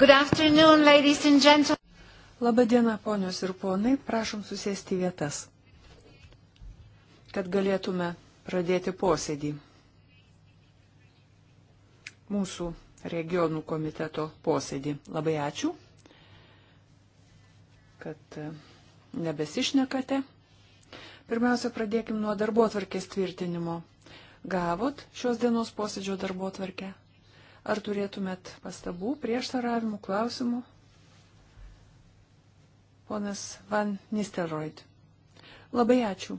Good afternoon, ladies and gentlemen. Labadiena, ponios ir ponai, prašom susėsti vietas, kad galėtume pradėti posėdį. Mūsų regionų komiteto posėdį. Labai ačiū, kad e, nebesišnekate. Pirmiausia, pradėkim nuo darbo tvarkės tvirtinimo. Gavot šios dienos posėdžio darbo tvarkę? Ar turėtumėt pastabų, prieštaravimų, klausimų? Ponas Van Nisteroid. Labai ačiū.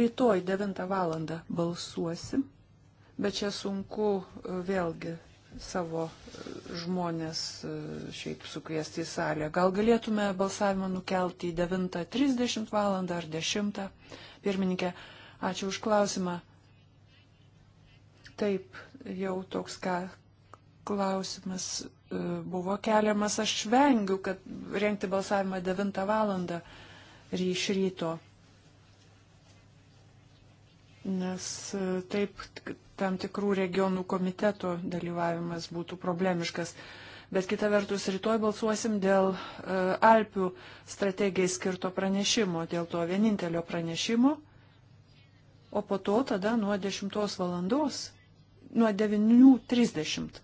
Rytoj 9 val. balsuosim, bet čia sunku e, vėlgi savo e, žmonės e, šiaip sukviesti į salę. Gal galėtume balsavimą nukelti į 9.30 val. ar 10. Pirmininkė, ačiū už klausimą. Taip, jau toks ką klausimas e, buvo keliamas, aš vengiu, kad rengti balsavimą 9 valandą iš ryto. Nes e, taip tam tikrų regionų komiteto dalyvavimas būtų problemiškas. Bet kita vertus, rytoj balsuosim dėl e, Alpių strategijai skirto pranešimo, dėl to vienintelio pranešimo, o po to tada nuo 10 valandos nuo 9.30.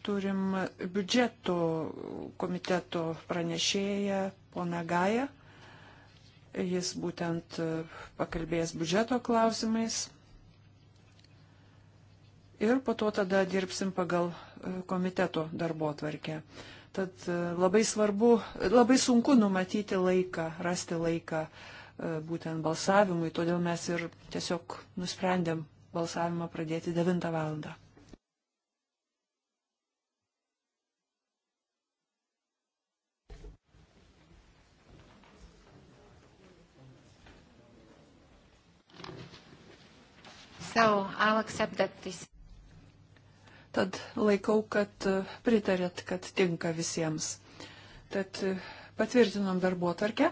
Turim biudžeto komiteto pranešėją poną Gają. Jis būtent pakalbės biudžeto klausimais. Ir po to tada dirbsim pagal komiteto darbo tvarkę. Tad e, labai svarbu, labai sunku numatyti laiką, rasti laiką e, būtent balsavimui, todėl mes ir tiesiog nusprendėm balsavimą pradėti 9 val. So, this... Tad laikau, kad e, pritarėt, kad tinka visiems. Tad e, patvirtinom darbo tarkę.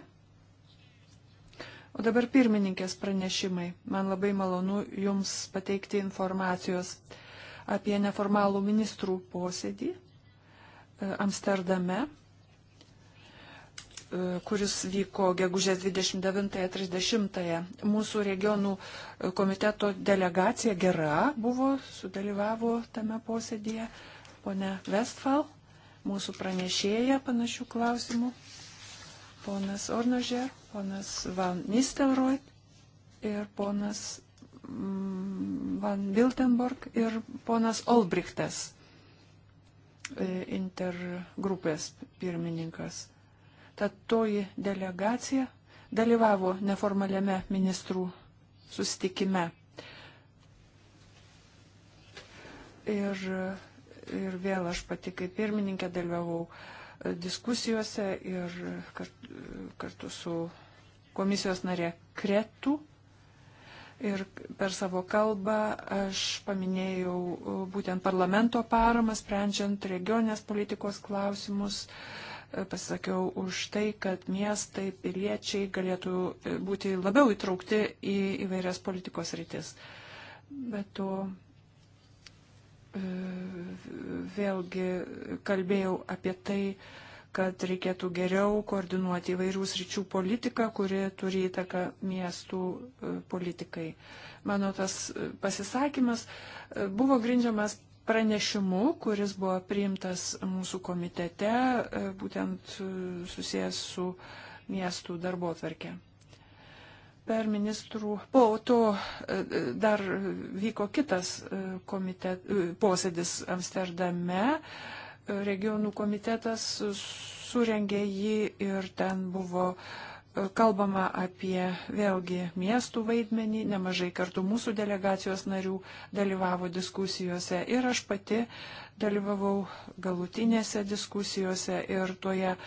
O dabar pirmininkės pranešimai. Man labai malonu Jums pateikti informacijos apie neformalų ministrų posėdį e, Amsterdame, e, kuris vyko gegužės 29-30. Mūsų regionų e, komiteto delegacija gera buvo, sudalyvavo tame posėdėje pone Westfal, mūsų pranešėja panašių klausimų, ponas Ornožer ponas Van Nistelrooy ir ponas mm, Van Wiltenborg ir ponas Olbrichtas, e, intergrupės pirmininkas. Tad toji delegacija dalyvavo neformaliame ministrų susitikime. Ir, ir vėl aš pati kaip pirmininkė dalyvavau uh, diskusijose ir kartu su komisijos narė Kretu. Ir per savo kalbą aš paminėjau būtent parlamento paramą, sprendžiant regionės politikos klausimus, pasakiau už tai, kad miestai, piliečiai galėtų būti labiau įtraukti į įvairias politikos rytis. Bet to vėlgi kalbėjau apie tai, kad reikėtų geriau koordinuoti įvairių sričių politiką, kuri turi įtaką miestų e, politikai. Mano tas e, pasisakymas e, buvo grindžiamas pranešimu, kuris buvo priimtas mūsų komitete, būtent susijęs su miestų darbo atverkė per ministrų, po to e, e, dar vyko kitas e, komitet, posėdis Amsterdame, regionų komitetas surengė jį ir ten buvo kalbama apie vėlgi miestų vaidmenį, nemažai kartų mūsų delegacijos narių dalyvavo diskusijose ir aš pati dalyvavau galutinėse diskusijose ir toje e,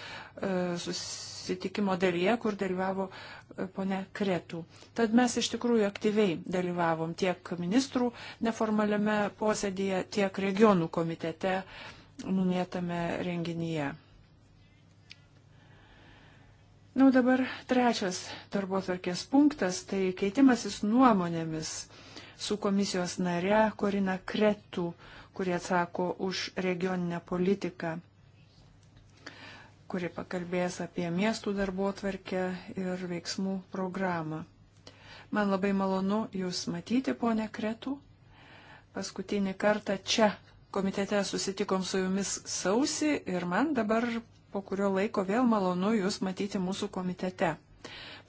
susitikime susitikimo dalyje, kur dalyvavo e, ponia Kretų. Tad mes iš tikrųjų aktyviai dalyvavom tiek ministrų neformaliame posėdėje, tiek regionų komitete minėtame renginyje. Na, nu, dabar trečias darbo tvarkės punktas - tai keitimasis nuomonėmis su komisijos nare Korina Kretų, kurie atsako už regioninę politiką kuri pakalbės apie miestų darbo tvarkę ir veiksmų programą. Man labai malonu Jūs matyti, ponė Kretų. Paskutinį kartą čia komitete susitikom su Jumis sausi ir man dabar po kurio laiko vėl malonu Jūs matyti mūsų komitete.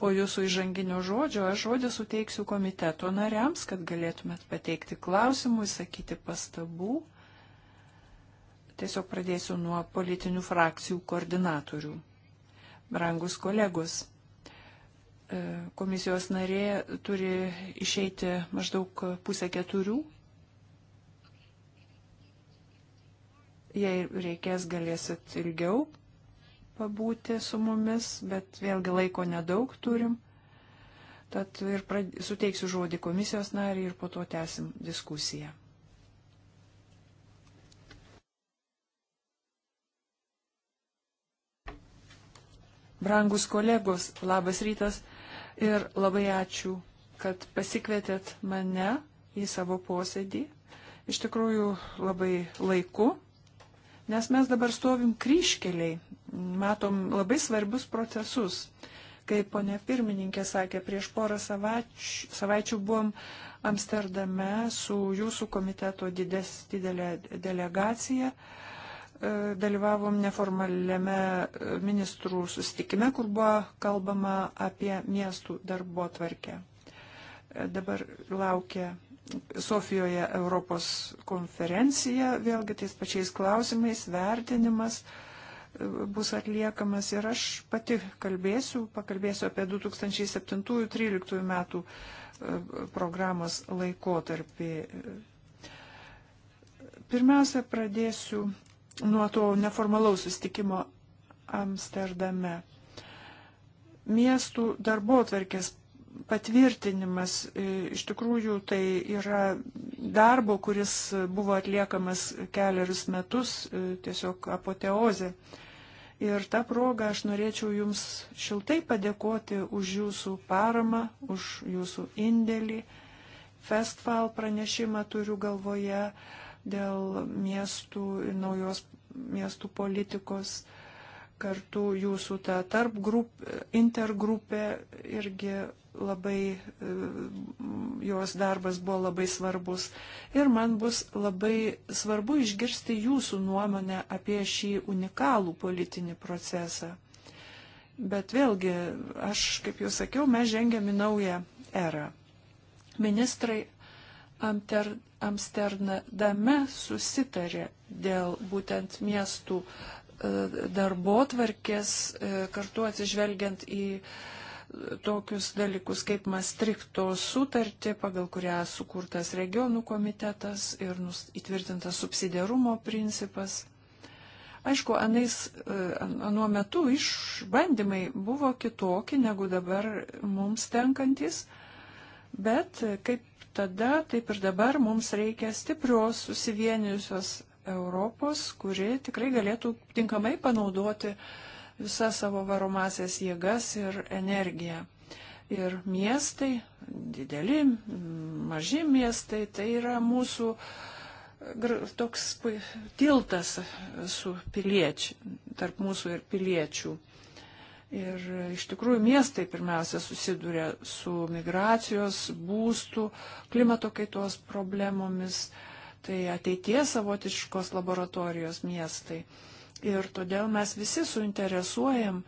Po jūsų įžanginio žodžio aš žodį suteiksiu komiteto nariams, kad galėtumėt pateikti klausimų, įsakyti pastabų. Tiesiog pradėsiu nuo politinių frakcijų koordinatorių. Brangus kolegos, e, komisijos narė turi išeiti maždaug pusę keturių. Jei reikės, galėsit ilgiau pabūti su mumis, bet vėlgi laiko nedaug turim. Tad ir prad... suteiksiu žodį komisijos narį ir po to tęsim diskusiją. Brangus kolegos, labas rytas ir labai ačiū, kad pasikvietėt mane į savo posėdį. Iš tikrųjų labai laiku, nes mes dabar stovim kryškeliai, matom labai svarbius procesus. Kaip ponė pirmininkė sakė, prieš porą savaičių, savaičių buvom Amsterdame su jūsų komiteto dides, didelė delegacija. Uh, E, dalyvavom neformaliame e, ministrų sustikime, kur buvo kalbama apie miestų darbo tvarkę. E, dabar laukia Sofijoje Europos konferencija, vėlgi tais pačiais klausimais, vertinimas bus atliekamas ir aš pati kalbėsiu, pakalbėsiu apie 2007-2013 metų programos laikotarpį. Pirmiausia, pradėsiu nuo to neformalaus sustikimo Amsterdame. Miestų darbo atverkės patvirtinimas e, iš tikrųjų tai yra darbo, kuris buvo atliekamas keliarius metus, e, tiesiog apoteozė. Ir tą progą aš norėčiau Jums šiltai padėkoti už Jūsų paramą, už Jūsų indėlį. Festfal pranešimą turiu galvoje. Uh, dėl miestų ir naujos miestų politikos. Kartu jūsų ta tarp grup, intergrupė irgi labai, e, jos darbas buvo labai svarbus. Ir man bus labai svarbu išgirsti jūsų nuomonę apie šį unikalų politinį procesą. Bet vėlgi, aš, kaip jau sakiau, mes žengėme naują erą. Ministrai Amter Amsterdame susitarė dėl būtent miestų e, darbo tvarkės, e, kartu atsižvelgiant į e, tokius dalykus kaip Mastrikto sutartį, pagal kurią sukurtas regionų komitetas ir įtvirtintas subsidiarumo principas. Aišku, anais, anuo metu išbandymai buvo kitokie negu dabar mums tenkantis, bet kaip tada, taip ir dabar, mums reikia stiprios, susivienijusios Europos, kuri tikrai galėtų tinkamai panaudoti visą savo varomasias jėgas ir energiją. Ir miestai, dideli, maži miestai, tai yra mūsų toks tiltas su piliečiu, tarp mūsų ir piliečių. Ir iš tikrųjų miestai pirmiausia susiduria su migracijos, būstų, klimato kaitos problemomis, tai ateities savotiškos laboratorijos miestai. Ir todėl mes visi suinteresuojam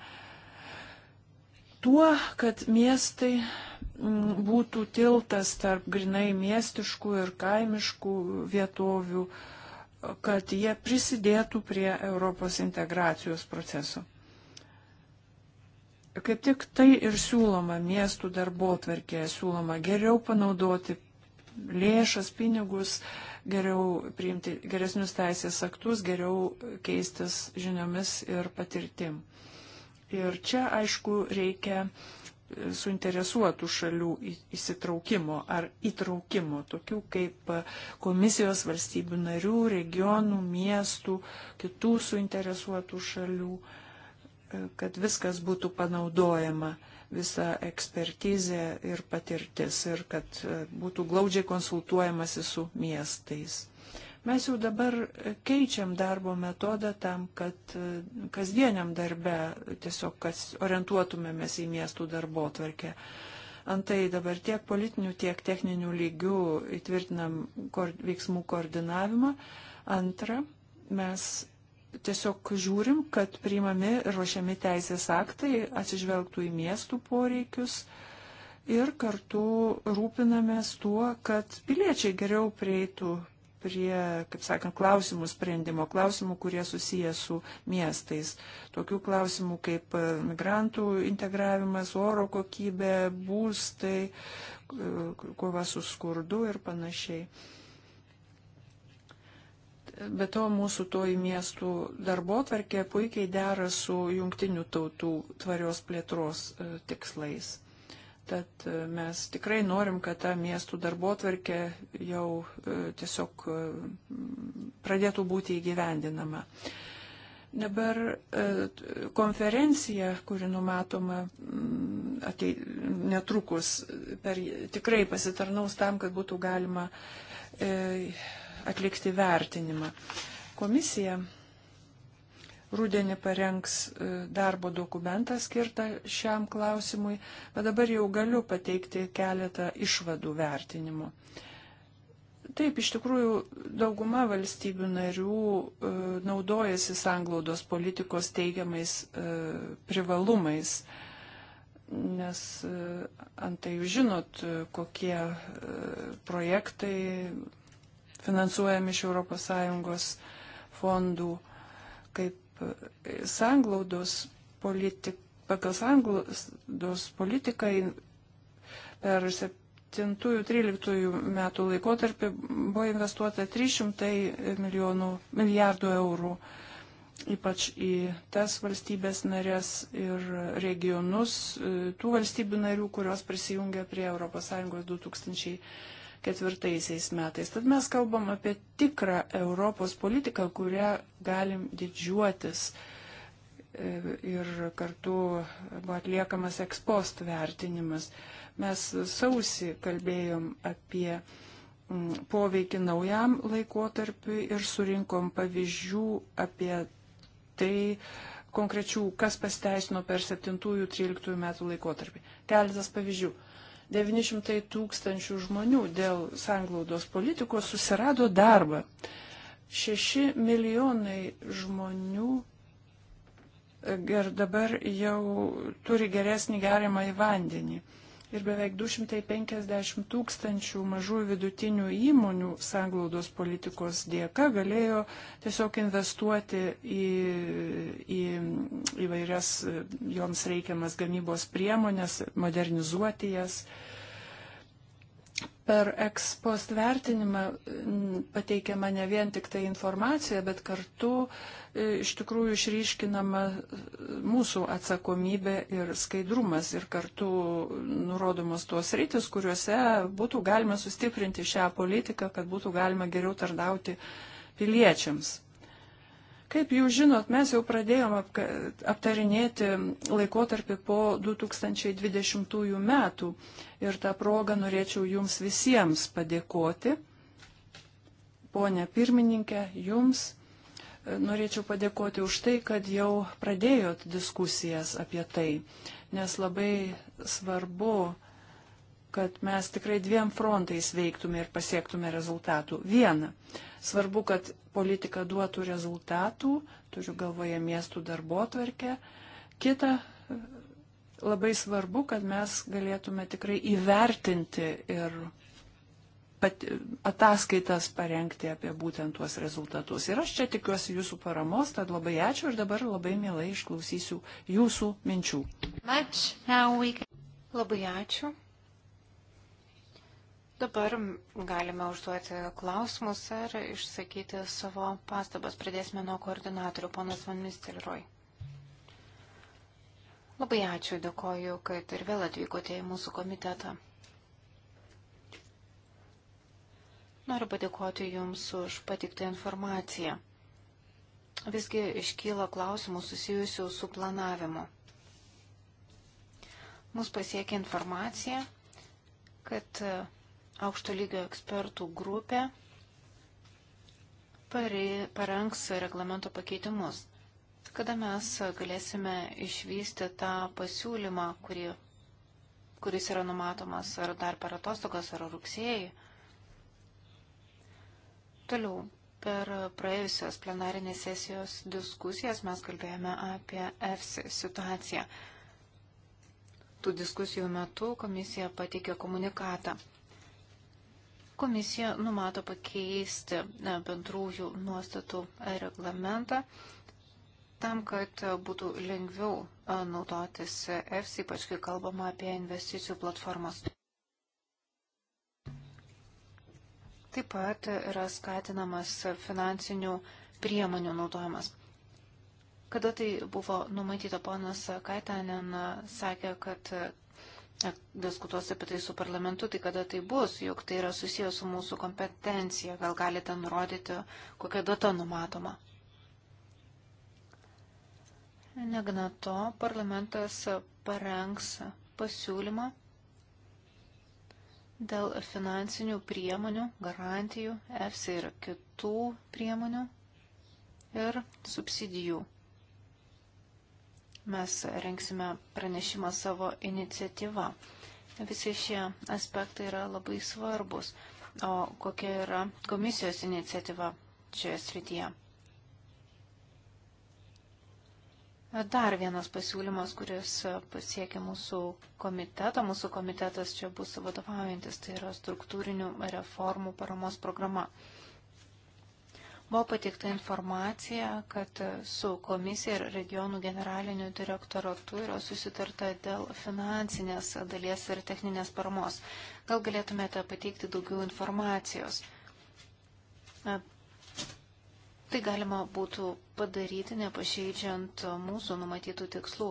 tuo, kad miestai mm, būtų tiltas tarp grinai miestiškų ir kaimiškų vietovių, kad jie prisidėtų prie Europos integracijos proceso. Kaip tik tai ir siūloma miestų darbo tvarkė, siūloma geriau panaudoti lėšas, pinigus, geriau priimti geresnius teisės aktus, geriau keistis žiniomis ir patirtim. Ir čia, aišku, reikia suinteresuotų šalių įsitraukimo ar įtraukimo, tokių kaip komisijos valstybių narių, regionų, miestų, kitų suinteresuotų šalių. Uh, kad viskas būtų panaudojama, visa ekspertizė ir patirtis ir kad e, būtų glaudžiai konsultuojamasi su miestais. Mes jau dabar keičiam darbo metodą tam, kad e, kasdieniam darbe tiesiog orientuotumėmės į miestų darbo tvarkę. Antai dabar tiek politinių, tiek techninių lygių įtvirtinam veiksmų koordinavimą. Antra, mes tiesiog žiūrim, kad priimami ir ruošiami teisės aktai atsižvelgtų į miestų poreikius ir kartu rūpinamės tuo, kad piliečiai geriau prieitų prie, kaip sakant, klausimų sprendimo, klausimų, kurie susiję su miestais. Tokių klausimų kaip e, migrantų integravimas, oro kokybė, būstai, e, kova su skurdu ir panašiai. Be to, mūsų toji miestų darbo tvarkė puikiai dera su jungtinių tautų tvarios plėtros e, tikslais. Tad e, mes tikrai norim, kad ta miestų darbo tvarkė jau e, tiesiog pradėtų būti įgyvendinama. Dabar konferencija, kuri numatoma mm, atei, netrukus, per, tikrai pasitarnaus tam, kad būtų galima atlikti vertinimą. Komisija rūdienį parengs e, darbo dokumentą skirtą šiam klausimui, bet dabar jau galiu pateikti keletą išvadų vertinimo. Taip, iš tikrųjų, dauguma valstybių narių e, naudojasi sanglaudos politikos teigiamais e, privalumais, nes antai jūs žinot, kokie projektai finansuojami iš ES fondų, kaip e, sanglaudos politika, pagal sanglaudos politiką per 7-13 metų laikotarpį buvo investuota 300 milijonų, milijardų eurų, ypač į tas valstybės narės ir regionus, e, tų valstybių narių, kurios prisijungia prie ES 2000 ketvirtaisiais metais. Tad mes kalbam apie tikrą Europos politiką, kurią galim didžiuotis e, ir kartu buvo atliekamas ekspost vertinimas. Mes sausi kalbėjom apie mm, poveikį naujam laikotarpiui ir surinkom pavyzdžių apie tai konkrečių, kas pasteisino per 7-13 metų laikotarpį. Keletas pavyzdžių. 900 tūkstančių žmonių dėl sanglaudos politikos susirado darbą. 6 milijonai žmonių e, ir dabar jau turi geresnį geriamą į vandenį ir beveik 250 tūkstančių mažų vidutinių įmonių sanglaudos politikos dėka galėjo tiesiog investuoti į, į įvairias joms reikiamas gamybos priemonės, modernizuoti jas per ekspost vertinimą pateikiama ne vien tik tai informacija, bet kartu e, iš tikrųjų išryškinama e, mūsų atsakomybė ir skaidrumas ir kartu nurodomos tuos rytis, kuriuose būtų galima sustiprinti šią politiką, kad būtų galima geriau tardauti piliečiams. Kaip jūs žinot, mes jau pradėjom aptarinėti laikotarpį po 2020 metų ir tą progą norėčiau jums visiems padėkoti. Pone pirmininkė, jums e, norėčiau padėkoti už tai, kad jau pradėjot diskusijas apie tai, nes labai svarbu, kad mes tikrai dviem frontais veiktume ir pasiektume rezultatų. Viena, Svarbu, kad politika duotų rezultatų, turiu galvoje miestų darbo tvarkę. Kita, labai svarbu, kad mes galėtume tikrai įvertinti ir pat, ataskaitas parengti apie būtent tuos rezultatus. Ir aš čia tikiuosi jūsų paramos, tad labai ačiū ir dabar labai mielai išklausysiu jūsų minčių. Much, can... Labai ačiū. Dabar galime užduoti klausimus ar išsakyti savo pastabas. Pradėsime nuo koordinatorių, ponas Van Mistelroj. Labai ačiū, dėkoju, kad ir vėl atvykote į mūsų komitetą. Noriu padėkoti Jums už patiktą informaciją. Visgi iškyla klausimų susijusių su planavimu. Mus pasiekia informacija, kad aukšto lygio ekspertų grupė parengs reglamento pakeitimus. Kada mes galėsime išvysti tą pasiūlymą, kurį, kuris yra numatomas ar dar per atostogas, ar rugsėjai? Toliau, per praėjusios plenarinės sesijos diskusijas mes kalbėjome apie EFSI situaciją. Tų diskusijų metu komisija pateikė komunikatą. Komisija numato pakeisti bendrųjų nuostatų reglamentą tam, kad būtų lengviau naudotis EFS, ypač kai kalbama apie investicijų platformas. Taip pat yra skatinamas finansinių priemonių naudojimas. Kada tai buvo numatyta, ponas Kaitanen sakė, kad diskutuos apie tai su parlamentu, tai kada tai bus, juk tai yra susijęs su mūsų kompetencija, gal galite nurodyti, kokia data numatoma. Negana to, parlamentas parengs pasiūlymą dėl finansinių priemonių, garantijų, EFSI ir kitų priemonių ir subsidijų Mes renksime pranešimą savo iniciatyvą. Visi šie aspektai yra labai svarbus. O kokia yra komisijos iniciatyva šioje srityje? Dar vienas pasiūlymas, kuris pasiekia mūsų komitetą. Mūsų komitetas čia bus vadovaujantis, tai yra struktūrinių reformų paramos programa. Buvo patikta informacija, kad su komisija ir regionų generaliniu direktoratu yra susitarta dėl finansinės dalies ir techninės paramos. Gal galėtumėte pateikti daugiau informacijos? Tai galima būtų padaryti, nepažeidžiant mūsų numatytų tikslų.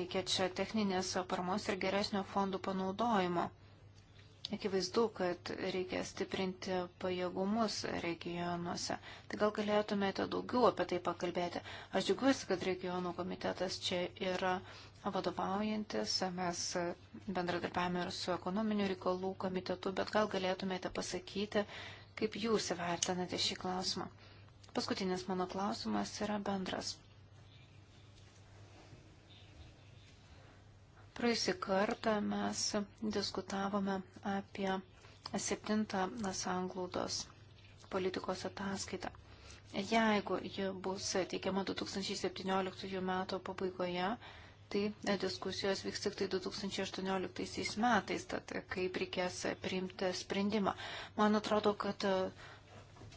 Reikia čia techninės paramos ir geresnio fondų panaudojimo. Akivaizdu, kad reikia stiprinti pajėgumus regionuose. Tai gal galėtumėte daugiau apie tai pakalbėti. Aš džiugiuosi, kad regionų komitetas čia yra vadovaujantis. Mes bendradarbiavame ir su ekonominių reikalų komitetu, bet gal galėtumėte pasakyti, kaip jūs įvertinate šį klausimą. Paskutinis mano klausimas yra bendras. Praėjusį kartą mes diskutavome apie septintą sanglaudos politikos ataskaitą. Jeigu ji bus teikiama 2017 metų pabaigoje, tai diskusijos vyks tik tai 2018 metais, tad kaip reikės priimti sprendimą. Man atrodo, kad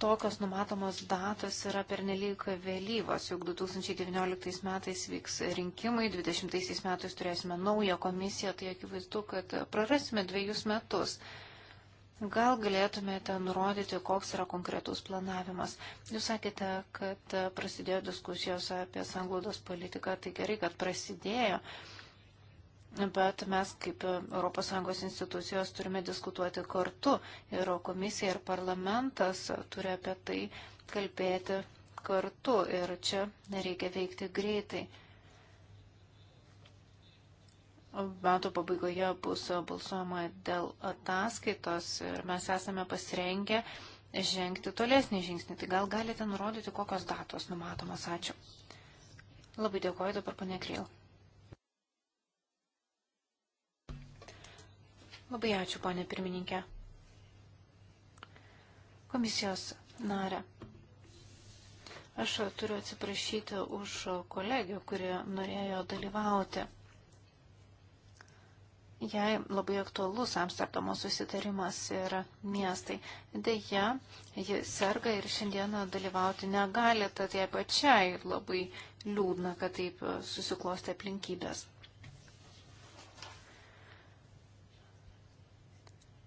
tokios numatomos datos yra pernelyg vėlyvos, juk 2019 metais vyks rinkimai, 2020 metais turėsime naują komisiją, tai akivaizdu, kad prarasime dviejus metus. Gal galėtumėte nurodyti, koks yra konkretus planavimas? Jūs sakėte, kad prasidėjo diskusijos apie sanglaudos politiką, tai gerai, kad prasidėjo bet mes kaip ES institucijos turime diskutuoti kartu ir komisija ir parlamentas turi apie tai kalbėti kartu ir čia reikia veikti greitai. Metų pabaigoje bus balsuojama dėl ataskaitos ir mes esame pasirengę žengti tolesnį žingsnį. Tai gal galite nurodyti, kokios datos numatomas. Ačiū. Labai dėkuoju dabar, ponė Kryl. Labai ačiū, ponė pirmininkė. Komisijos narė. Aš turiu atsiprašyti už kolegę, kuri norėjo dalyvauti. Jai labai aktualus Amsterdamo susitarimas yra miestai. Deja, ji serga ir šiandieną dalyvauti negali, tad jai pačiai labai liūdna, kad taip susiklosti aplinkybės.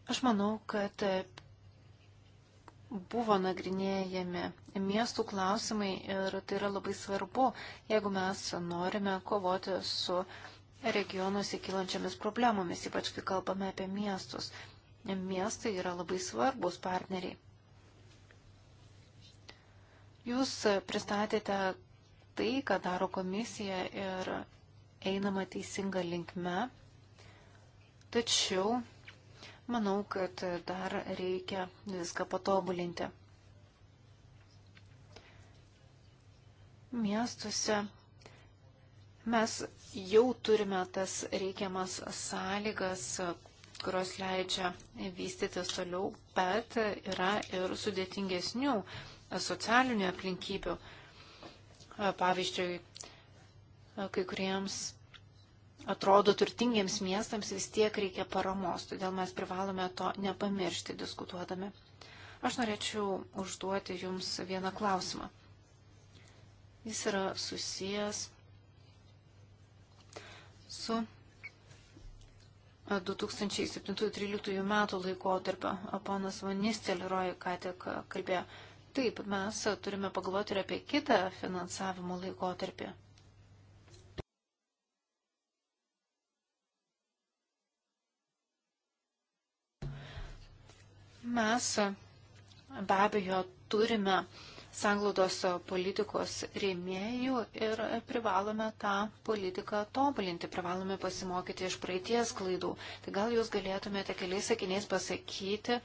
Aš manau, kad buvo nagrinėjami miestų klausimai ir tai yra labai svarbu, jeigu mes norime kovoti su regionuose kylančiamis problemomis, ypač kai kalbame apie miestus. Miestai yra labai svarbus partneriai. Jūs pristatėte tai, ką daro komisija ir einama teisinga linkme, tačiau Manau, kad dar reikia viską patobulinti. Miestuose mes jau turime tas reikiamas sąlygas, kurios leidžia vystytis toliau, bet yra ir sudėtingesnių socialinių aplinkybių. Pavyzdžiui, kai kuriems atrodo turtingiems miestams vis tiek reikia paramos, todėl mes privalome to nepamiršti diskutuodami. Aš norėčiau užduoti Jums vieną klausimą. Jis yra susijęs su 2007-2013 metų laikotarpio. Ponas Vanisteliroj ką tik kalbėjo. Taip, mes turime pagalvoti ir apie kitą finansavimo laikotarpį. Mes be abejo turime sanglaudos politikos rėmėjų ir privalome tą politiką tobulinti, privalome pasimokyti iš praeities klaidų. Tai gal jūs galėtumėte keliais sakiniais pasakyti,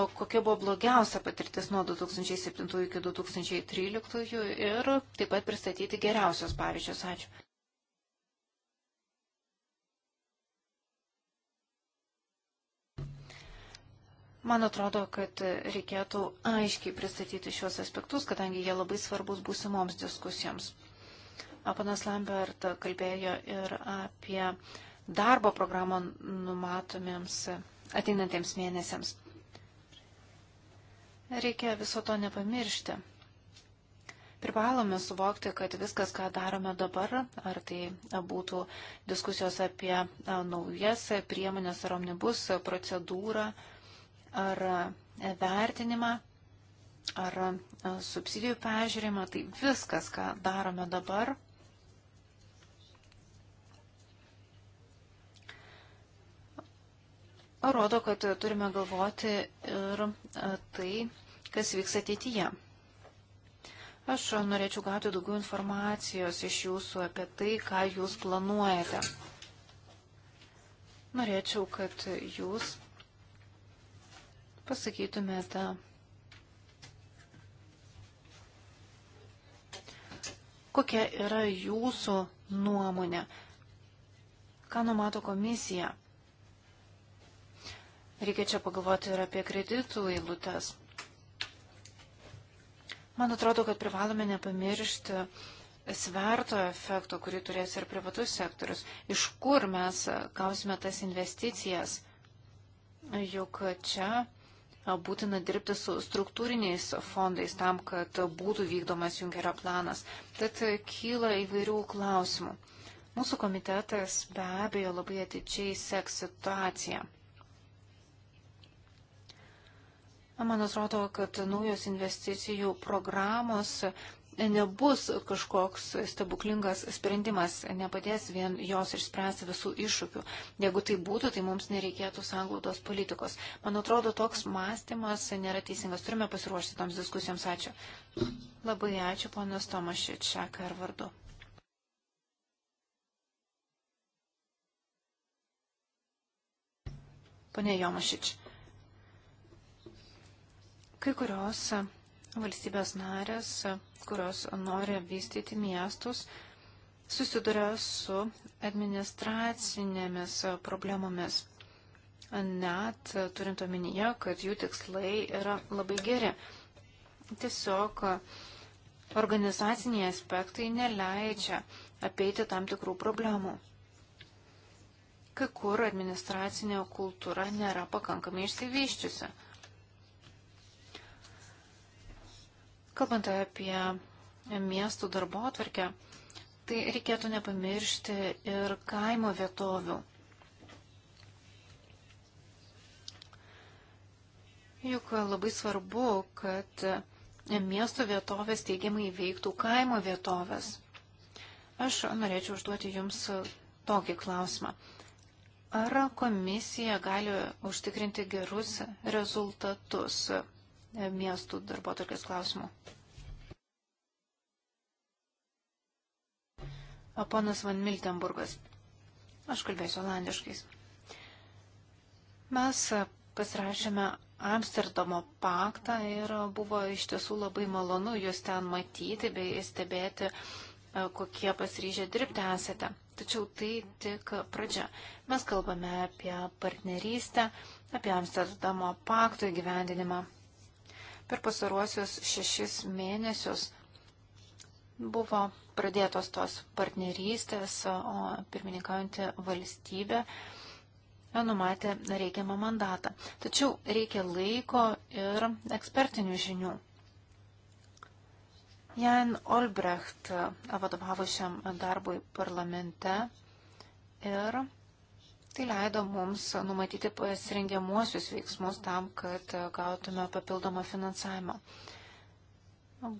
O kokia buvo blogiausia patirtis nuo 2007 iki 2013 ir taip pat pristatyti geriausios pavyzdžius. Ačiū. Man atrodo, kad reikėtų aiškiai pristatyti šios aspektus, kadangi jie labai svarbus būsimoms diskusijoms. Panas Lambert kalbėjo ir apie darbo programą numatomiems ateinantiems mėnesiams. Reikia viso to nepamiršti. Privalome suvokti, kad viskas, ką darome dabar, ar tai būtų diskusijos apie naujas priemonės ar omnibus procedūrą, ar e, vertinimą, ar e, subsidijų peržiūrimą, tai viskas, ką darome dabar, rodo, kad turime galvoti ir e, tai, kas vyks ateityje. Aš norėčiau gauti daugiau informacijos iš jūsų apie tai, ką jūs planuojate. Norėčiau, kad jūs pasakytumėte, kokia yra jūsų nuomonė, ką numato komisija. Reikia čia pagalvoti ir apie kreditų eilutes. Man atrodo, kad privalome nepamiršti sverto efekto, kurį turės ir privatus sektorius. Iš kur mes gausime tas investicijas? Juk čia būtina dirbti su struktūriniais fondais tam, kad būtų vykdomas Junkerio planas. Tad e, kyla įvairių klausimų. Mūsų komitetas be abejo labai atidžiai seks situaciją. Man atrodo, kad naujos investicijų programos nebus kažkoks stebuklingas sprendimas, nepadės vien jos išspręsti visų iššūkių. Jeigu tai būtų, tai mums nereikėtų sanglaudos politikos. Man atrodo, toks mąstymas nėra teisingas. Turime pasiruošti toms diskusijoms. Ačiū. Labai ačiū, ponas Tomašič, šeką ir vardu. Pane Jomašič, kai kurios valstybės narės, kurios nori vystyti miestus, susiduria su administracinėmis problemomis. Net turint omenyje, kad jų tikslai yra labai geri. Tiesiog organizaciniai aspektai neleidžia apeiti tam tikrų problemų. Kai kur administracinė kultūra nėra pakankamai išsivyščiusi. Kalbant apie miestų darbo atvarkę, tai reikėtų nepamiršti ir kaimo vietovių. Juk labai svarbu, kad miesto vietovės teigiamai veiktų kaimo vietovės. Aš norėčiau užduoti Jums tokį klausimą. Ar komisija gali užtikrinti gerus rezultatus E, miestų darbo tokias klausimų. Ponas Van Miltenburgas. Aš kalbėsiu olandiškais. Mes pasirašėme Amsterdamo paktą ir buvo iš tiesų labai malonu jūs ten matyti bei stebėti, e, kokie pasiryžę dirbti esate. Tačiau tai tik pradžia. Mes kalbame apie partnerystę, apie Amsterdamo pakto įgyvendinimą. Per pasaruosius šešis mėnesius buvo pradėtos tos partnerystės, o pirmininkaujantį valstybę numatė reikiamą mandatą. Tačiau reikia laiko ir ekspertinių žinių. Jan Olbrecht vadovavo šiam darbui parlamente ir Tai leido mums numatyti pasirengiamuosius veiksmus tam, kad gautume papildomą finansavimą.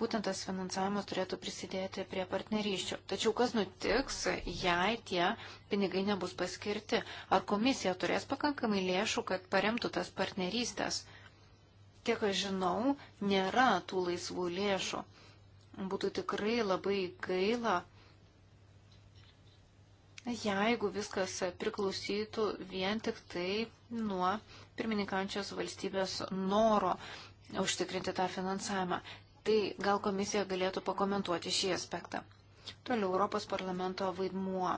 Būtent tas finansavimas turėtų prisidėti prie partnerysčių. Tačiau kas nutiks, jei tie pinigai nebus paskirti? Ar komisija turės pakankamai lėšų, kad paremtų tas partnerystės? Kiek aš žinau, nėra tų laisvų lėšų. Būtų tikrai labai gaila, jeigu viskas priklausytų vien tik tai nuo pirmininkančios valstybės noro užtikrinti tą finansavimą. Tai gal komisija galėtų pakomentuoti šį aspektą. Toliau Europos parlamento vaidmuo.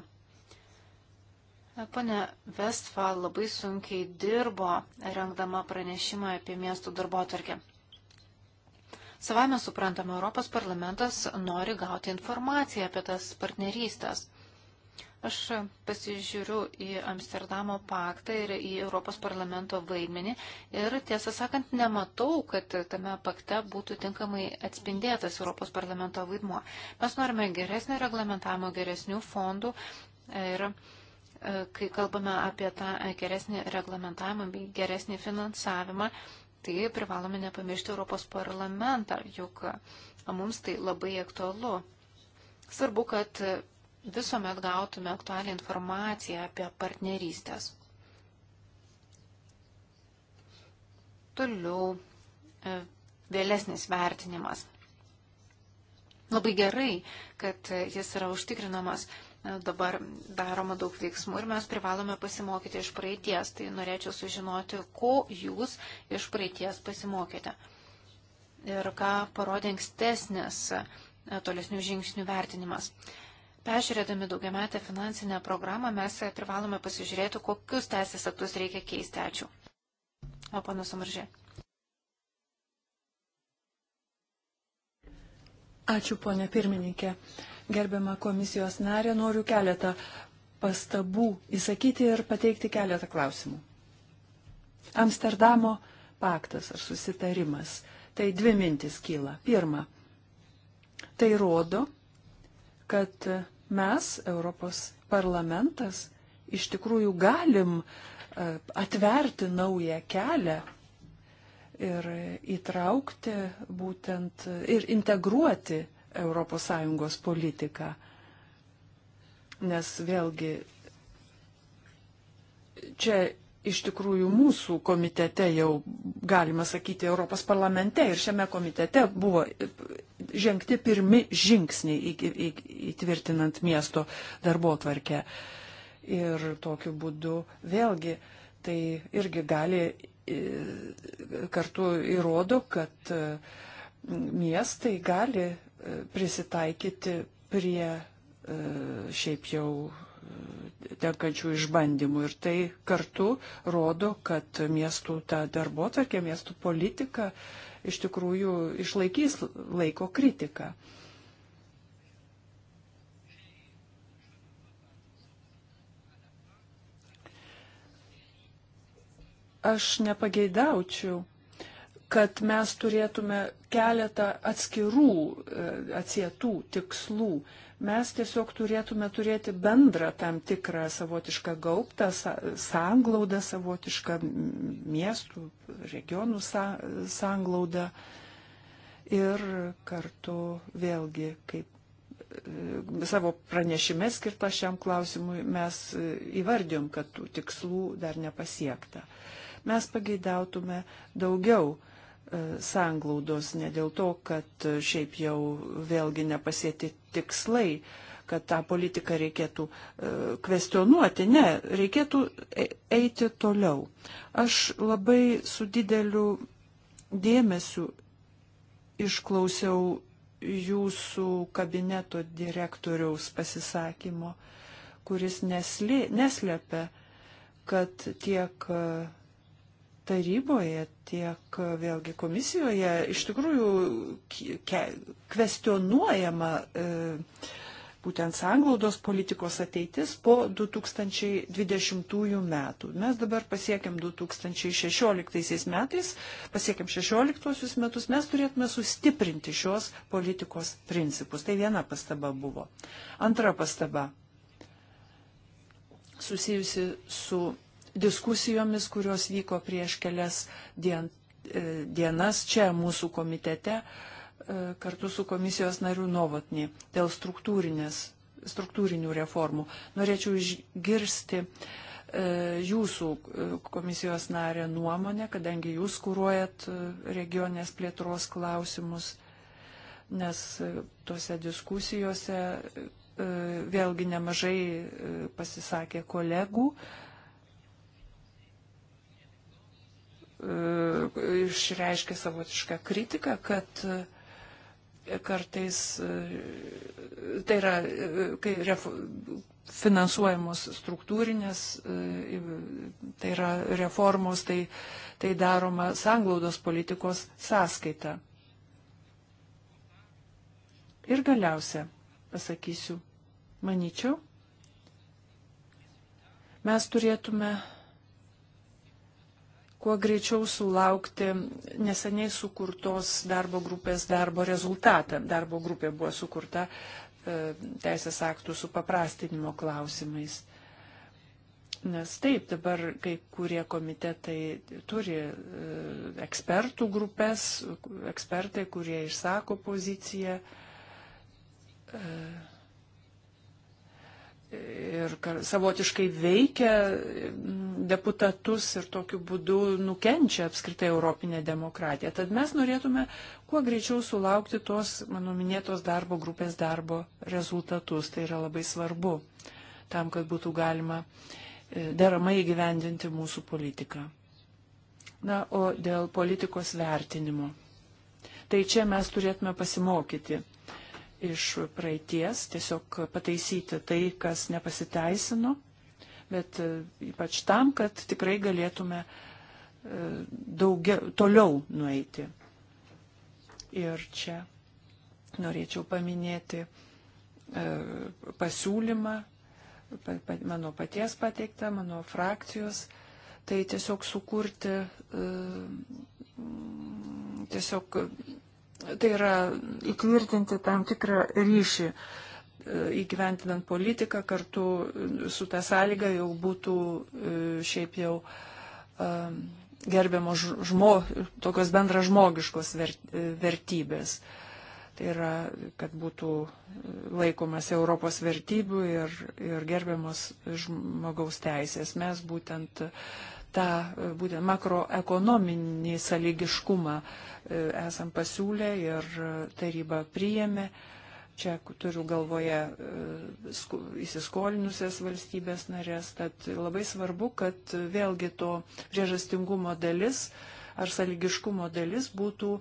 Pane Westfal labai sunkiai dirbo, rengdama pranešimą apie miestų darbotvarkę. Savame suprantama, Europos parlamentas nori gauti informaciją apie tas partnerystės. Aš pasižiūriu į Amsterdamo paktą ir į Europos parlamento vaidmenį ir tiesą sakant nematau, kad tame pakte būtų tinkamai atspindėtas Europos parlamento vaidmuo. Mes norime geresnio reglamentavimo, geresnių fondų ir e, kai kalbame apie tą geresnį reglamentavimą bei geresnį finansavimą, tai privalome nepamiršti Europos parlamentą, juk mums tai labai aktualu. Svarbu, kad visuomet gautume aktualią informaciją apie partnerystės. Toliau e, vėlesnis vertinimas. Labai gerai, kad jis yra užtikrinamas. E, dabar daroma daug veiksmų ir mes privalome pasimokyti iš praeities. Tai norėčiau sužinoti, ko jūs iš praeities pasimokėte. Ir ką parodė ankstesnis e, tolesnių žingsnių vertinimas. Peržiūrėdami daugiametę finansinę programą mes privalome pasižiūrėti, kokius teisės aktus reikia keisti. Ačiū. O panas Samaržė. Ačiū, ponė pirmininkė. Gerbiama komisijos narė, noriu keletą pastabų įsakyti ir pateikti keletą klausimų. Amsterdamo paktas ar susitarimas. Tai dvi mintis kyla. Pirma, tai rodo, kad mes, Europos parlamentas, iš tikrųjų galim e, atverti naują kelią ir įtraukti būtent ir integruoti ES politiką. Nes vėlgi čia iš tikrųjų mūsų komitete jau, galima sakyti, Europos parlamente ir šiame komitete buvo žengti pirmi žingsniai įtvirtinant miesto darbo tvarkę. Ir tokiu būdu vėlgi tai irgi gali e, kartu įrodo, kad e, miestai gali e, prisitaikyti prie šiaip jau tenkančių išbandymų. Ir tai kartu rodo, kad miestų ta darbo tarkė, miestų politika iš tikrųjų išlaikys laiko kritiką. Aš nepageidaučiau kad mes turėtume keletą atskirų e, atsietų tikslų. Mes tiesiog turėtume turėti bendrą tam tikrą savotišką gaubtą, sanglaudą savotišką miestų, regionų sanglaudą ir kartu vėlgi kaip e, savo pranešime skirta šiam klausimui mes e, įvardėm, kad tų tikslų dar nepasiekta. Mes pageidautume daugiau E, sanglaudos, ne dėl to, kad e, šiaip jau vėlgi nepasėti tikslai, kad tą politiką reikėtų e, kvestionuoti, ne, reikėtų eiti toliau. Aš labai su dideliu dėmesiu išklausiau jūsų kabineto direktoriaus pasisakymo, kuris neslė, neslepia, kad tiek taryboje, tiek vėlgi komisijoje iš tikrųjų kvestionuojama e, būtent sanglaudos politikos ateitis po 2020 metų. Mes dabar pasiekėm 2016 metais, pasiekėm 16 metus, mes turėtume sustiprinti šios politikos principus. Tai viena pastaba buvo. Antra pastaba susijusi su diskusijomis, kurios vyko prieš kelias dien, e, dienas čia mūsų komitete e, kartu su komisijos nariu Novotni dėl struktūrinių reformų. Norėčiau išgirsti e, jūsų komisijos narę nuomonę, kadangi jūs kūruojat regionės plėtros klausimus, nes tose diskusijose vėlgi nemažai pasisakė kolegų, E, išreiškė savotišką kritiką, kad e, kartais e, tai yra, kai ref, finansuojamos struktūrinės, tai yra reformos, tai, tai daroma sanglaudos politikos sąskaita. Ir galiausia, pasakysiu, manyčiau, mes turėtume kuo greičiau sulaukti neseniai sukurtos darbo grupės darbo rezultatą. Darbo grupė buvo sukurta e, teisės aktų supaprastinimo klausimais. Nes taip, dabar kai kurie komitetai turi e, ekspertų grupės, ekspertai, kurie išsako poziciją. E, ir savotiškai veikia deputatus ir tokiu būdu nukenčia apskritai Europinė demokratija. Tad mes norėtume kuo greičiau sulaukti tos mano minėtos darbo grupės darbo rezultatus. Tai yra labai svarbu tam, kad būtų galima e, deramai įgyvendinti mūsų politiką. Na, o dėl politikos vertinimo. Tai čia mes turėtume pasimokyti iš praeities, tiesiog pataisyti tai, kas nepasiteisino bet e, ypač tam, kad tikrai galėtume e, daugia, toliau nueiti. Ir čia norėčiau paminėti e, pasiūlymą, mano paties pateiktą, mano frakcijos, tai tiesiog sukurti, tiesiog tai yra įtvirtinti tam tikrą ryšį E, įgyventinant politiką kartu su tą sąlygą jau būtų e, šiaip jau e, gerbiamos žmo, tokios bendražmogiškos vertybės. Tai yra, kad būtų laikomas Europos vertybių ir, ir gerbiamos žmogaus teisės. Mes būtent tą būtent makroekonominį sąlygiškumą esam pasiūlę ir taryba priėmė. Uh, Čia turiu galvoje e, įsiskolinusias valstybės narės, tad labai svarbu, kad vėlgi to priežastingumo dalis ar saligiškumo dalis būtų e,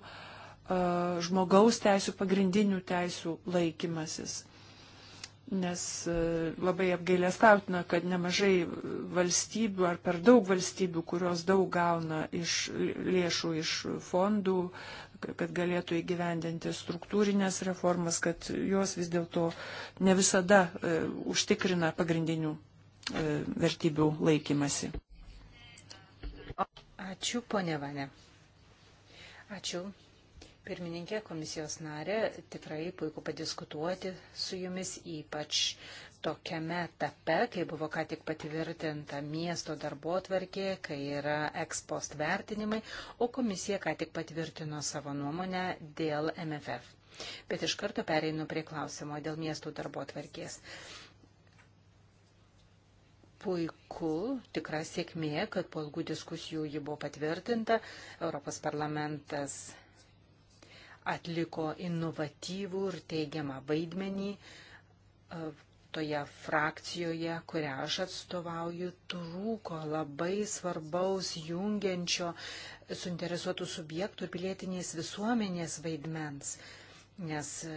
žmogaus teisų, pagrindinių teisų laikymasis. Nes e, labai apgailėstautina, kad nemažai valstybių ar per daug valstybių, kurios daug gauna iš lėšų iš fondų, kad galėtų įgyvendinti struktūrinės reformas, kad jos vis dėlto ne visada e, užtikrina pagrindinių e, vertybių laikymasi. Ačiū, ponė Vane. Ačiū. Pirmininkė, komisijos narė, tikrai puiku padiskutuoti su jumis, ypač tokiame etape, kai buvo ką tik patvirtinta miesto darbo atvarkė, kai yra ekspost vertinimai, o komisija ką tik patvirtino savo nuomonę dėl MFF. Bet iš karto pereinu prie klausimo dėl miestų darbo atvarkės puiku, tikra sėkmė, kad po ilgų diskusijų ji buvo patvirtinta. Europos parlamentas atliko inovatyvų ir teigiamą vaidmenį, toje frakcijoje, kurią aš atstovauju, trūko labai svarbaus jungiančio suinteresuotų subjektų ir pilietinės visuomenės vaidmens. Nes e,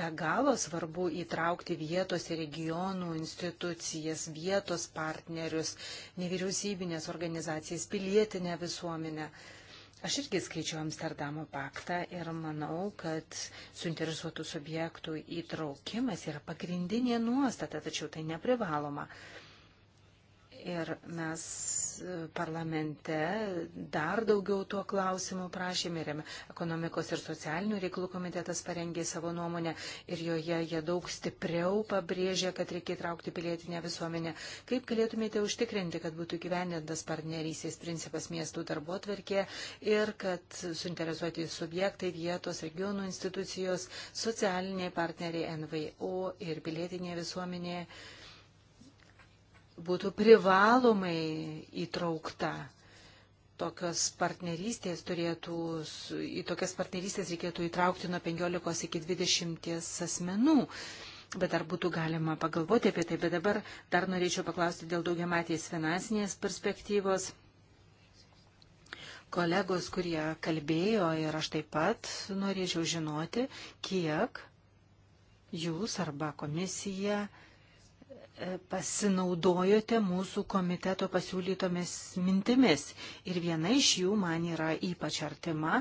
be galo svarbu įtraukti vietos ir regionų institucijas, vietos partnerius, nevyriausybinės organizacijas, pilietinę visuomenę. Aš irgi skaičiau Amsterdamo paktą ir manau, kad suinteresuotų subjektų įtraukimas yra pagrindinė nuostata, tačiau tai neprivaloma. Ir mes parlamente dar daugiau tuo klausimu prašėme ir ekonomikos ir socialinių reikalų komitetas parengė savo nuomonę ir joje jie daug stipriau pabrėžė, kad reikia įtraukti pilietinę visuomenę. Kaip galėtumėte užtikrinti, kad būtų gyvenintas partnerysės principas miestų darbotverkė ir kad suinteresuoti subjektai, vietos, regionų institucijos, socialiniai partneriai NVO ir pilietinė visuomenė. Yeah būtų privalomai įtraukta. Tokios partnerystės turėtų, į tokias partnerystės reikėtų įtraukti nuo 15 iki 20 asmenų. Bet dar būtų galima pagalvoti apie tai. Bet dabar dar norėčiau paklausti dėl daugiamatės finansinės perspektyvos. Kolegos, kurie kalbėjo ir aš taip pat norėčiau žinoti, kiek jūs arba komisija uh, E, pasinaudojote mūsų komiteto pasiūlytomis mintimis. Ir viena iš jų man yra ypač artima,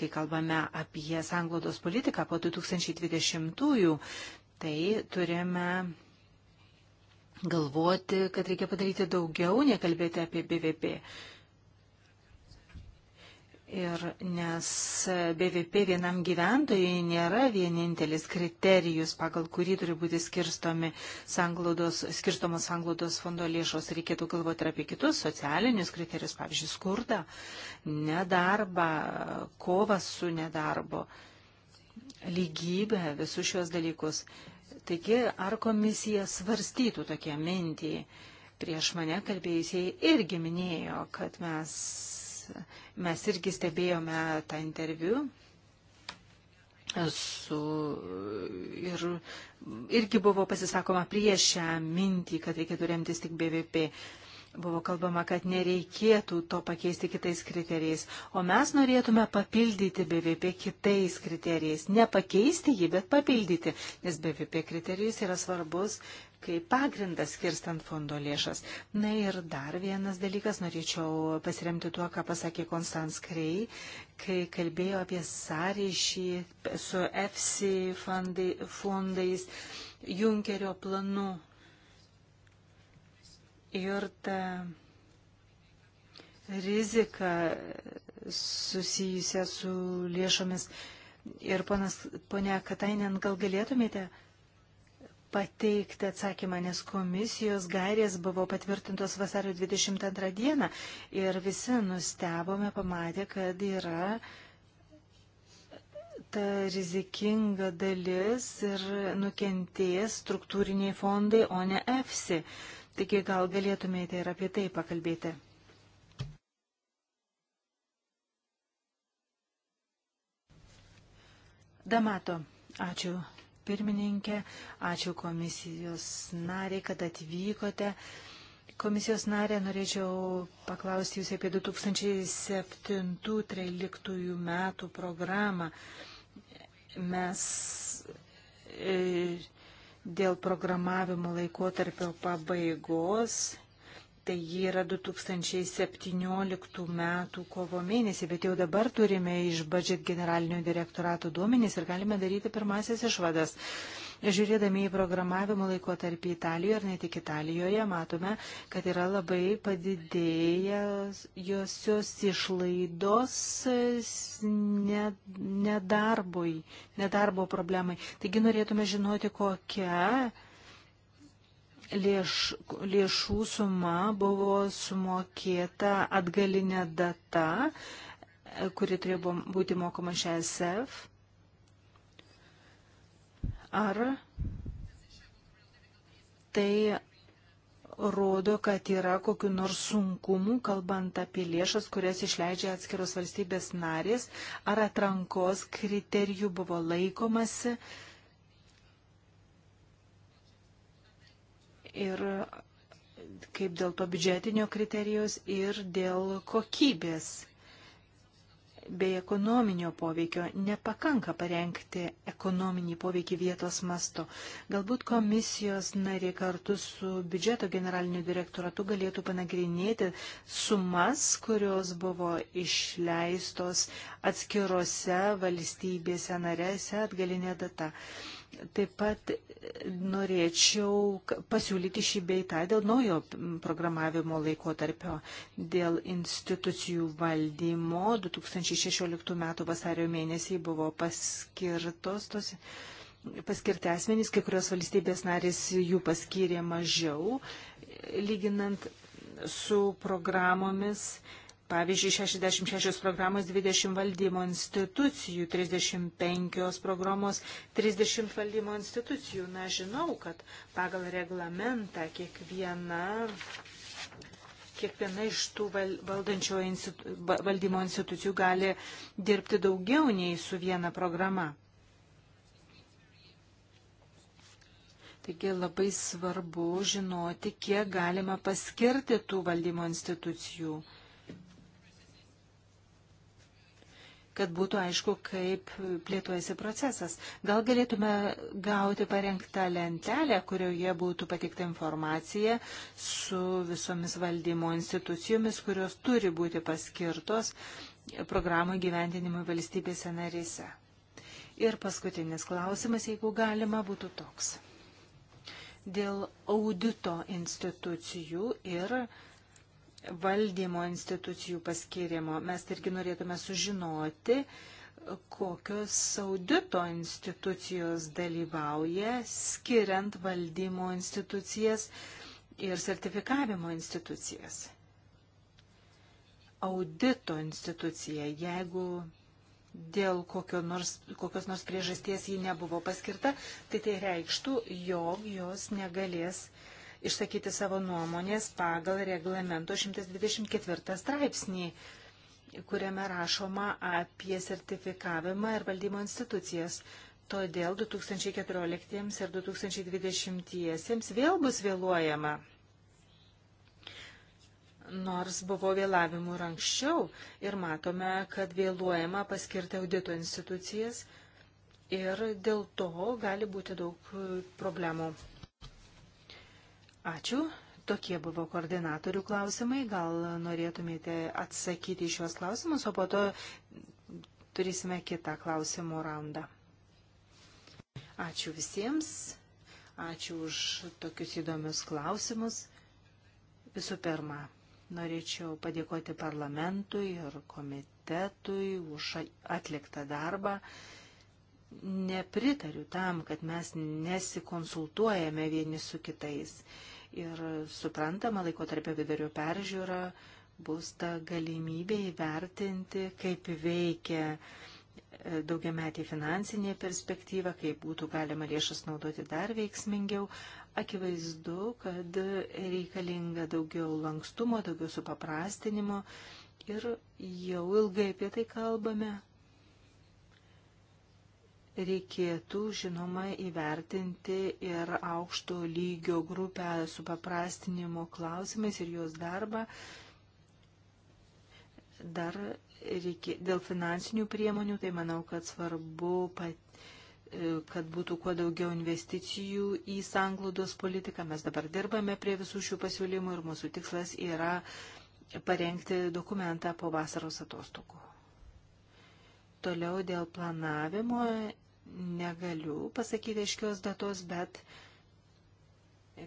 kai kalbame apie sanglodos politiką po 2020-ųjų. Tai turime galvoti, kad reikia padaryti daugiau, nekalbėti apie BVP. Ir nes BVP vienam gyventojui nėra vienintelis kriterijus, pagal kurį turi būti sanglaudos, skirstomos sanglaudos fondo lėšos, reikėtų galvoti ir apie kitus socialinius kriterijus, pavyzdžiui, skurdą, nedarbą, kovą su nedarbo, lygybę, visus šios dalykus. Taigi, ar komisija svarstytų tokią mintį? Prieš mane kalbėjusiai irgi minėjo, kad mes Mes irgi stebėjome tą interviu su, ir irgi buvo pasisakoma prieš šią mintį, kad reikėtų remtis tik BVP. Buvo kalbama, kad nereikėtų to pakeisti kitais kriterijais, o mes norėtume papildyti BVP kitais kriterijais. Ne pakeisti jį, bet papildyti, nes BVP kriterijus yra svarbus kaip pagrindas skirstant fondo lėšas. Na ir dar vienas dalykas, norėčiau pasiremti tuo, ką pasakė Konstans Krei, kai kalbėjo apie sąryšį su EFSI fondai, fondais, Junkerio planu. Ir ta rizika susijusia su lėšomis. Ir ponas, ponia Katainen, gal galėtumėte uh, pateikti atsakymą, nes komisijos gairės buvo patvirtintos vasario 22 dieną ir visi nustebome, pamatė, kad yra ta rizikinga dalis ir nukentės struktūriniai fondai, o ne EFSI. Taigi gal galėtumėte ir apie tai pakalbėti. Damato, ačiū pirmininkė, ačiū komisijos nariai, kad atvykote. Komisijos narė, norėčiau paklausti Jūs apie 2007-2013 metų programą. Mes e, dėl programavimo laikotarpio pabaigos Tai jį yra 2017 metų kovo mėnesį, bet jau dabar turime iš budžet generalinio direktorato duomenys ir galime daryti pirmasis išvadas. Žiūrėdami į programavimo laikotarpį Italijoje ir ne tik Italijoje, matome, kad yra labai padidėjęs išlaidos nedarbui, nedarbo problemai. Taigi norėtume žinoti, kokia lėš, lėšų suma buvo sumokėta atgalinė data, kuri turėjo būti mokama šią e SF. Ar tai rodo, kad yra kokiu nors sunkumu, kalbant apie lėšas, kurias išleidžia atskiros valstybės narės, ar atrankos kriterijų buvo laikomasi, uh, ir kaip dėl to biudžetinio kriterijos ir dėl kokybės bei ekonominio poveikio nepakanka parengti ekonominį poveikį vietos masto. Galbūt komisijos nariai kartu su biudžeto generaliniu direktoratu galėtų panagrinėti sumas, kurios buvo išleistos atskirose valstybėse narėse atgalinė data. Taip pat norėčiau pasiūlyti šį beitą dėl naujo programavimo laikotarpio, dėl institucijų valdymo. 2016 m. vasario mėnesį buvo paskirtos tos paskirti asmenys, kai kurios valstybės narės jų paskyrė mažiau, lyginant su programomis Pavyzdžiui, 66 programos, 20 valdymo institucijų, 35 programos, 30 valdymo institucijų. Na, žinau, kad pagal reglamentą kiekviena, kiekviena iš tų valdančio institu, valdymo institucijų gali dirbti daugiau nei su viena programa. Taigi labai svarbu žinoti, kiek galima paskirti tų valdymo institucijų kad būtų aišku, kaip plėtuojasi procesas. Gal galėtume gauti parengtą lentelę, kurioje būtų patikta informacija su visomis valdymo institucijomis, kurios turi būti paskirtos programų gyvendinimui valstybėse narėse. Ir paskutinis klausimas, jeigu galima, būtų toks. Dėl audito institucijų ir valdymo institucijų paskirimo. Mes irgi norėtume sužinoti, kokios audito institucijos dalyvauja, skiriant valdymo institucijas ir sertifikavimo institucijas. Audito institucija, jeigu dėl kokio nors, kokios nors priežasties ji nebuvo paskirta, tai tai reikštų, jog jos negalės uh, išsakyti savo nuomonės pagal reglamento 124 straipsnį kuriame rašoma apie sertifikavimą ir valdymo institucijas. Todėl 2014 ir 2020 vėl bus vėluojama. Nors buvo vėlavimų ir anksčiau ir matome, kad vėluojama paskirti audito institucijas ir dėl to gali būti daug problemų. Ačiū. Tokie buvo koordinatorių klausimai. Gal norėtumėte atsakyti šios klausimus, o po to turėsime kitą klausimų raundą. Ačiū visiems. Ačiū už tokius įdomius klausimus. Visų pirma, norėčiau padėkoti parlamentui ir komitetui už atliktą darbą nepritariu tam, kad mes nesikonsultuojame vieni su kitais ir suprantama laiko tarp vidurio peržiūra bus ta galimybė įvertinti, kaip veikia e, daugiametį finansinį perspektyvą, kaip būtų galima lėšas naudoti dar veiksmingiau. Akivaizdu, kad reikalinga daugiau lankstumo, daugiau supaprastinimo ir jau ilgai apie tai kalbame reikėtų, žinoma, įvertinti ir aukšto lygio grupę su paprastinimo klausimais ir jos darbą. Dar reikia, dėl finansinių priemonių, tai manau, kad svarbu, pat, e, kad būtų kuo daugiau investicijų į sanglaudos politiką. Mes dabar dirbame prie visų šių pasiūlymų ir mūsų tikslas yra parengti dokumentą po vasaros atostogų toliau dėl planavimo negaliu pasakyti aiškios datos, bet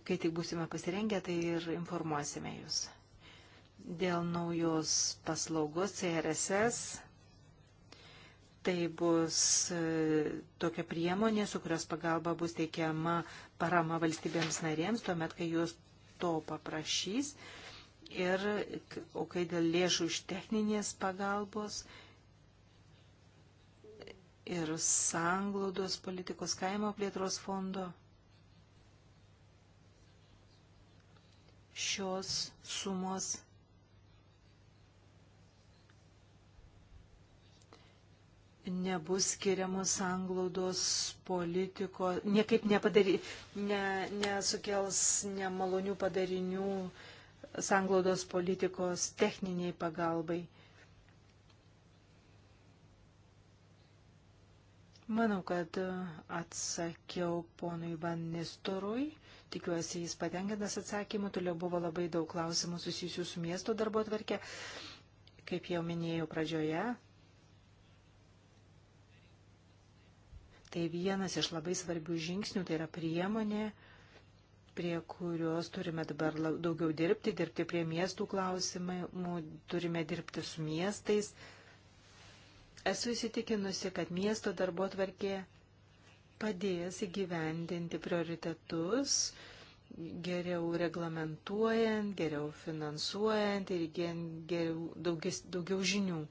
kai tik būsime pasirengę, tai ir informuosime jūs. Dėl naujos paslaugos CRSS tai bus e, tokia priemonė, su kurios pagalba bus teikiama parama valstybėms narėms, tuomet, kai jūs to paprašys. Ir, o kai dėl lėšų iš techninės pagalbos, ir sanglaudos politikos kaimo plėtros fondo. Šios sumos nebus skiriamos sanglaudos politiko, niekaip nepadary, ne, nesukels nemalonių padarinių sanglaudos politikos techniniai pagalbai. Manau, kad e, atsakiau ponui Van Nistorui. Tikiuosi, jis patenkintas atsakymu. Toliau buvo labai daug klausimų susijusių su miesto darbo atvarkė. Kaip jau minėjau pradžioje, tai vienas iš labai svarbių žingsnių, tai yra priemonė, prie kurios turime dabar daugiau dirbti, dirbti prie miestų klausimų, turime dirbti su miestais. Esu įsitikinusi, kad miesto darbo tvarkė padės įgyvendinti prioritetus, geriau reglamentuojant, geriau finansuojant ir geriau daugis, daugiau žinių.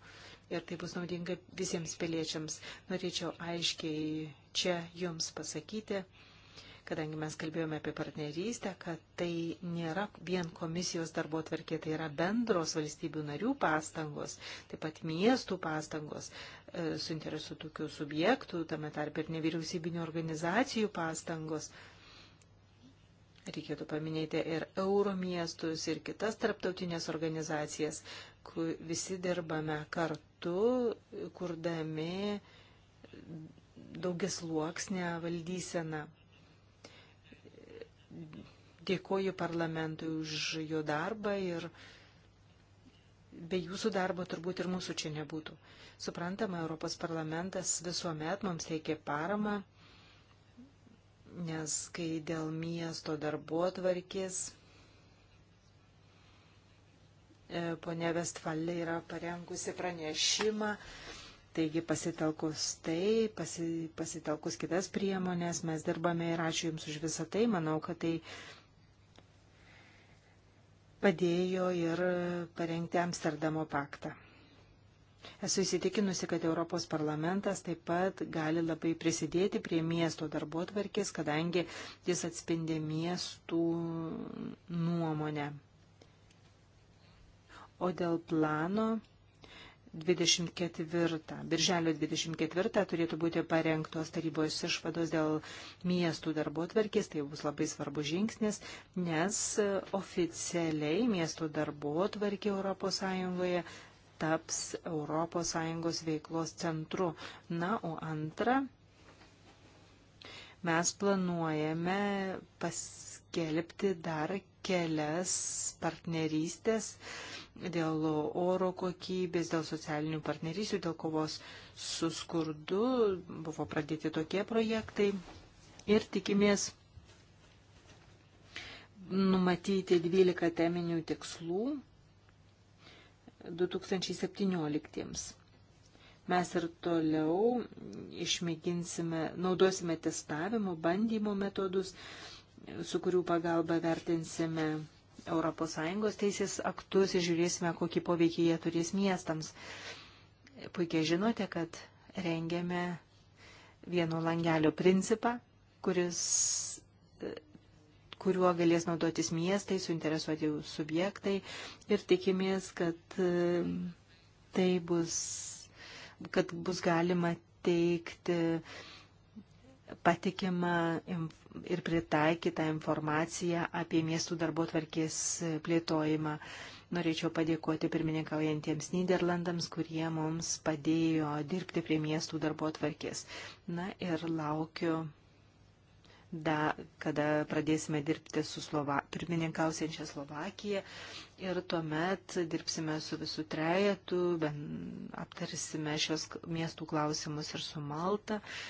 Ir tai bus naudinga visiems piliečiams. Norėčiau aiškiai čia jums pasakyti, kadangi mes kalbėjome apie partnerystę, kad tai nėra vien komisijos darbo tvarkė, tai yra bendros valstybių narių pastangos, taip pat miestų pastangos, e, suinteresuotų tokių subjektų, tame tarp ir nevyriausybinio organizacijų pastangos. Reikėtų paminėti ir euro miestus, ir kitas tarptautinės organizacijas, kur visi dirbame kartu, kurdami daugias luoksnę valdyseną dėkoju parlamentui už jo darbą ir be jūsų darbo turbūt ir mūsų čia nebūtų. Suprantama, Europos parlamentas visuomet mums teikia paramą, nes kai dėl miesto darbo tvarkės, e, ponia Vestfalė yra parengusi pranešimą, Taigi pasitelkus tai, pasi, pasitelkus kitas priemonės, mes dirbame ir ačiū Jums už visą tai. Manau, kad tai padėjo ir parengti Amsterdamo paktą. Esu įsitikinusi, kad Europos parlamentas taip pat gali labai prisidėti prie miesto darbo tvarkės, kadangi jis atspindi miestų nuomonę. O dėl plano 24. Birželio 24 turėtų būti parengtos tarybos išvados dėl miestų darbo tvarkės. Tai bus labai svarbus žingsnis, nes oficialiai miestų darbo tvarkė ES taps ES veiklos centru. Na, o antra, mes planuojame paskelbti dar kelias partnerystės dėl oro kokybės, dėl socialinių partnerysių, dėl kovos su skurdu. Buvo pradėti tokie projektai ir tikimės numatyti 12 teminių tikslų 2017. Mes ir toliau išmėginsime, naudosime testavimo, bandymo metodus, su kurių pagalba vertinsime ES teisės aktus ir žiūrėsime, kokį poveikį jie turės miestams. Puikiai žinote, kad rengiame vieno langelio principą, kuris, kuriuo galės naudotis miestai, suinteresuoti subjektai ir tikimės, kad um, tai bus, kad bus galima teikti patikimą ir pritaikytą informaciją apie miestų darbo tvarkės plėtojimą. Norėčiau padėkoti pirmininkaujantiems Niderlandams, kurie mums padėjo dirbti prie miestų darbo tvarkės. Na ir laukiu, da, kada pradėsime dirbti su Slova, pirmininkausiančia Slovakija ir tuomet dirbsime su visų trejetu, aptarsime šios miestų klausimus ir su Malta. Uh,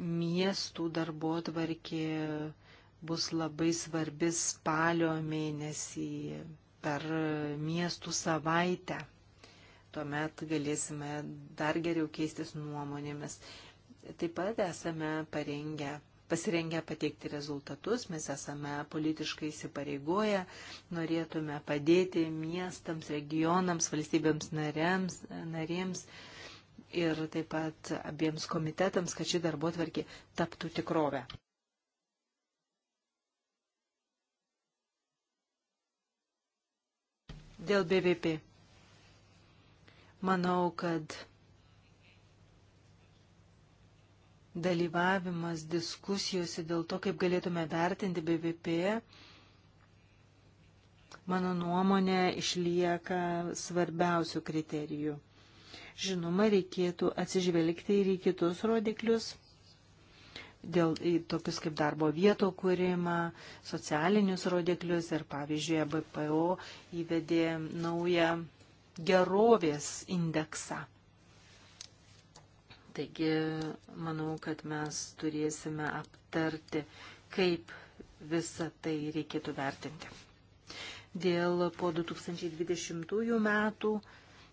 miestų darbo tvarkė bus labai svarbi spalio mėnesį per miestų savaitę. Tuomet galėsime dar geriau keistis nuomonėmis. Taip pat esame parengę pasirengę pateikti rezultatus, mes esame politiškai įsipareigoję, norėtume padėti miestams, regionams, valstybėms narėms, narėms, narėms ir taip pat abiems komitetams, kad ši darbo tvarkė taptų tikrovę. Dėl BVP. Manau, kad dalyvavimas diskusijose dėl to, kaip galėtume vertinti BVP, mano nuomonė išlieka svarbiausių kriterijų. Žinoma, reikėtų atsižvelgti ir į kitus rodiklius, dėl tokius kaip darbo vieto kūrimą, socialinius rodiklius ir pavyzdžiui, e BPO įvedė naują gerovės indeksą. Taigi, manau, kad mes turėsime aptarti, kaip visą tai reikėtų vertinti. Dėl po 2020 metų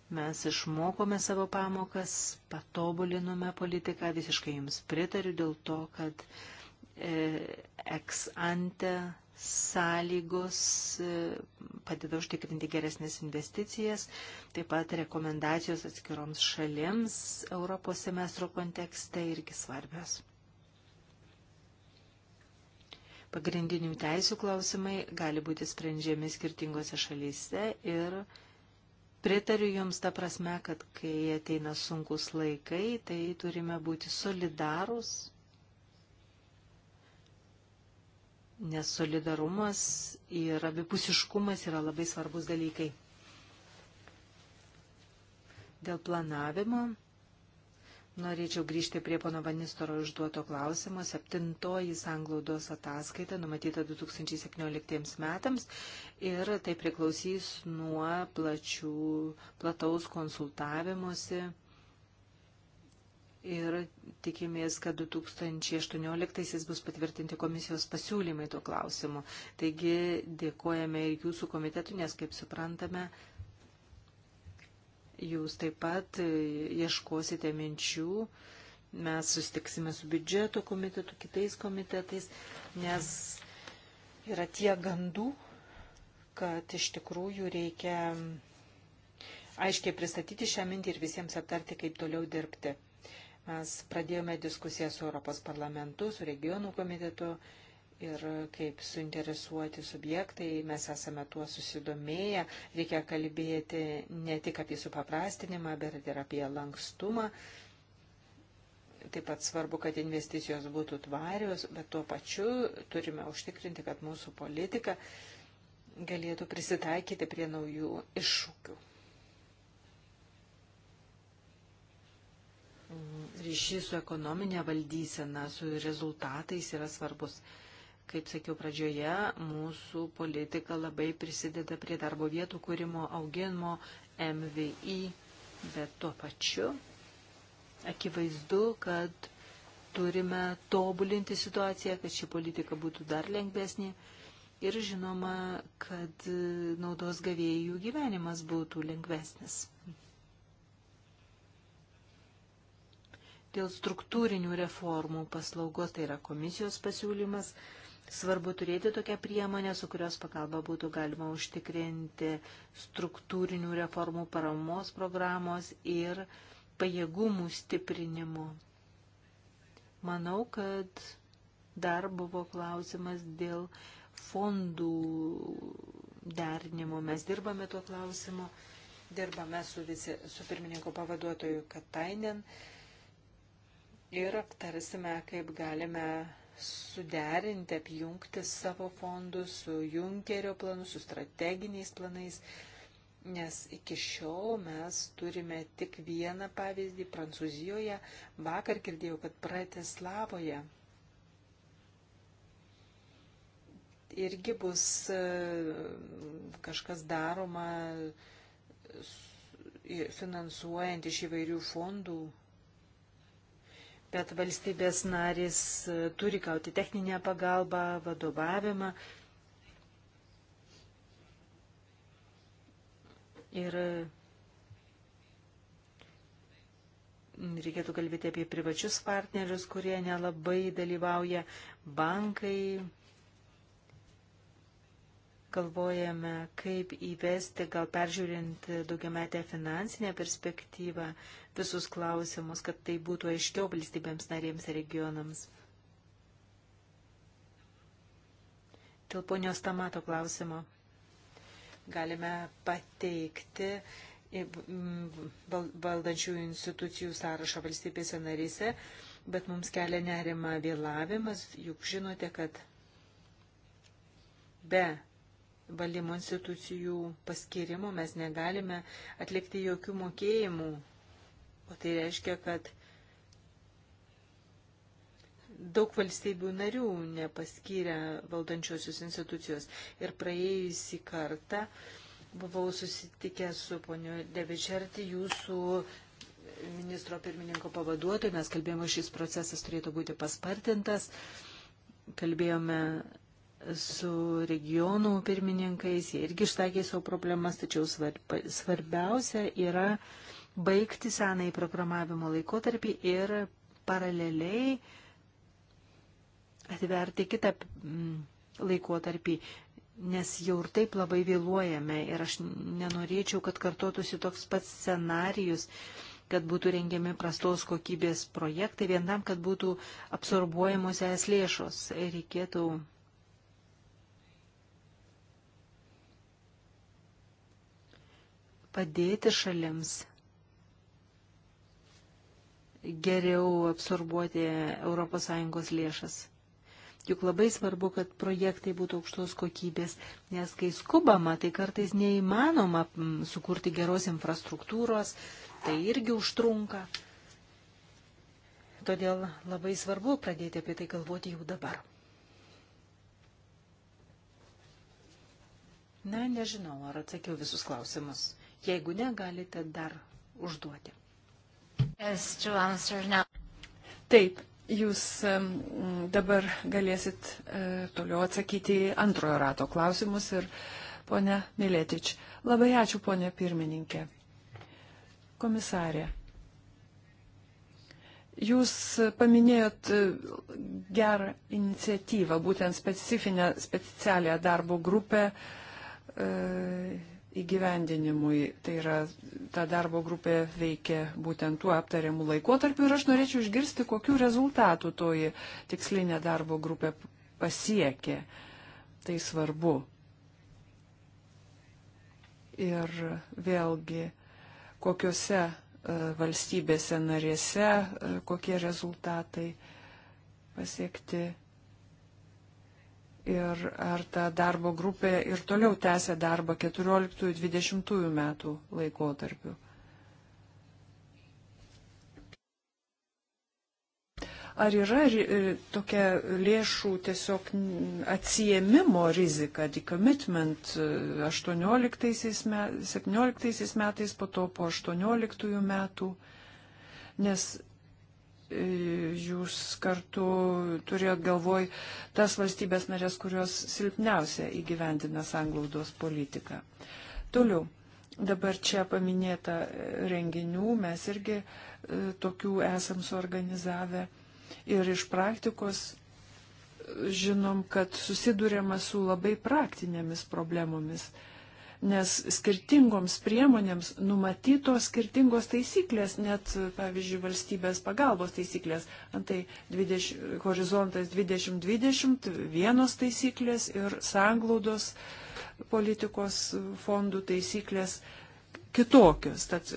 Mes išmokome savo pamokas, patobulinome politiką, visiškai jums pritariu dėl to, kad e, ex ante sąlygos e, padeda užtikrinti geresnės investicijas, taip pat rekomendacijos atskiroms šalims Europos semestro kontekste irgi svarbios. Pagrindinių teisų klausimai gali būti sprendžiami skirtingose šalyse ir šalyse Pritariu Jums tą prasme, kad kai ateina sunkus laikai, tai turime būti solidarūs, nes solidarumas ir abipusiškumas yra labai svarbus dalykai. Dėl planavimo Norėčiau grįžti prie pono Vanistoro užduoto klausimo. Septintoji sanglaudos ataskaita numatyta 2017 metams ir tai priklausys nuo plačių, plataus konsultavimuose. Ir tikimės, kad 2018 bus patvirtinti komisijos pasiūlymai tuo klausimu. Taigi dėkojame ir jūsų komitetu, nes, kaip suprantame, Jūs taip pat e, ieškosite minčių, mes sustiksime su biudžeto komitetu, kitais komitetais, nes yra tie gandų, kad iš tikrųjų reikia aiškiai pristatyti šią mintį ir visiems aptarti, kaip toliau dirbti. Mes pradėjome diskusiją su Europos parlamentu, su regionų komitetu, ir kaip suinteresuoti subjektai, mes esame tuo susidomėję, reikia kalbėti ne tik apie supaprastinimą, bet ir apie lankstumą. Taip pat svarbu, kad investicijos būtų tvarios, bet tuo pačiu turime užtikrinti, kad mūsų politika galėtų prisitaikyti prie naujų iššūkių. Ryšys su ekonominė valdysena, su rezultatais yra svarbus. Kaip sakiau pradžioje, mūsų politika labai prisideda prie darbo vietų kūrimo, auginimo, MVI, bet tuo pačiu akivaizdu, kad turime tobulinti situaciją, kad ši politika būtų dar lengvesnė ir žinoma, kad e, naudos gavėjų gyvenimas būtų lengvesnis. Dėl struktūrinių reformų paslaugos, tai yra komisijos pasiūlymas, Svarbu turėti tokią priemonę, su kurios pagalba būtų galima užtikrinti struktūrinių reformų paramos programos ir pajėgumų stiprinimu. Manau, kad dar buvo klausimas dėl fondų derinimo. Mes dirbame tuo klausimu, dirbame su, vice, su pirmininko pavaduotoju Katainen ir aptarsime, kaip galime suderinti, apjungti savo fondus su Junkerio planu, su strateginiais planais, nes iki šiol mes turime tik vieną pavyzdį Prancūzijoje. Vakar girdėjau, kad Bratislavoje irgi bus e, kažkas daroma e, finansuojant iš įvairių fondų bet valstybės narys e, turi gauti techninę pagalbą, vadovavimą. Ir mm, reikėtų kalbėti apie privačius partnerius, kurie nelabai dalyvauja bankai, galvojame, kaip įvesti, gal peržiūrint daugiametę finansinę perspektyvą, visus klausimus, kad tai būtų aiškiau valstybėms narėms ir regionams. Dėl ponios Tamato klausimo galime pateikti e, valdančiųjų institucijų sąrašą valstybėse narėse, bet mums kelia nerima vėlavimas, juk žinote, kad be valymo institucijų paskirimo mes negalime atlikti jokių mokėjimų. O tai reiškia, kad daug valstybių narių nepaskyrė valdančiosios institucijos. Ir praėjusį kartą buvau susitikęs su poniu Devičerti, jūsų ministro pirmininko pavaduotoju, mes kalbėjome, šis procesas turėtų būti paspartintas. Kalbėjome su regionų pirmininkais, jie irgi išsakė savo problemas, tačiau svarbiausia yra baigti senai programavimo laikotarpį ir paraleliai atverti kitą mm, laikotarpį, nes jau ir taip labai vėluojame ir aš nenorėčiau, kad kartotųsi toks pats scenarius kad būtų rengiami prastos kokybės projektai, vien tam, kad būtų absorbuojamos es lėšos. Reikėtų padėti šalims geriau absorbuoti ES lėšas. Juk labai svarbu, kad projektai būtų aukštos kokybės, nes kai skubama, tai kartais neįmanoma sukurti geros infrastruktūros, tai irgi užtrunka. Todėl labai svarbu pradėti apie tai galvoti jau dabar. Na, nežinau, ar atsakiau visus klausimus. Jeigu ne, galite dar užduoti. Taip, jūs dabar galėsit e, toliau atsakyti į antrojo rato klausimus ir ponia Miletič. Labai ačiū, ponia pirmininkė. Komisarė. Jūs paminėjot e, gerą iniciatyvą, būtent specifinę, specialią darbo grupę e, įgyvendinimui. Tai yra, ta darbo grupė veikia būtent tuo aptariamu laikotarpiu ir aš norėčiau išgirsti, kokiu rezultatu toji tikslinė darbo grupė pasiekė. Tai svarbu. Ir vėlgi, kokiuose e, valstybėse narėse, e, kokie rezultatai pasiekti ir ar ta darbo grupė ir toliau tęsia darbą 14-20 metų laikotarpiu. Ar yra e, tokia lėšų tiesiog atsijėmimo rizika, decommitment 18-17 e, metais, po to po 18 metų? Nes jūs kartu turėjot galvoj tas valstybės narės, kurios silpniausia įgyvendina sanglaudos politiką. Toliau, dabar čia paminėta renginių, mes irgi e, tokių esam suorganizavę ir iš praktikos e, žinom, kad susidurėma su labai praktinėmis problemomis nes skirtingoms priemonėms numatytos skirtingos taisyklės, net, pavyzdžiui, valstybės pagalbos taisyklės. Antai 20, horizontas 2020, vienos taisyklės ir sanglaudos politikos fondų taisyklės kitokios. Tad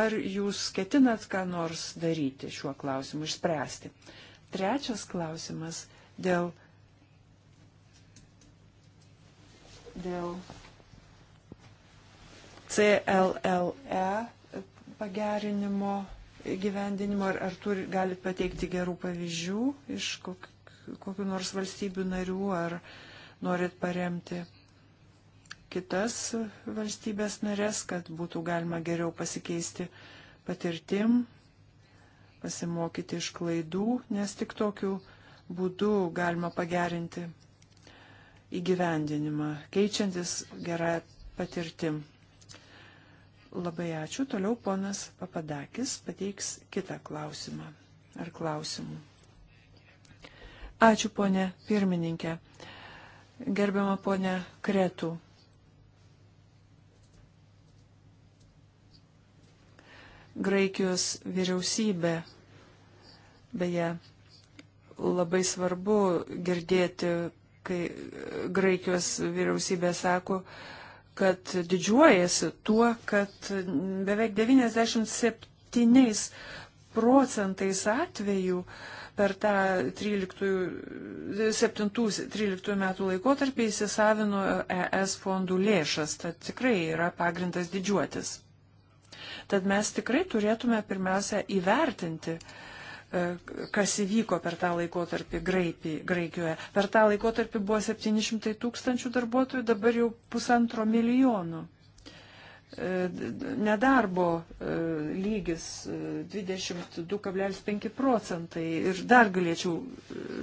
ar jūs ketinat ką nors daryti šiuo klausimu, išspręsti? Trečias klausimas dėl. dėl CLLE pagerinimo gyvendinimo, ar, ar turi, galit pateikti gerų pavyzdžių iš kok, kokiu nors valstybių narių, ar norit paremti kitas valstybės narės, kad būtų galima geriau pasikeisti patirtim, pasimokyti iš klaidų, nes tik tokiu būdu galima pagerinti įgyvendinimą, keičiantis gerą patirtim. Labai ačiū. Toliau ponas Papadakis pateiks kitą klausimą ar klausimų. Ačiū, ponė pirmininkė. Gerbiama ponė Kretų. Graikijos vyriausybė, beje, labai svarbu girdėti, kai Graikijos vyriausybė sako, kad didžiuojasi tuo, kad beveik 97 procentais atvejų per tą 7-13 metų laikotarpį įsisavino ES fondų lėšas, tad tikrai yra pagrindas didžiuotis. Tad mes tikrai turėtume pirmiausia įvertinti uh, E, kas įvyko per tą laikotarpį Graikijoje. Per tą laikotarpį buvo 700 tūkstančių darbuotojų, dabar jau pusantro milijonų. E, nedarbo e, lygis 22,5 procentai ir dar galėčiau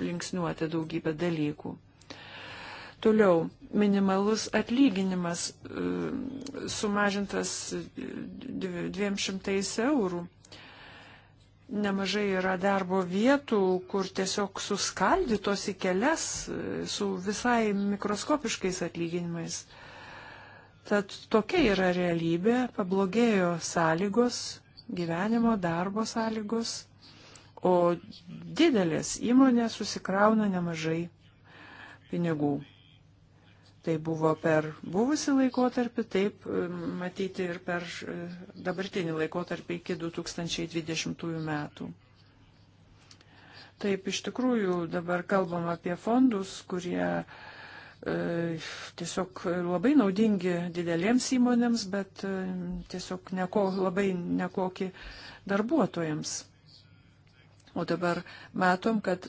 linksniuoti daugybę dalykų. Toliau, minimalus atlyginimas sumažintas 200 eurų nemažai yra darbo vietų, kur tiesiog suskaldytos į kelias e, su visai mikroskopiškais atlyginimais. Tad tokia yra realybė, pablogėjo sąlygos, gyvenimo, darbo sąlygos, o didelės įmonės susikrauna nemažai pinigų. Tai buvo per buvusi laikotarpį, taip matyti ir per e, dabartinį laikotarpį iki 2020 metų. Taip, iš tikrųjų dabar kalbam apie fondus, kurie e, tiesiog labai naudingi didelėms įmonėms, bet e, tiesiog neko, labai nekokie darbuotojams. O dabar matom, kad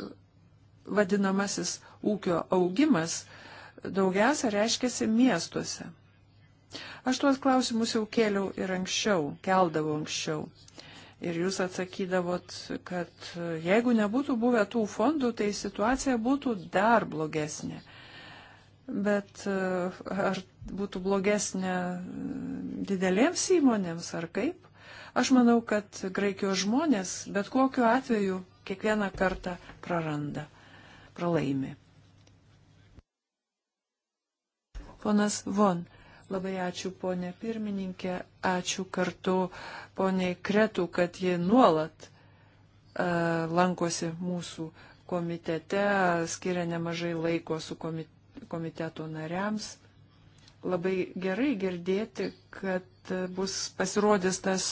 vadinamasis ūkio augimas e, daugiausia reiškiasi miestuose. Aš tuos klausimus jau kėliau ir anksčiau, keldavau anksčiau. Ir jūs atsakydavot, kad jeigu nebūtų buvę tų fondų, tai situacija būtų dar blogesnė. Bet e, ar būtų blogesnė didelėms įmonėms ar kaip? Aš manau, kad graikijos žmonės bet kokiu atveju kiekvieną kartą praranda, pralaimi. Ponas Von, labai ačiū ponė pirmininkė, ačiū kartu poniai Kretų, kad ji nuolat uh, lankosi mūsų komitete, skiria nemažai laiko su komiteto nariams. Labai gerai girdėti, kad bus pasirodys tas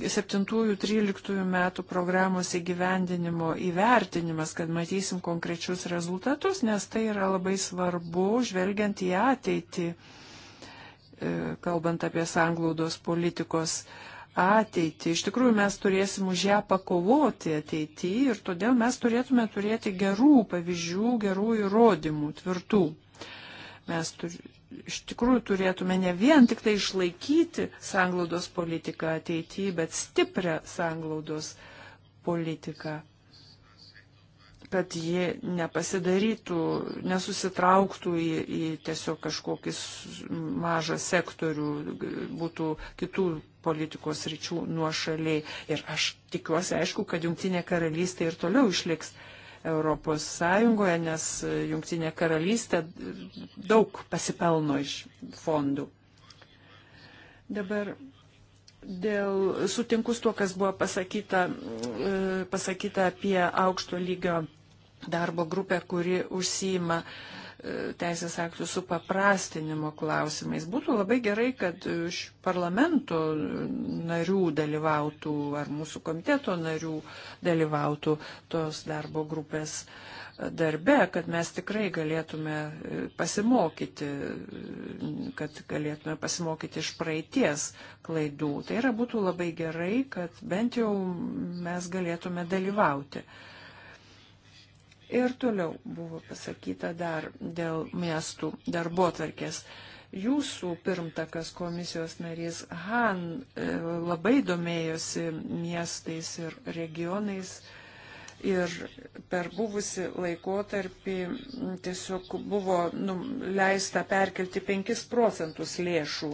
7-13 metų programos įgyvendinimo įvertinimas, kad matysim konkrečius rezultatus, nes tai yra labai svarbu, žvelgiant į ateitį, e, kalbant apie sanglaudos politikos ateitį. Iš tikrųjų, mes turėsim už ją pakovoti ateityje ir todėl mes turėtume turėti gerų pavyzdžių, gerų įrodymų, tvirtų. Mes turime iš tikrųjų turėtume ne vien tik tai išlaikyti sanglaudos politiką ateityje, bet stiprią sanglaudos politiką kad ji nepasidarytų, nesusitrauktų į, į tiesiog kažkokį mažą sektorių, būtų kitų politikos ryčių nuošaliai. Ir aš tikiuosi, aišku, kad Junktinė karalystė ir toliau išliks uh, Europos Sąjungoje, nes Jungtinė karalystė daug pasipelno iš fondų. Dabar dėl sutinku su tuo, kas buvo pasakyta, e, pasakyta apie aukšto lygio darbo grupę, kuri užsijima uh, teisės aktų supaprastinimo klausimais. Būtų labai gerai, kad iš parlamento narių dalyvautų ar mūsų komiteto narių dalyvautų tos darbo grupės darbe, kad mes tikrai galėtume pasimokyti, kad galėtume pasimokyti iš praeities klaidų. Tai yra būtų labai gerai, kad bent jau mes galėtume dalyvauti. Uh, Ir toliau buvo pasakyta dar dėl miestų darbo tvarkės. Jūsų pirmtakas komisijos narys Han e, labai domėjosi miestais ir regionais ir per buvusi laikotarpį tiesiog buvo nu, leista perkelti 5 procentus lėšų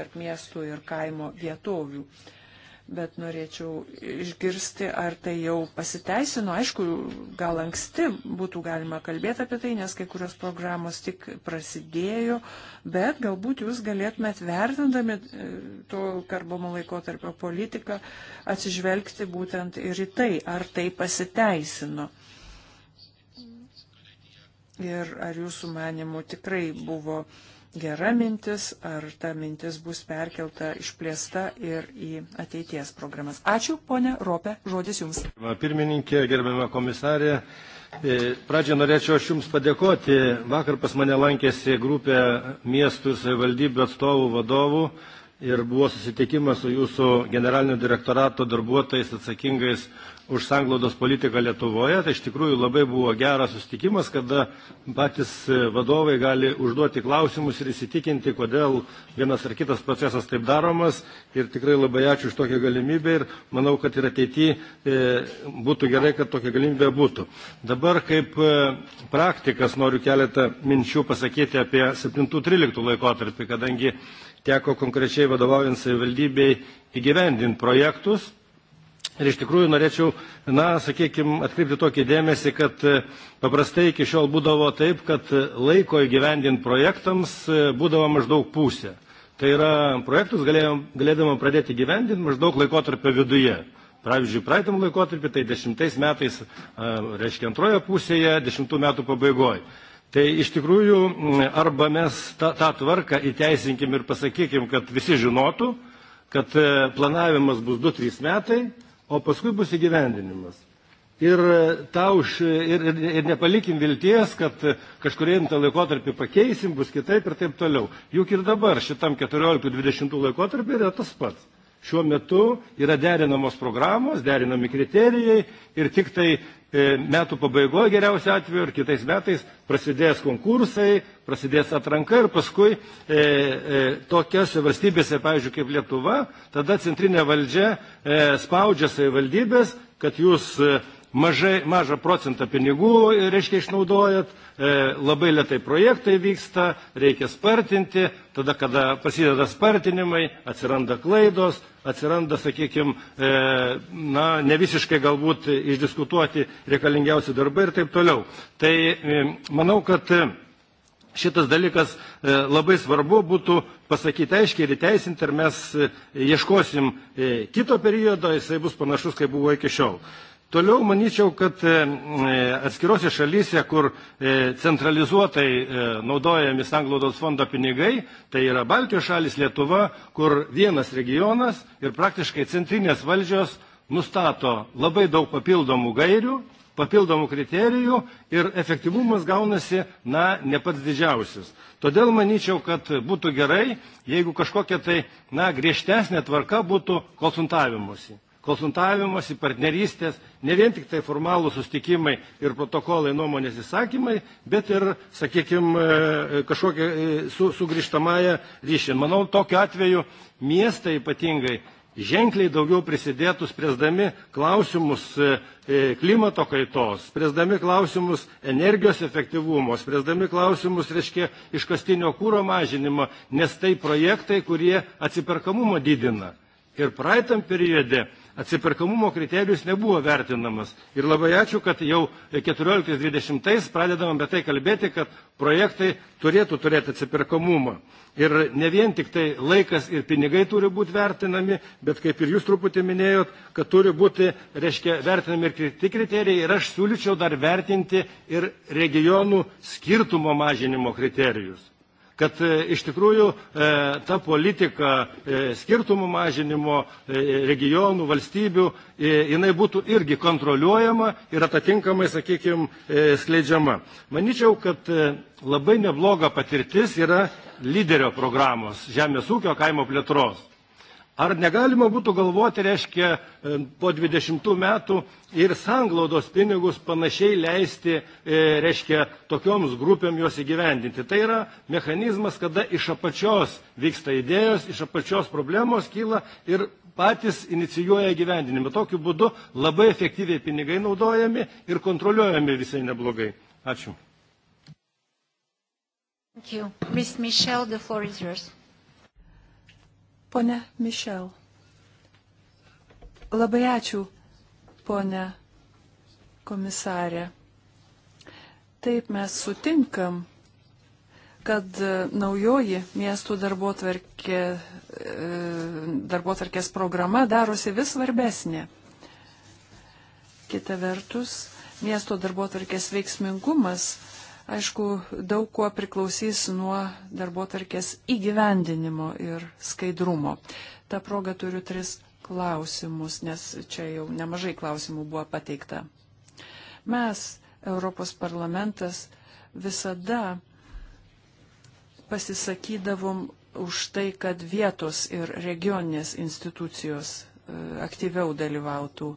tarp miestų ir kaimo vietovių. Uh, bet norėčiau išgirsti, ar tai jau pasiteisino. Aišku, gal anksti būtų galima kalbėti apie tai, nes kai kurios programos tik prasidėjo, bet galbūt jūs galėtumėt vertindami e, to karbomo laikotarpio politiką atsižvelgti būtent ir į tai, ar tai pasiteisino. Ir ar jūsų manimų tikrai buvo uh, gera mintis, ar ta mintis bus perkelta, išplėsta ir į ateities programas. Ačiū, ponė Ropė, žodis Jums. Pirmininkė, gerbiama komisarė, e, pradžią norėčiau aš Jums padėkoti. Vakar pas mane lankėsi grupė miestų ir savivaldybių atstovų vadovų ir buvo susitikimas su Jūsų generalinio direktorato darbuotojais atsakingais už sanglaudos politiką Lietuvoje. Tai iš tikrųjų labai buvo geras sustikimas, kada patys e, vadovai gali užduoti klausimus ir įsitikinti, kodėl vienas ar kitas procesas taip daromas. Ir tikrai labai ačiū už tokią galimybę ir manau, kad ir ateityje e, būtų gerai, kad tokia galimybė būtų. Dabar kaip e, praktikas noriu keletą minčių pasakyti apie 7-13 laikotarpį, kadangi teko konkrečiai vadovaujant savivaldybei įgyvendinti projektus Ir iš tikrųjų norėčiau, na, sakykime, atkreipti tokį dėmesį, kad e, paprastai iki šiol būdavo taip, kad e, laiko įgyvendinti projektams e, būdavo maždaug pusė. Tai yra, projektus galėdama pradėti gyvendinti maždaug laikotarpio viduje. Pavyzdžiui, praeitam laikotarpį, tai dešimtais metais, reiškia antroje pusėje, dešimtų metų pabaigoje. Tai iš tikrųjų, arba mes tą, tą tvarką įteisinkim ir pasakykim, kad visi žinotų, kad planavimas bus 2-3 metai, o paskui bus įgyvendinimas. Ir, e, už, e, ir, ir, ir nepalikim vilties, kad e, kažkurien tą laikotarpį pakeisim, bus kitaip ir taip toliau. Juk ir dabar šitam 14-20 laikotarpį yra tas pats. Šiuo metu yra derinamos programos, derinami kriterijai ir tik tai e, metų pabaigoje geriausiu atveju ir kitais metais prasidės konkursai, prasidės atranka ir paskui e, e, tokiose valstybėse, pavyzdžiui, kaip Lietuva, tada centrinė valdžia e, spaudžia savivaldybės, kad jūs e, mažai, mažą procentą pinigų, reiškia, išnaudojat, e, labai lietai projektai vyksta, reikia spartinti, tada, kada prasideda spartinimai, atsiranda klaidos, atsiranda, sakykime, e, na, ne visiškai galbūt išdiskutuoti reikalingiausi darbai ir taip toliau. Tai e, manau, kad e, šitas dalykas e, labai svarbu būtų pasakyti aiškiai ir įteisinti, ar mes e, ieškosim e, kito periodo, jisai bus panašus, kaip buvo iki šiol. Toliau manyčiau, kad e, e, atskirose šalyse, kur e, centralizuotai naudojami sanglaudos fondo pinigai, tai yra Baltijos šalis Lietuva, kur vienas regionas ir praktiškai centrinės valdžios nustato labai daug papildomų gairių, papildomų kriterijų ir efektyvumas gaunasi, na, ne pats didžiausias. Todėl manyčiau, kad būtų gerai, jeigu kažkokia tai, na, griežtesnė tvarka būtų konsultavimuose konsultavimuose, partnerystės, ne vien tik tai formalų sustikimai ir protokolai nuomonės įsakymai, bet ir, sakykime, e, kažkokia e, su, sugrįžtamąją ryšį. Manau, tokiu atveju miestai ypatingai ženkliai daugiau prisidėtų spręsdami klausimus e, klimato kaitos, spręsdami klausimus energijos efektyvumo, spręsdami klausimus, reiškia, iškastinio kūro mažinimo, nes tai projektai, kurie atsiperkamumo didina. Ir praeitam periode atsiperkamumo kriterijus nebuvo vertinamas. Ir labai ačiū, kad jau 14-20 pradedam apie tai kalbėti, kad projektai turėtų turėti atsiperkamumą. Ir ne vien tik tai laikas ir pinigai turi būti vertinami, bet kaip ir jūs truputį minėjot, kad turi būti, reiškia, vertinami ir kiti kriterijai. Ir aš siūlyčiau dar vertinti ir regionų skirtumo mažinimo kriterijus kad e, iš tikrųjų e, ta politika e, skirtumų mažinimo regionų, valstybių, jinai būtų irgi kontroliuojama ir atatinkamai, sakykime, skleidžiama. Maničiau, kad labai nebloga patirtis yra lyderio programos žemės ūkio kaimo plėtros. Ar negalima būtų galvoti, reiškia, e, po 20 metų ir sanglaudos pinigus panašiai leisti, e, reiškia, tokioms grupėm juos įgyvendinti. Tai yra mechanizmas, kada iš apačios vyksta idėjos, iš apačios problemos kyla ir patys inicijuoja gyvendinimą. Tokiu būdu labai efektyviai pinigai naudojami ir kontroliuojami visai neblogai. Ačiū. Thank you. Ms. Michel, the floor is yours. Pone Mišel. Labai ačiū, pone komisarė. Taip mes sutinkam, kad naujoji miestų darbotvarkė, e, darbotvarkės programa darosi vis svarbesnė. Kita vertus, miesto darbotvarkės veiksmingumas aišku, daug kuo priklausys nuo darbo tarkės įgyvendinimo ir skaidrumo. Ta proga turiu tris klausimus, nes čia jau nemažai klausimų buvo pateikta. Mes, Europos parlamentas, visada pasisakydavom už tai, kad vietos ir regioninės institucijos e, aktyviau dalyvautų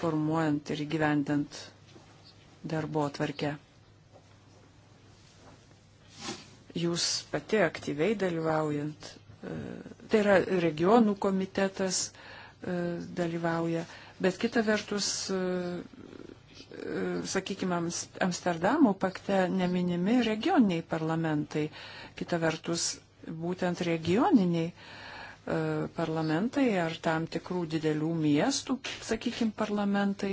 formuojant ir gyvendant darbo atvarkę. jūs pati aktyviai dalyvaujant, e, tai yra regionų komitetas e, dalyvauja, bet kita vertus, e, sakykime, Amsterdamo pakte neminimi regioniniai parlamentai, kita vertus, būtent regioniniai parlamentai ar tam tikrų didelių miestų, sakykime, parlamentai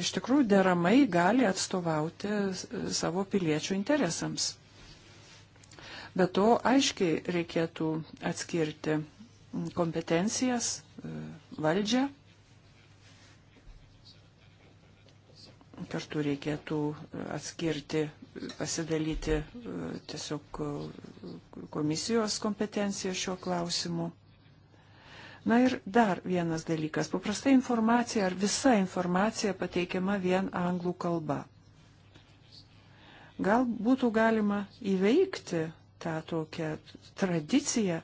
iš tikrųjų deramai gali atstovauti savo piliečių interesams. Bet to aiškiai reikėtų atskirti kompetencijas, e, valdžią. Kartu reikėtų e, atskirti, pasidalyti e, tiesiog komisijos kompetenciją šiuo klausimu. Na ir dar vienas dalykas. Paprastai informacija ar visa informacija pateikiama vien anglų kalba. Gal būtų galima įveikti tą tokią tradiciją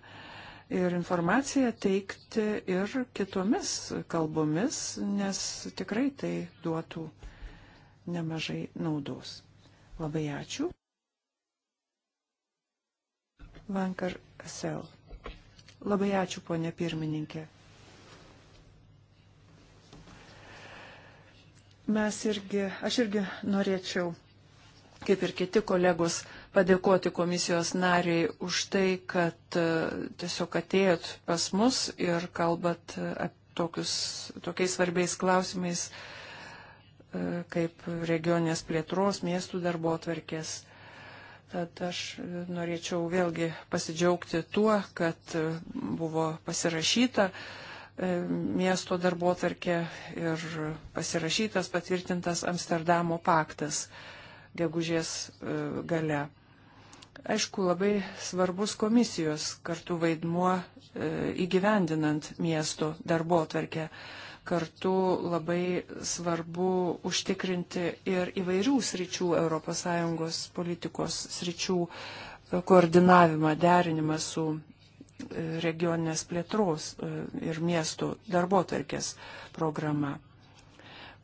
ir informaciją teikti ir kitomis kalbomis, nes tikrai tai duotų nemažai naudos. Labai ačiū. Lankar Sel. Labai ačiū, ponė pirmininkė. Mes irgi, aš irgi norėčiau, kaip ir kiti kolegos, padėkoti komisijos nariai už tai, kad e, tiesiog atėjot pas mus ir kalbat e, tokius, tokiais svarbiais klausimais e, kaip regionės plėtros, miestų darbo atverkės. Tad aš norėčiau vėlgi pasidžiaugti tuo, kad buvo pasirašyta miesto darbo atverkė ir pasirašytas patvirtintas Amsterdamo paktas gegužės gale. Aišku, labai svarbus komisijos kartu vaidmuo e, įgyvendinant miesto darbo atverkę. Kartu labai svarbu užtikrinti ir įvairių sričių ES politikos sričių e, koordinavimą, derinimą su e, regioninės plėtros ir miestų darbotvarkės programa.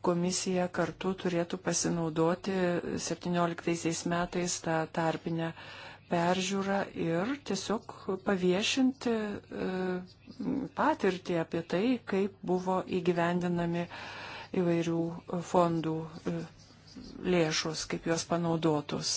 Komisija kartu turėtų pasinaudoti 17 metais tą tarpinę uh, peržiūrą ir tiesiog paviešinti e, patirtį apie tai, kaip buvo įgyvendinami įvairių fondų e, lėšos, kaip juos panaudotos.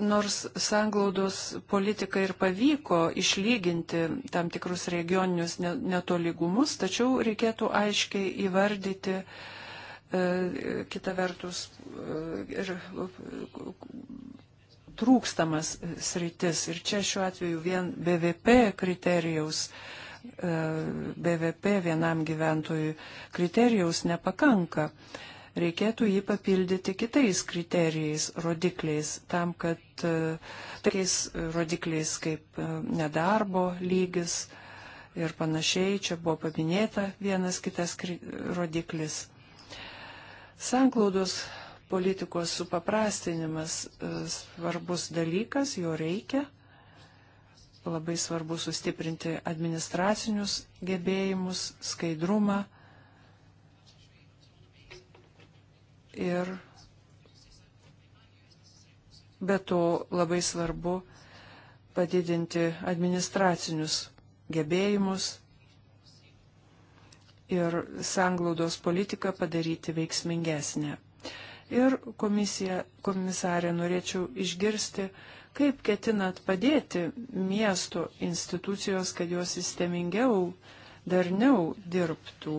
nors sanglaudos politika ir pavyko išlyginti tam tikrus regioninius netolygumus, tačiau reikėtų aiškiai įvardyti e, kita vertus e, ir e, trūkstamas sritis. Ir čia šiuo atveju vien BVP kriterijaus, e, BVP vienam gyventojui kriterijaus nepakanka. E, reikėtų jį papildyti kitais kriterijais, rodikliais, tam, kad e, tokiais rodikliais kaip e, nedarbo lygis ir panašiai, čia buvo paminėta vienas kitas rodiklis. Sanklaudos politikos supaprastinimas e, svarbus dalykas, jo reikia. Labai svarbu sustiprinti administracinius gebėjimus, skaidrumą Ir be to labai svarbu padidinti administracinius gebėjimus ir sanglaudos politiką padaryti veiksmingesnę. Ir komisija, komisarė, norėčiau išgirsti, kaip ketinat padėti miesto institucijos, kad jos sistemingiau, darniau dirbtų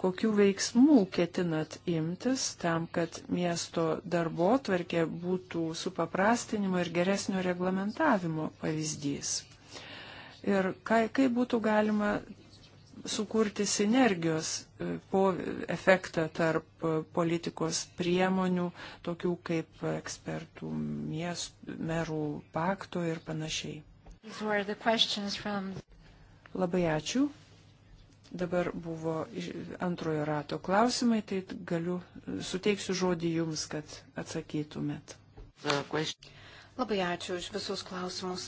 kokių veiksmų ketinat imtis tam, kad miesto darbo tvarkė būtų supaprastinimo ir geresnio reglamentavimo pavyzdys. Ir kai, kaip būtų galima sukurti sinergijos e, po efektą tarp e, politikos priemonių, tokių kaip ekspertų, miestų, merų pakto ir panašiai. From... Labai ačiū. Dabar buvo antrojo rato klausimai, tai galiu, suteiksiu žodį jums, kad atsakytumėt. Labai ačiū už visus klausimus.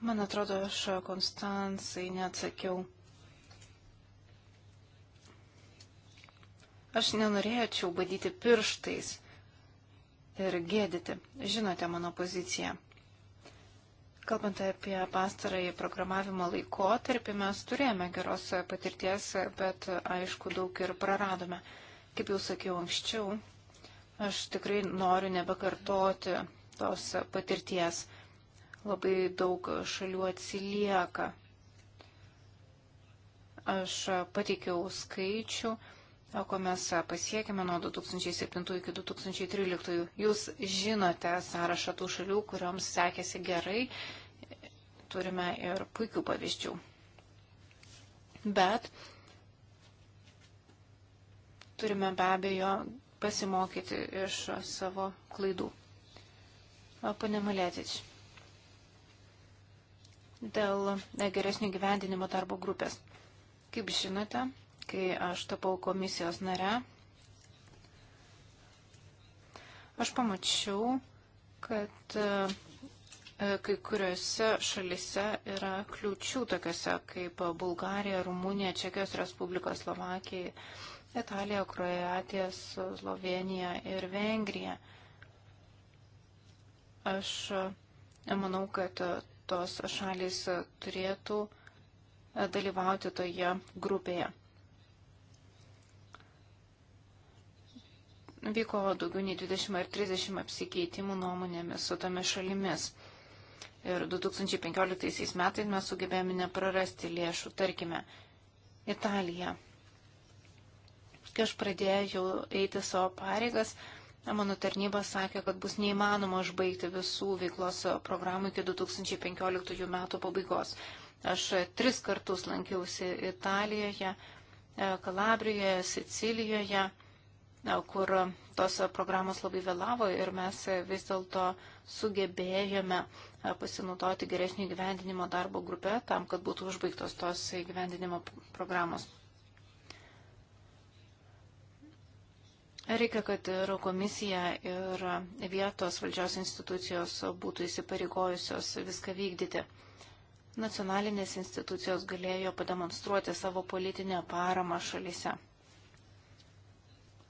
Man atrodo, aš Konstancijai neatsakiau. Aš nenorėčiau badyti pirštais ir gėdyti. Žinote mano poziciją. Kalbant apie pastarąjį programavimo laikotarpį, mes turėjome geros patirties, bet aišku, daug ir praradome. Kaip jau sakiau anksčiau, aš tikrai noriu nebekartoti tos patirties. Labai daug šalių atsilieka. Aš pateikiau skaičių ko mes pasiekime nuo 2007 iki 2013. Jūs žinote sąrašą tų šalių, kurioms sekėsi gerai. Turime ir puikių pavyzdžių. Bet turime be abejo pasimokyti iš savo klaidų. Pane Maletič, dėl geresnių gyvendinimo darbo grupės. Kaip žinote, kai aš tapau komisijos nare, aš pamačiau, kad e, e, kai kuriuose šalise yra kliūčių tokiuose kaip Bulgarija, Rumunija, Čekijos Respublika, Slovakija, Italija, Kroatija, Slovenija ir Vengrija. Aš e, manau, kad tos šalys turėtų dalyvauti toje grupėje. Vyko daugiau nei 20 ar 30 apsikeitimų nuomonėmis su tomis šalimis. Ir 2015 metais mes sugebėjome neprarasti lėšų, tarkime, Italija. Kai aš pradėjau eiti savo pareigas, mano tarnyba sakė, kad bus neįmanoma užbaigti visų veiklos programų iki 2015 metų pabaigos. Aš tris kartus lankiausi Italijoje, Kalabrijoje, Sicilijoje E, kur tos programos labai vėlavo ir mes vis dėlto sugebėjome e, pasinaudoti geresnį gyvendinimo darbo grupę tam, kad būtų užbaigtos tos gyvendinimo programos. Reikia, kad ir komisija ir vietos valdžios institucijos būtų įsipareigojusios viską vykdyti. Nacionalinės institucijos galėjo pademonstruoti savo politinę paramą šalyse.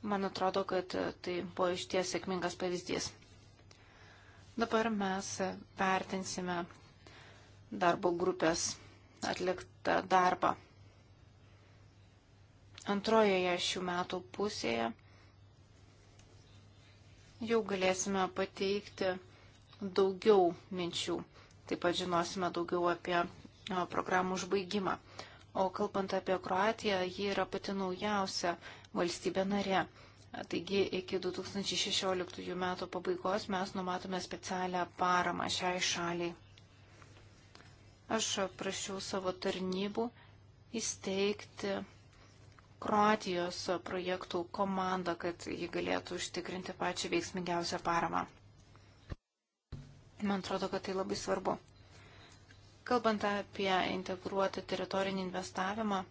Man atrodo, kad tai buvo išties sėkmingas pavyzdys. Dabar mes vertinsime darbo grupės atliktą darbą. Antrojoje šių metų pusėje jau galėsime pateikti daugiau minčių. Taip pat žinosime daugiau apie programų užbaigimą. O kalbant apie Kroatiją, ji yra pati naujausia valstybė narė. Taigi iki 2016 metų pabaigos mes numatome specialią paramą šiai šaliai. Aš prašiau savo tarnybų įsteigti Kroatijos projektų komandą, kad ji galėtų užtikrinti pačią veiksmingiausią paramą. Man atrodo, kad tai labai svarbu. Kalbant apie integruotą teritorinį investavimą,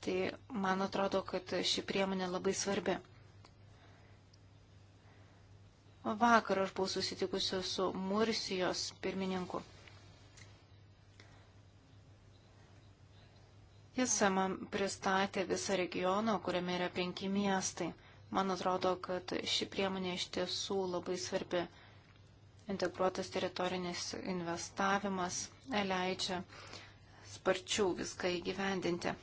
Tai man atrodo, kad ši priemonė labai svarbi. Vakar aš buvau susitikusi su Mursijos pirmininku. Jis man pristatė visą regioną, kuriame yra penki miestai. Man atrodo, kad ši priemonė iš tiesų labai svarbi. Integruotas teritorinis investavimas leidžia sparčiau viską įgyvendinti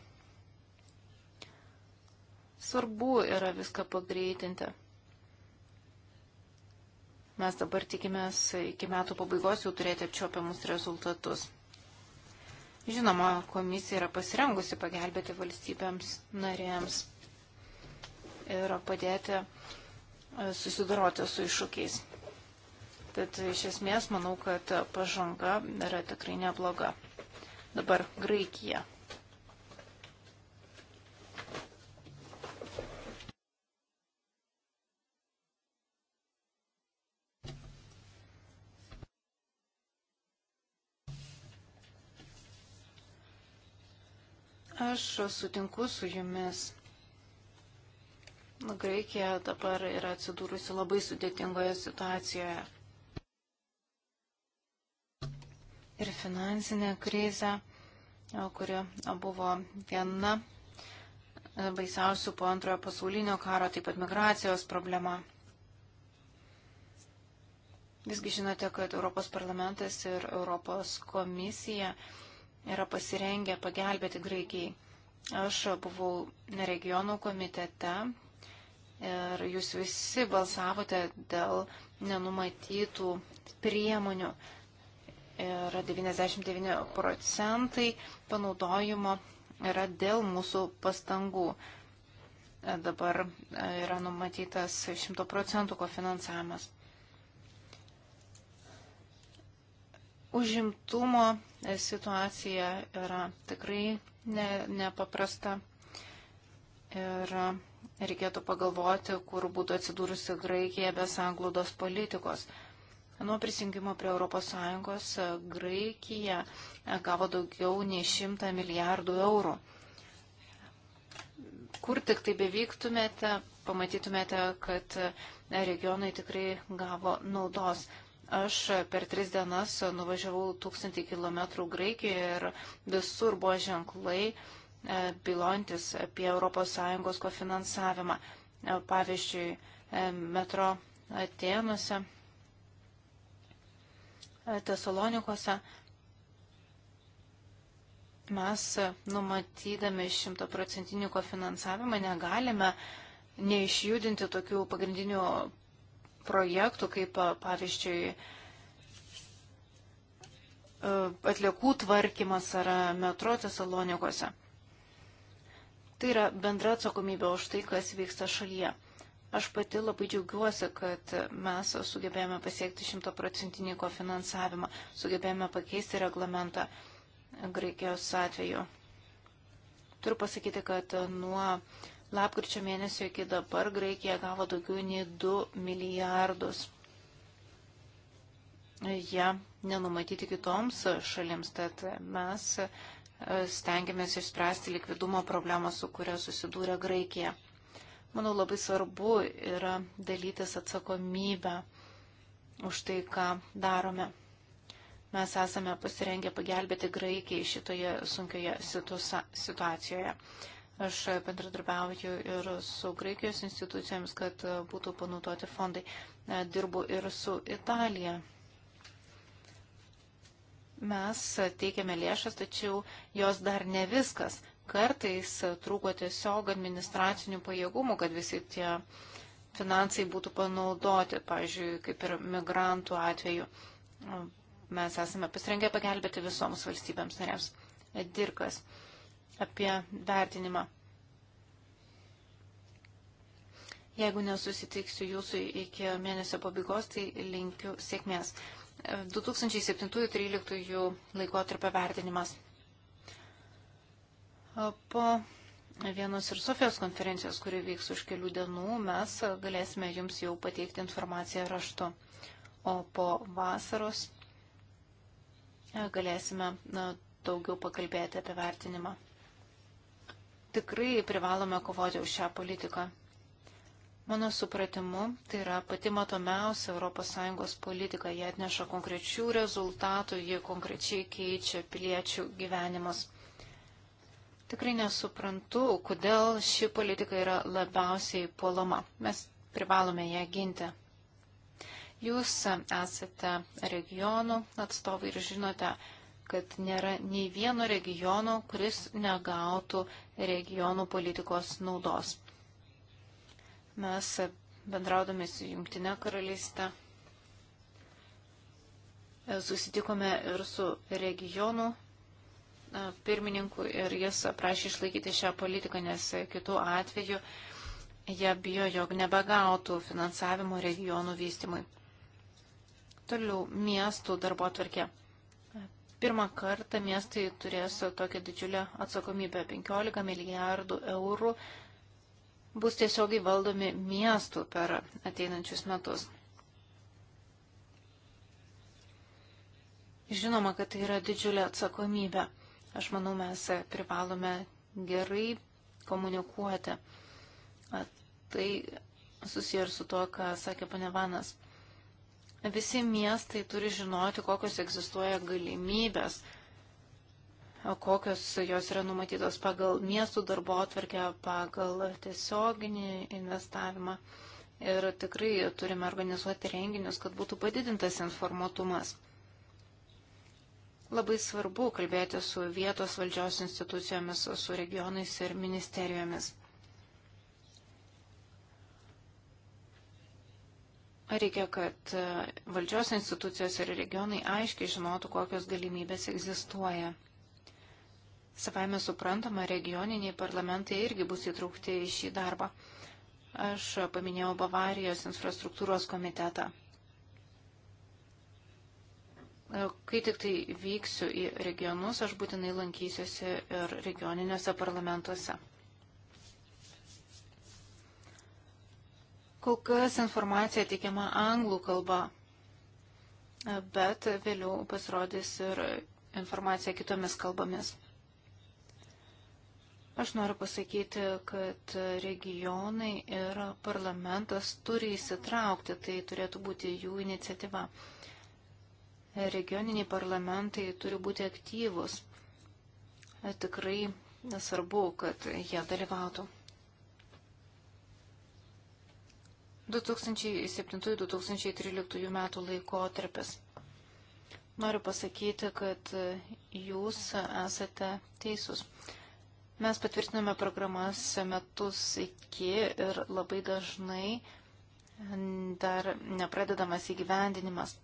svarbu yra viską pagreitinti. Mes dabar tikimės iki metų pabaigos jau turėti apčiopiamus rezultatus. Žinoma, komisija yra pasirengusi pagelbėti valstybėms narėms ir padėti e, susidoroti su iššūkiais. Tad iš esmės manau, kad pažanga yra tikrai nebloga. Dabar Graikija. Aš sutinku su jumis. Graikija dabar yra atsidūrusi labai sudėtingoje situacijoje. Ir finansinė krizė, kuri buvo viena baisiausių po antrojo pasaulinio karo, taip pat migracijos problema. Visgi žinote, kad Europos parlamentas ir Europos komisija yra pasirengę pagelbėti Graikijai. Aš buvau regionų komitete ir jūs visi balsavote dėl nenumatytų priemonių. Ir 99 procentai panaudojimo yra dėl mūsų pastangų. Dabar yra numatytas 100 procentų kofinansavimas. Užimtumo situacija yra tikrai nepaprasta ne ir reikėtų pagalvoti, kur būtų atsidūrusi Graikija be sanglaudos politikos. Nuo prisijungimo prie ES Graikija gavo daugiau nei 100 milijardų eurų. Kur tik tai bevyktumėte, pamatytumėte, kad regionai tikrai gavo naudos. Aš per tris dienas nuvažiavau tūkstantį kilometrų Graikijoje ir visur buvo ženklai e, bilantis apie ES kofinansavimą. E, pavyzdžiui, e, metro Atenuose, Tesalonikose mes numatydami šimtaprocentinį kofinansavimą negalime neišjudinti tokių pagrindinių projektų, kaip pavyzdžiui e, atliekų tvarkymas ar e, metro tesalonikose. Tai yra bendra atsakomybė už tai, kas vyksta šalyje. Aš pati labai džiaugiuosi, kad mes sugebėjome pasiekti šimtaprocentinį kofinansavimą, sugebėjome pakeisti reglamentą Graikijos atveju. Turiu pasakyti, kad nuo Lapkričio mėnesio iki dabar Graikija gavo daugiau nei 2 milijardus. Jie ja, nenumatyti kitoms šalims, tad mes e, stengiamės išspręsti likvidumo problemą, su kuria susidūrė Graikija. Manau, labai svarbu yra dalytis atsakomybę už tai, ką darome. Mes esame pasirengę pagelbėti Graikijai šitoje sunkioje situacijoje. Aš bendradarbiauju ir su Graikijos institucijomis, kad būtų panaudoti fondai. Dirbu ir su Italija. Mes teikiame lėšas, tačiau jos dar ne viskas. Kartais trūko tiesiog administracinių pajėgumų, kad visi tie finansai būtų panaudoti, pavyzdžiui, kaip ir migrantų atveju. Mes esame pasirengę pagelbėti visoms valstybėms narėms. Dirkas apie vertinimą. Jeigu nesusitiksiu jūsų iki mėnesio pabaigos, tai linkiu sėkmės. 2007-2013 laikotarpio vertinimas. Po vienos ir Sofijos konferencijos, kuri vyks už kelių dienų, mes galėsime jums jau pateikti informaciją raštu. O po vasaros galėsime na, daugiau pakalbėti apie vertinimą tikrai privalome kovoti už šią politiką. Mano supratimu, tai yra pati matomiausia ES politika, jie atneša konkrečių rezultatų, jie konkrečiai keičia piliečių gyvenimus. Tikrai nesuprantu, kodėl ši politika yra labiausiai puolama. Mes privalome ją ginti. Jūs esate regionų atstovai ir žinote, kad nėra nei vieno regiono, kuris negautų regionų politikos naudos. Mes bendraudami su Junktinė karalystė susitikome ir su regionų pirmininku ir jis prašė išlaikyti šią politiką, nes kitų atveju jie bijo, jog nebegautų finansavimo regionų vystimui. Toliau miestų darbo atvarkė. Pirmą kartą miestai turės tokią didžiulę atsakomybę - 15 milijardų eurų bus tiesiogiai valdomi miestų per ateinančius metus. Žinoma, kad tai yra didžiulė atsakomybė. Aš manau, mes privalome gerai komunikuoti. Tai susiję ir su to, ką sakė pane Vanas. Visi miestai turi žinoti, kokios egzistuoja galimybės, kokios jos yra numatytos pagal miestų darbo atvarkę, pagal tiesioginį investavimą. Ir tikrai turime organizuoti renginius, kad būtų padidintas informuotumas. Labai svarbu kalbėti su vietos valdžios institucijomis, su regionais ir ministerijomis. Reikia, kad e, valdžios institucijos ir regionai aiškiai žinotų, kokios galimybės egzistuoja. Savaime suprantama, regioniniai parlamentai irgi bus įtraukti į šį darbą. Aš paminėjau Bavarijos infrastruktūros komitetą. E, kai tik tai vyksiu į regionus, aš būtinai lankysiuosi ir regioniniuose parlamentuose. Kol kas informacija teikiama anglų kalba, bet vėliau pasirodys ir informacija kitomis kalbomis. Aš noriu pasakyti, kad regionai ir parlamentas turi įsitraukti, tai turėtų būti jų iniciatyva. Regioniniai parlamentai turi būti aktyvus. Tikrai nesvarbu, kad jie dalyvautų. 2007-2013 metų laikotarpis. Noriu pasakyti, kad jūs esate teisūs. Mes patvirtiname programas metus iki ir labai dažnai dar nepradedamas įgyvendinimas.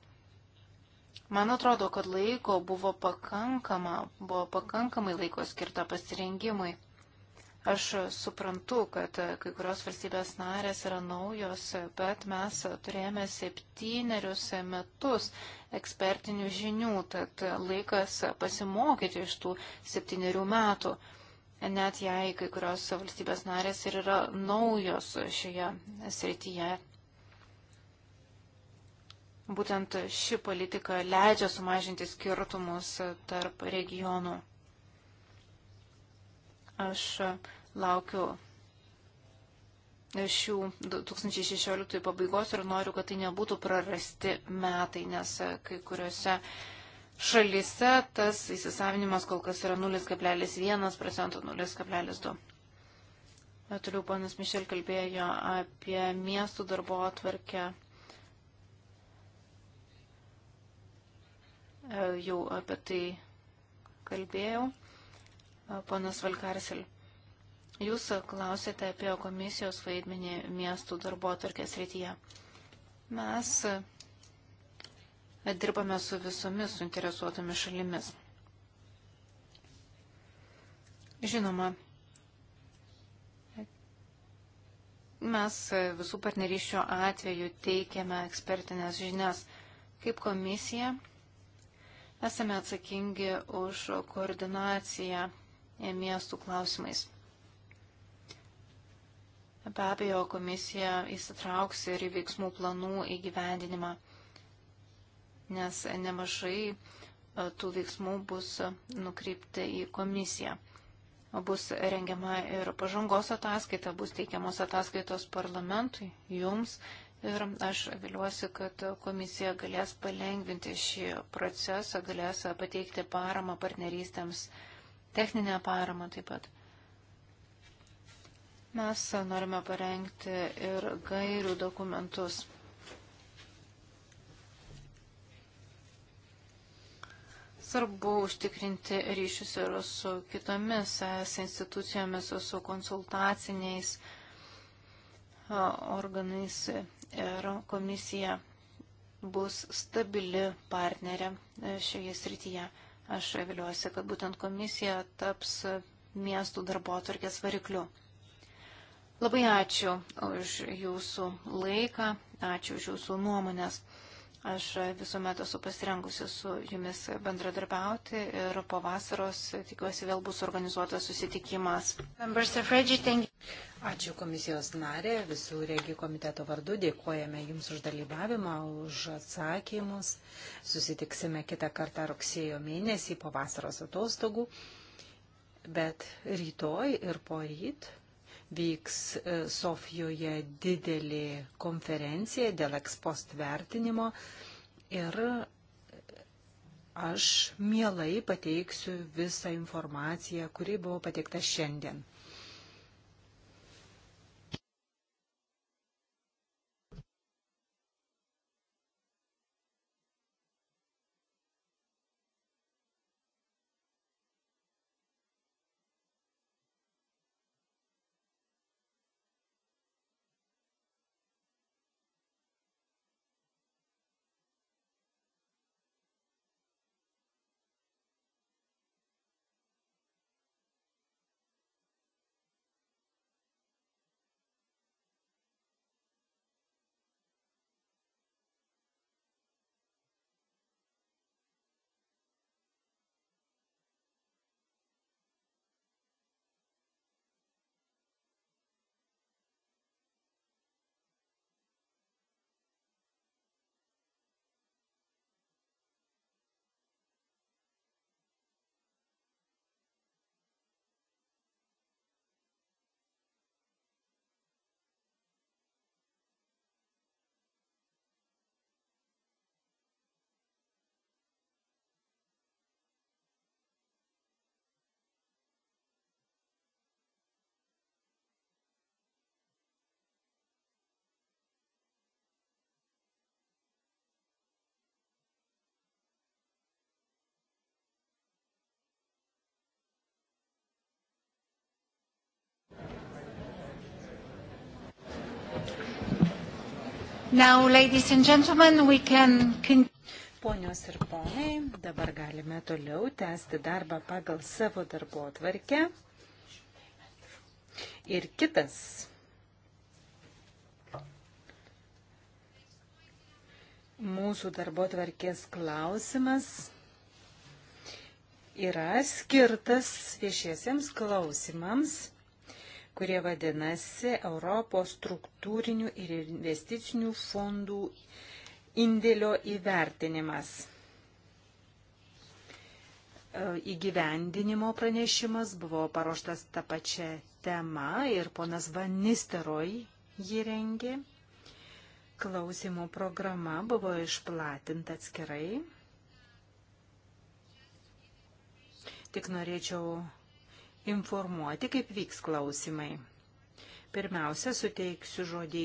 Man atrodo, kad laiko buvo pakankama, buvo pakankamai laiko skirta pasirengimui. Aš suprantu, kad kai kurios valstybės narės yra naujos, bet mes turėjome septynerius metus ekspertinių žinių, tad laikas pasimokyti iš tų septynerių metų, net jei kai kurios valstybės narės ir yra naujos šioje srityje. Būtent ši politika leidžia sumažinti skirtumus tarp regionų. Aš laukiu šių 2016 pabaigos ir noriu, kad tai nebūtų prarasti metai, nes kai kuriuose šalyse tas įsisavinimas kol kas yra 0,1 procento, 0,2. Toliau panas Mišel kalbėjo apie miestų darbo atvarkę. Jau apie tai kalbėjau ponas Valkarsel. Jūs klausėte apie komisijos vaidmenį miestų darbo atvarkės rytyje. Mes e, dirbame su visomis suinteresuotomis šalimis. Žinoma, mes e, visų partnerysčio atveju teikiame ekspertinės žinias kaip komisija. Esame atsakingi už koordinaciją E miestų klausimais. Be abejo, komisija įsitrauks ir į veiksmų planų įgyvendinimą, nes nemažai e, tų veiksmų bus e, nukreipti į komisiją. Bus rengiama ir pažangos ataskaita, bus teikiamos ataskaitos parlamentui, jums ir aš viliuosi, kad komisija galės palengvinti šį procesą, galės pateikti paramą partnerystėms techninę paramą taip pat. Mes norime parengti ir gairių dokumentus. Svarbu užtikrinti ryšius ir su kitomis es institucijomis, su konsultaciniais organais ir komisija bus stabili partnerė e, šioje srityje. Aš viliuosi, kad būtent komisija taps miestų darbo atvarkės varikliu. Labai ačiū už jūsų laiką, ačiū už jūsų nuomonės. Aš visuomet esu pasirengusi su jumis bendradarbiauti ir po vasaros tikiuosi vėl bus organizuotas susitikimas. Ačiū komisijos narė, visų regijų komiteto vardu dėkojame Jums už dalyvavimą, už atsakymus. Susitiksime kitą kartą rugsėjo mėnesį po vasaros atostogų, bet rytoj ir po ryt vyks e, Sofijoje didelė konferencija dėl ekspost vertinimo ir aš mielai pateiksiu visą informaciją, kuri buvo pateikta šiandien. Now, ladies and gentlemen, we can continue. Ponios ir ponai, dabar galime toliau tęsti darbą pagal savo darbo atvarkę. Ir kitas mūsų darbo atvarkės klausimas yra skirtas viešiesiems klausimams kurie vadinasi Europos struktūrinių ir investicinių fondų indėlio įvertinimas. E, įgyvendinimo pranešimas buvo paruoštas tą pačią temą ir ponas Van Nisteroj jį rengė. Klausimų programa buvo išplatinta atskirai. Tik norėčiau informuoti, kaip vyks klausimai. Pirmiausia, suteiksiu žodį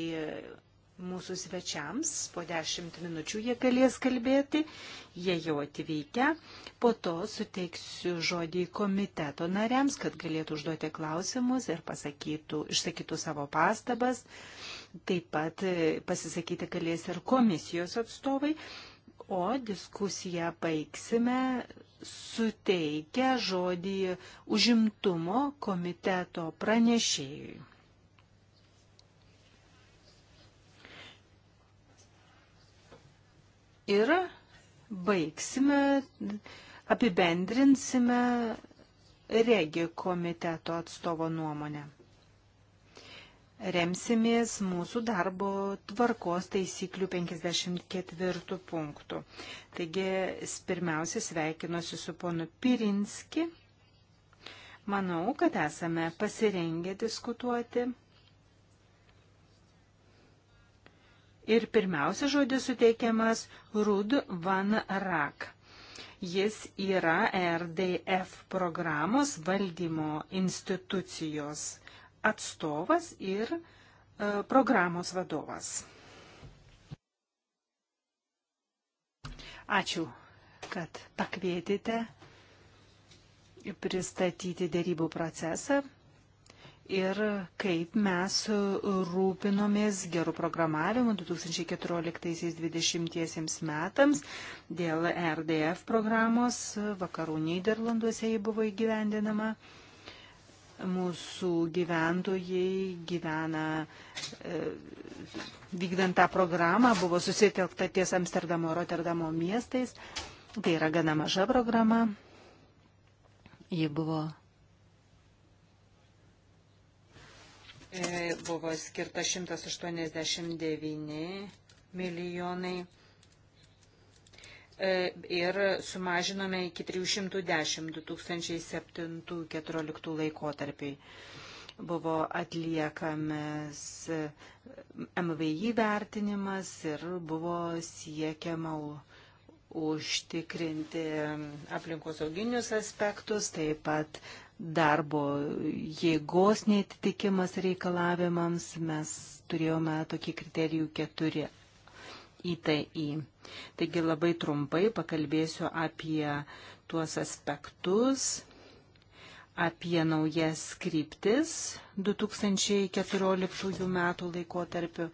mūsų svečiams, po dešimt minučių jie galės kalbėti, jie jau atvykę, po to suteiksiu žodį komiteto nariams, kad galėtų užduoti klausimus ir pasakytų, išsakytų savo pastabas, taip pat pasisakyti galės ir komisijos atstovai, o diskusiją baigsime suteikia žodį užimtumo komiteto pranešėjui. Ir baigsime, apibendrinsime regi komiteto atstovo nuomonę remsimės mūsų darbo tvarkos taisyklių 54 punktų. Taigi, pirmiausia, sveikinuosi su ponu Pirinski. Manau, kad esame pasirengę diskutuoti. Ir pirmiausia žodis suteikiamas Rud Van Rak. Jis yra e RDF programos valdymo institucijos atstovas ir e, programos vadovas. Ačiū, kad pakvietėte pristatyti dėrybų procesą ir kaip mes rūpinomės gerų programavimų 2014-2020 metams dėl RDF programos vakarų Niderlanduose jį buvo įgyvendinama mūsų gyventojai gyvena e, vykdant tą programą, buvo susitelkta ties Amsterdamo Rotterdamo miestais. Tai yra gana maža programa. Ji buvo. E, buvo skirta 189 milijonai E, ir sumažinome iki 310 2007-2014 laikotarpiai. Buvo atliekamas MVI vertinimas ir buvo siekiama užtikrinti aplinkosauginius aspektus, taip pat darbo jėgos neatitikimas reikalavimams. Mes turėjome tokį kriterijų keturi. ITI. Taigi labai trumpai pakalbėsiu apie tuos aspektus, apie naujas kryptis 2014 metų laikotarpiu.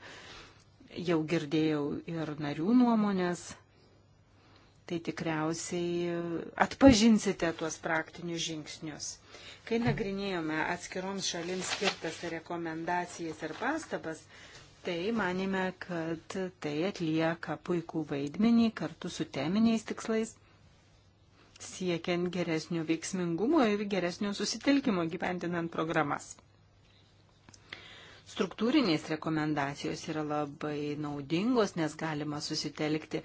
Jau girdėjau ir narių nuomonės, tai tikriausiai atpažinsite tuos praktinius žingsnius. Kai nagrinėjome atskiroms šalims skirtas rekomendacijas ir pastabas, tai manime, kad tai atlieka puikų vaidmenį kartu su teminiais tikslais siekiant geresnio veiksmingumo ir geresnio susitelkimo gyventinant programas. Struktūrinės rekomendacijos yra labai naudingos, nes galima susitelkti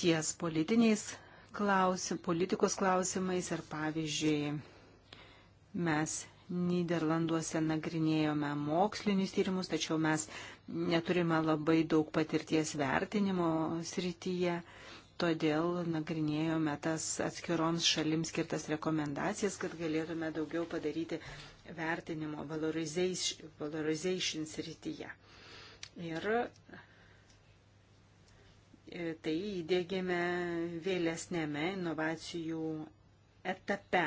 ties politiniais klausim, politikos klausimais ir pavyzdžiui mes Niderlanduose nagrinėjome mokslinius tyrimus, tačiau mes neturime labai daug patirties vertinimo srityje, todėl nagrinėjome tas atskiroms šalims skirtas rekomendacijas, kad galėtume daugiau padaryti vertinimo valorization, valorization srityje. Ir e, tai įdėgėme vėlesnėme inovacijų etape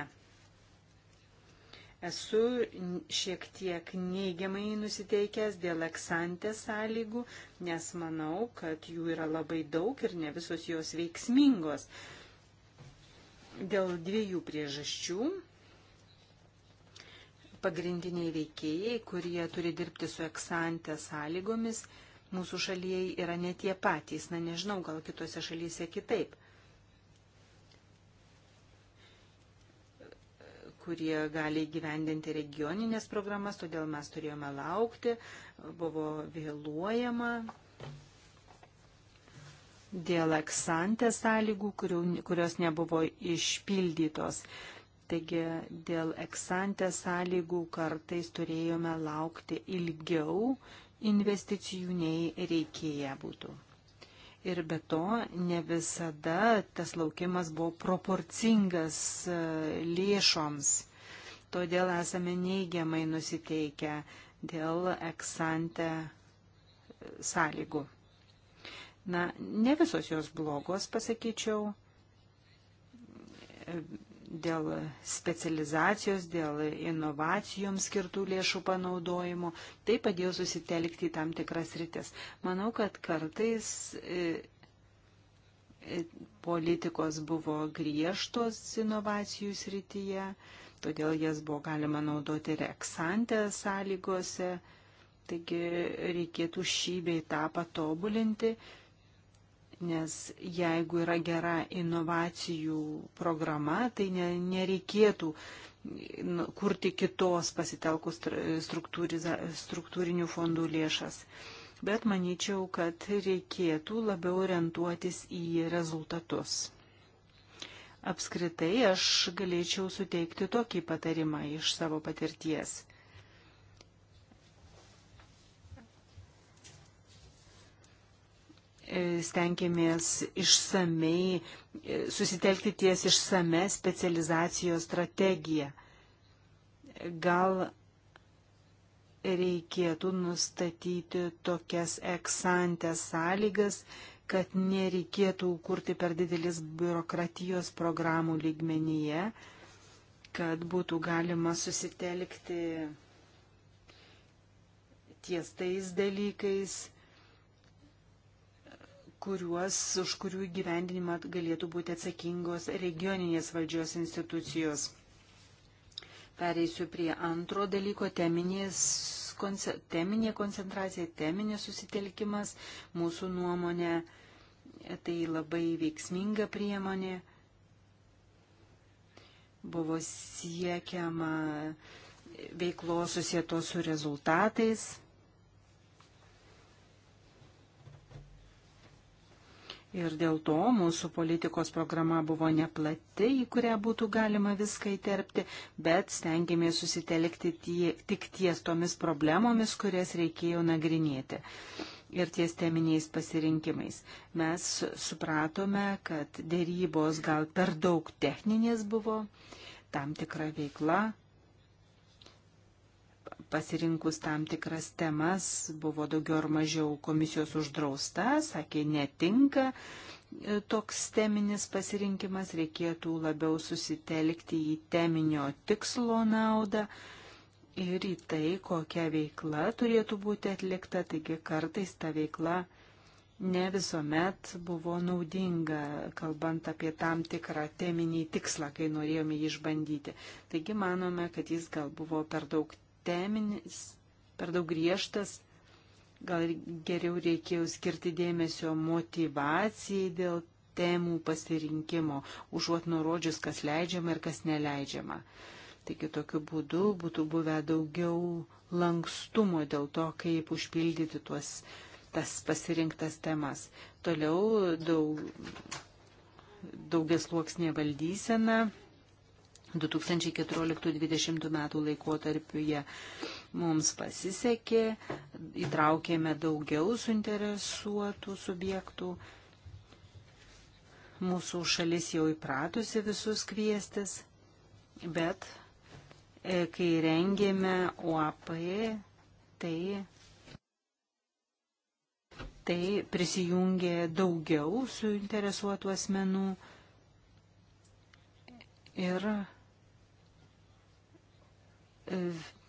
Esu šiek tiek neigiamai nusiteikęs dėl eksantės sąlygų, nes manau, kad jų yra labai daug ir ne visos jos veiksmingos. Dėl dviejų priežasčių pagrindiniai veikėjai, kurie turi dirbti su eksantė sąlygomis, mūsų šalyje yra ne tie patys, na nežinau, gal kitose šalyse kitaip. kurie gali gyvendinti regioninės programas, todėl mes turėjome laukti, buvo vėluojama dėl eksantės sąlygų, kurios nebuvo išpildytos. Taigi dėl eksantės sąlygų kartais turėjome laukti ilgiau investicijų nei reikėję būtų. Ir be to, ne visada tas laukimas buvo proporcingas e, lėšoms. Todėl esame neigiamai nusiteikę dėl eksante e, sąlygų. Na, ne visos jos blogos, pasakyčiau e, dėl specializacijos, dėl inovacijoms skirtų lėšų panaudojimo. Tai padėjo susitelkti į tam tikras rytis. Manau, kad kartais e, e, politikos buvo griežtos inovacijų srityje, todėl jas buvo galima naudoti ir eksantę sąlygose. Taigi reikėtų šį bei tą patobulinti, nes jeigu yra gera inovacijų programa, tai ne, nereikėtų kurti kitos pasitelkus struktūrinių fondų lėšas. Bet manyčiau, kad reikėtų labiau orientuotis į rezultatus. Apskritai aš galėčiau suteikti tokį patarimą iš savo patirties. E, stengiamės išsamei, e, susitelkti ties išsame specializacijos strategiją. Gal reikėtų nustatyti tokias eksantės sąlygas, kad nereikėtų kurti per didelis biurokratijos programų lygmenyje, kad būtų galima susitelkti ties tais dalykais, kuriuos, už kurių gyvendinimą galėtų būti atsakingos regioninės valdžios institucijos. Pereisiu prie antro dalyko - teminė koncentracija, teminė susitelkimas. Mūsų nuomonė tai labai veiksminga priemonė. Buvo siekiama veiklos susieto su rezultatais Ir dėl to mūsų politikos programa buvo neplati, į kurią būtų galima viską įterpti, bet stengiamės susitelkti tie, tik ties tomis problemomis, kurias reikėjo nagrinėti. Ir ties teminiais pasirinkimais. Mes supratome, kad dėrybos gal per daug techninės buvo, tam tikra veikla pasirinkus tam tikras temas buvo daugiau ar mažiau komisijos uždrausta, sakė, netinka e, toks teminis pasirinkimas, reikėtų labiau susitelkti į teminio tikslo naudą ir į tai, kokia veikla turėtų būti atlikta, taigi kartais ta veikla ne visuomet buvo naudinga, kalbant apie tam tikrą teminį tikslą, kai norėjome jį išbandyti. Taigi manome, kad jis gal buvo per daug teminis, per daug griežtas, gal geriau reikėjo skirti dėmesio motivacijai dėl temų pasirinkimo, užuot nurodžius, kas leidžiama ir kas neleidžiama. Taigi tokiu būdu būtų buvę daugiau lankstumo dėl to, kaip užpildyti tuos tas pasirinktas temas. Toliau daug, daugias luoksnė valdysena, 2014-2020 metų laikotarpiuje mums pasisekė, įtraukėme daugiau suinteresuotų subjektų. Mūsų šalis jau įpratusi visus kviestis, bet e, kai rengėme OAP, tai, tai prisijungė daugiau suinteresuotų asmenų ir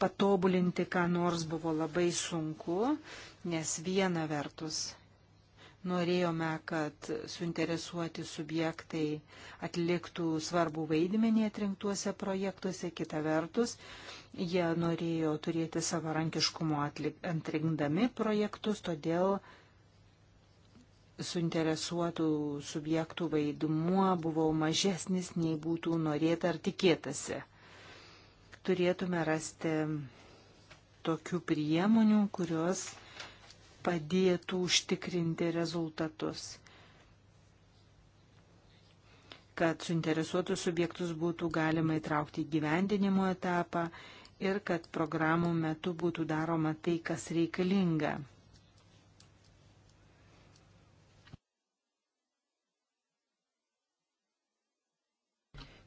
patobulinti, ką nors buvo labai sunku, nes viena vertus norėjome, kad suinteresuoti subjektai atliktų svarbų vaidmenį atrinktuose projektuose, kita vertus, jie norėjo turėti savarankiškumo atrinkdami projektus, todėl suinteresuotų subjektų vaidmuo buvo mažesnis, nei būtų norėta ar tikėtasi turėtume rasti tokių priemonių, kurios padėtų užtikrinti rezultatus kad suinteresuotus subjektus būtų galima įtraukti į gyvendinimo etapą ir kad programų metu būtų daroma tai, kas reikalinga.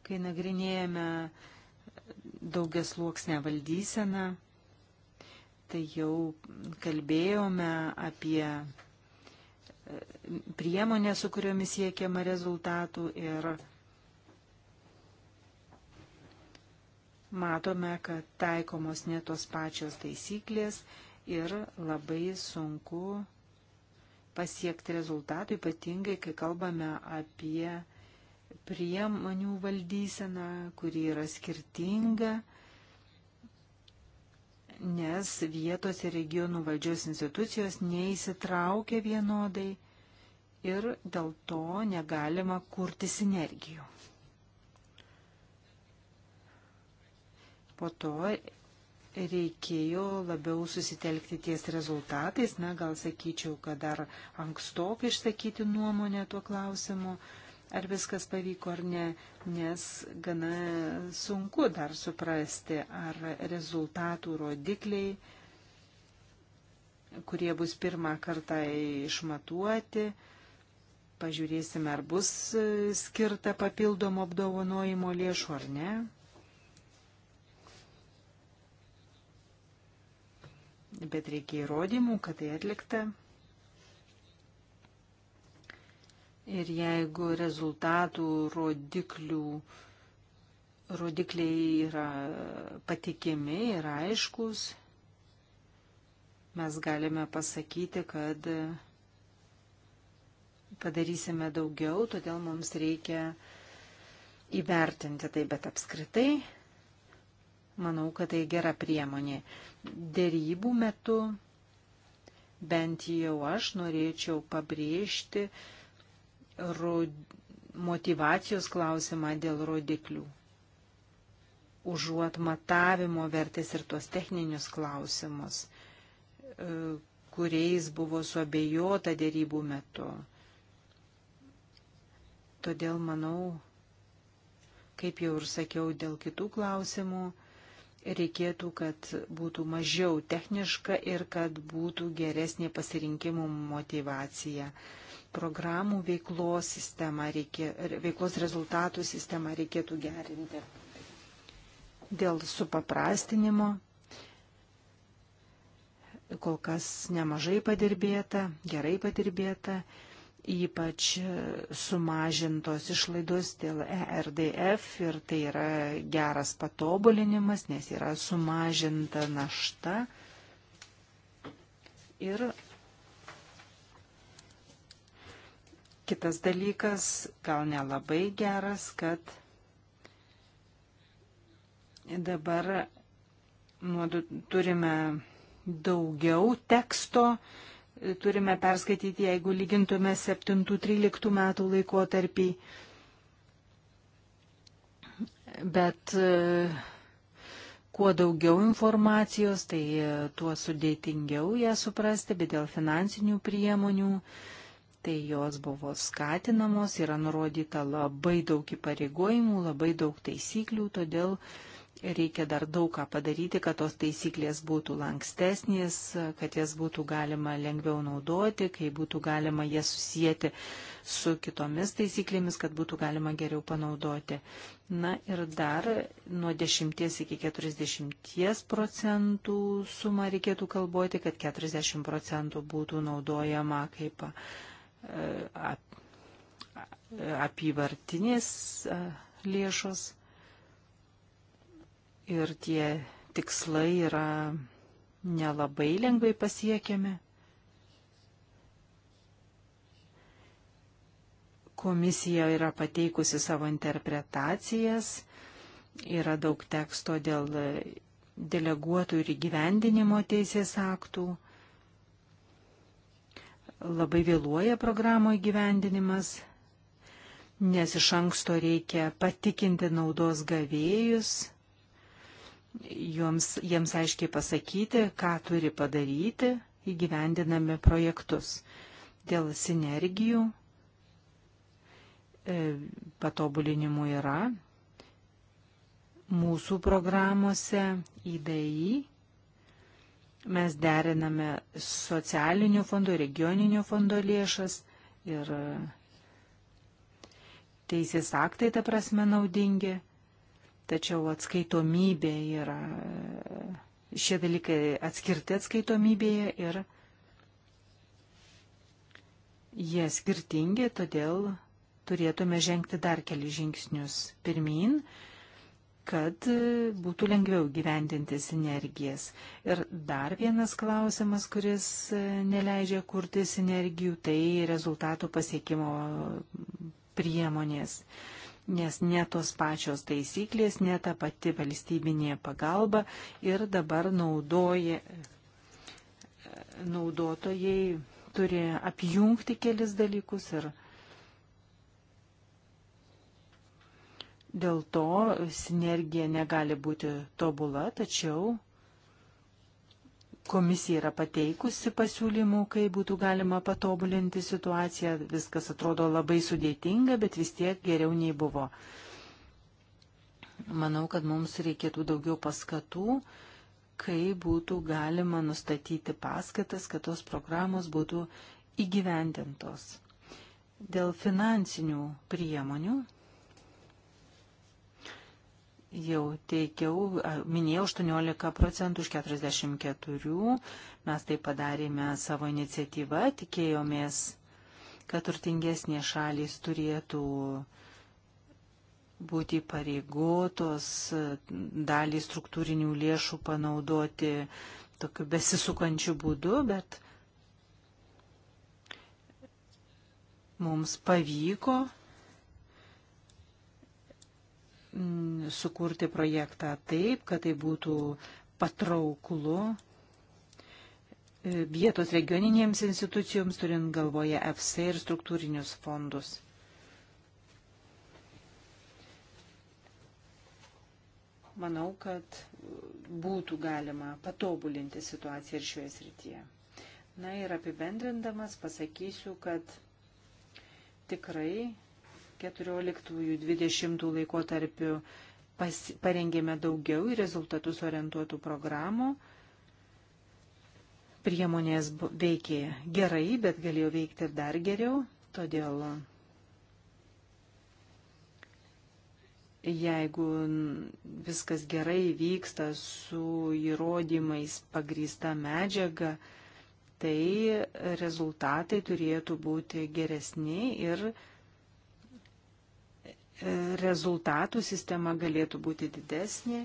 Kai nagrinėjame daugias luoksnę valdyseną. Tai jau kalbėjome apie e, priemonę, su kuriomis siekiama rezultatų ir matome, kad taikomos ne tos pačios taisyklės ir labai sunku pasiekti rezultatų, ypatingai, kai kalbame apie priemonių valdysena, kuri yra skirtinga, nes vietos ir regionų valdžios institucijos neįsitraukia vienodai ir dėl to negalima kurti sinergijų. Po to reikėjo labiau susitelkti ties rezultatais, na gal sakyčiau, kad dar ankstokai išsakyti nuomonę tuo klausimu, ar viskas pavyko ar ne, nes gana sunku dar suprasti, ar rezultatų rodikliai, kurie bus pirmą kartą išmatuoti, pažiūrėsime, ar bus skirta papildomo apdovanojimo lėšų ar ne. Bet reikia įrodymų, kad tai atlikta. Ir jeigu rezultatų rodiklių, rodikliai yra patikimi ir aiškus, mes galime pasakyti, kad padarysime daugiau, todėl mums reikia įvertinti tai, bet apskritai manau, kad tai gera priemonė. Dėrybų metu bent jau aš norėčiau pabrėžti, motivacijos klausimą dėl rodiklių, užuot matavimo vertės ir tuos techninius klausimus, e, kuriais buvo suabejota dėrybų metu. Todėl manau, kaip jau ir sakiau, dėl kitų klausimų reikėtų, kad būtų mažiau techniška ir kad būtų geresnė pasirinkimų motivacija. Uh, programų veiklos sistemą, reikė, veiklos rezultatų sistemą reikėtų gerinti. Dėl supaprastinimo kol kas nemažai padirbėta, gerai padirbėta, ypač sumažintos išlaidos dėl ERDF ir tai yra geras patobulinimas, nes yra sumažinta našta ir Kitas dalykas, gal nelabai geras, kad dabar nu, turime daugiau teksto, turime perskaityti, jeigu lygintume 7-13 metų laikotarpį. Bet e, kuo daugiau informacijos, tai e, tuo sudėtingiau ją suprasti, bet dėl finansinių priemonių tai jos buvo skatinamos, yra nurodyta labai daug įpareigojimų, labai daug taisyklių, todėl reikia dar daug ką padaryti, kad tos taisyklės būtų lankstesnės, kad jas būtų galima lengviau naudoti, kai būtų galima jas susijęti su kitomis taisyklėmis, kad būtų galima geriau panaudoti. Na ir dar nuo 10 iki 40 procentų sumą reikėtų kalboti, kad 40 procentų būtų naudojama kaip apyvartinės lėšos ir tie tikslai yra nelabai lengvai pasiekiami. Komisija yra pateikusi savo interpretacijas, yra daug teksto dėl deleguotų ir įgyvendinimo teisės aktų labai vėluoja programo įgyvendinimas, nes iš anksto reikia patikinti naudos gavėjus, joms, jiems aiškiai pasakyti, ką turi padaryti įgyvendinami projektus. Dėl sinergijų e, patobulinimų yra mūsų programuose IDI Mes deriname socialinių fondų, regioninių fondų lėšas ir e, teisės aktai, ta prasme, naudingi, tačiau atskaitomybė yra, e, šie dalykai atskirti atskaitomybėje ir jie skirtingi, todėl turėtume žengti dar keli žingsnius pirmin kad e, būtų lengviau gyvendinti sinergijas. Ir dar vienas klausimas, kuris e, neleidžia kurti sinergijų, tai rezultatų pasiekimo priemonės. Nes ne tos pačios taisyklės, ne ta pati valstybinė pagalba ir dabar naudoja, e, naudotojai turi apjungti kelis dalykus ir Dėl to sinergija negali būti tobula, tačiau komisija yra pateikusi pasiūlymų, kaip būtų galima patobulinti situaciją. Viskas atrodo labai sudėtinga, bet vis tiek geriau nei buvo. Manau, kad mums reikėtų daugiau paskatų, kaip būtų galima nustatyti paskatas, kad tos programos būtų įgyvendintos. Dėl finansinių priemonių jau teikiau, minėjau 18 procentų už 44, mes tai padarėme savo iniciatyvą, tikėjomės, kad turtingesnės šalys turėtų būti pareigotos dalį struktūrinių lėšų panaudoti tokiu besisukančiu būdu, bet mums pavyko Mm, sukurti projektą taip, kad tai būtų patrauklu e, vietos regioninėms institucijoms, turint galvoje FC ir struktūrinius fondus. Manau, kad būtų galima patobulinti situaciją ir šioje srityje. Na ir apibendrindamas pasakysiu, kad tikrai 14-20 laikotarpiu pas, parengėme daugiau į rezultatus orientuotų programų. Priemonės veikė gerai, bet galėjo veikti dar geriau, todėl jeigu viskas gerai vyksta su įrodymais pagrįsta medžiaga, tai rezultatai turėtų būti geresni ir geresni rezultatų sistema galėtų būti didesnė.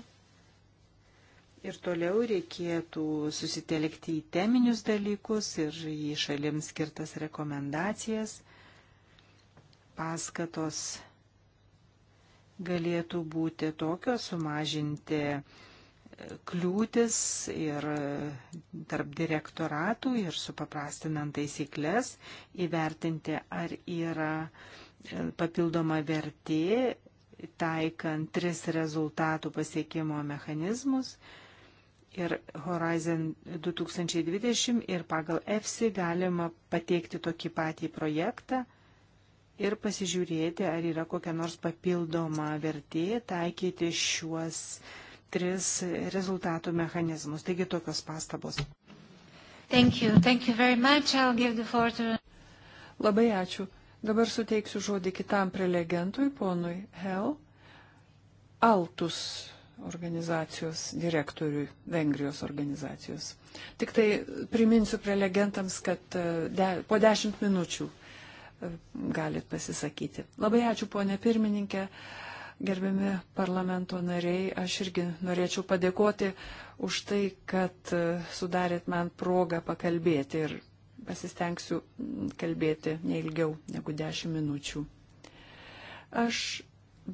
Ir toliau reikėtų susitelkti į teminius dalykus ir į šalims skirtas rekomendacijas. Paskatos galėtų būti tokios sumažinti e, kliūtis ir e, tarp direktoratų ir supaprastinant taisyklės įvertinti, ar yra papildoma vertė, taikant tris rezultatų pasiekimo mechanizmus. Ir Horizon 2020 ir pagal EFSI galima pateikti tokį patį projektą ir pasižiūrėti, ar yra kokia nors papildoma vertė taikyti šiuos tris rezultatų mechanizmus. Taigi tokios pastabos. Thank you. Thank you very much. I'll give the floor to... Labai ačiū. Dabar suteiksiu žodį kitam prelegentui, ponui Hel, Altus organizacijos direktoriui, Vengrijos organizacijos. Tik tai priminsiu prelegentams, kad e, de, po dešimt minučių e, galit pasisakyti. Labai ačiū, ponė pirmininkė, gerbiami parlamento nariai. Aš irgi norėčiau padėkoti už tai, kad e, sudarėt man progą pakalbėti ir pasistengsiu kalbėti neilgiau negu 10 minučių. Aš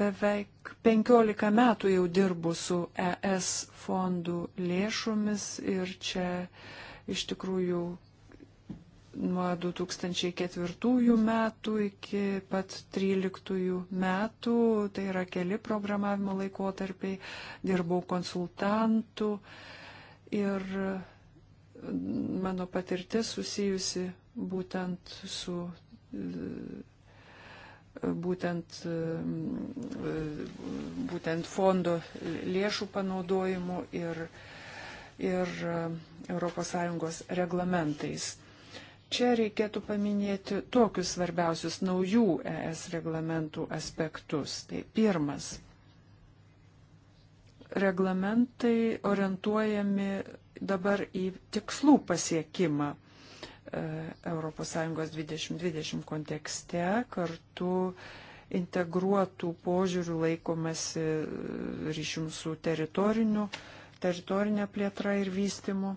beveik 15 metų jau dirbu su ES fondų lėšomis ir čia iš tikrųjų nuo 2004 metų iki pat 2013 metų, tai yra keli programavimo laikotarpiai, dirbau konsultantų ir mano patirtis susijusi būtent su būtent, būtent fondo lėšų panaudojimu ir, ir ES reglamentais. Čia reikėtų paminėti tokius svarbiausius naujų ES reglamentų aspektus. Tai pirmas reglamentai orientuojami dabar į tikslų pasiekimą ES 2020 kontekste, kartu integruotų požiūrių laikomasi e, ryšium su teritoriniu, teritorinė plėtra ir vystimu.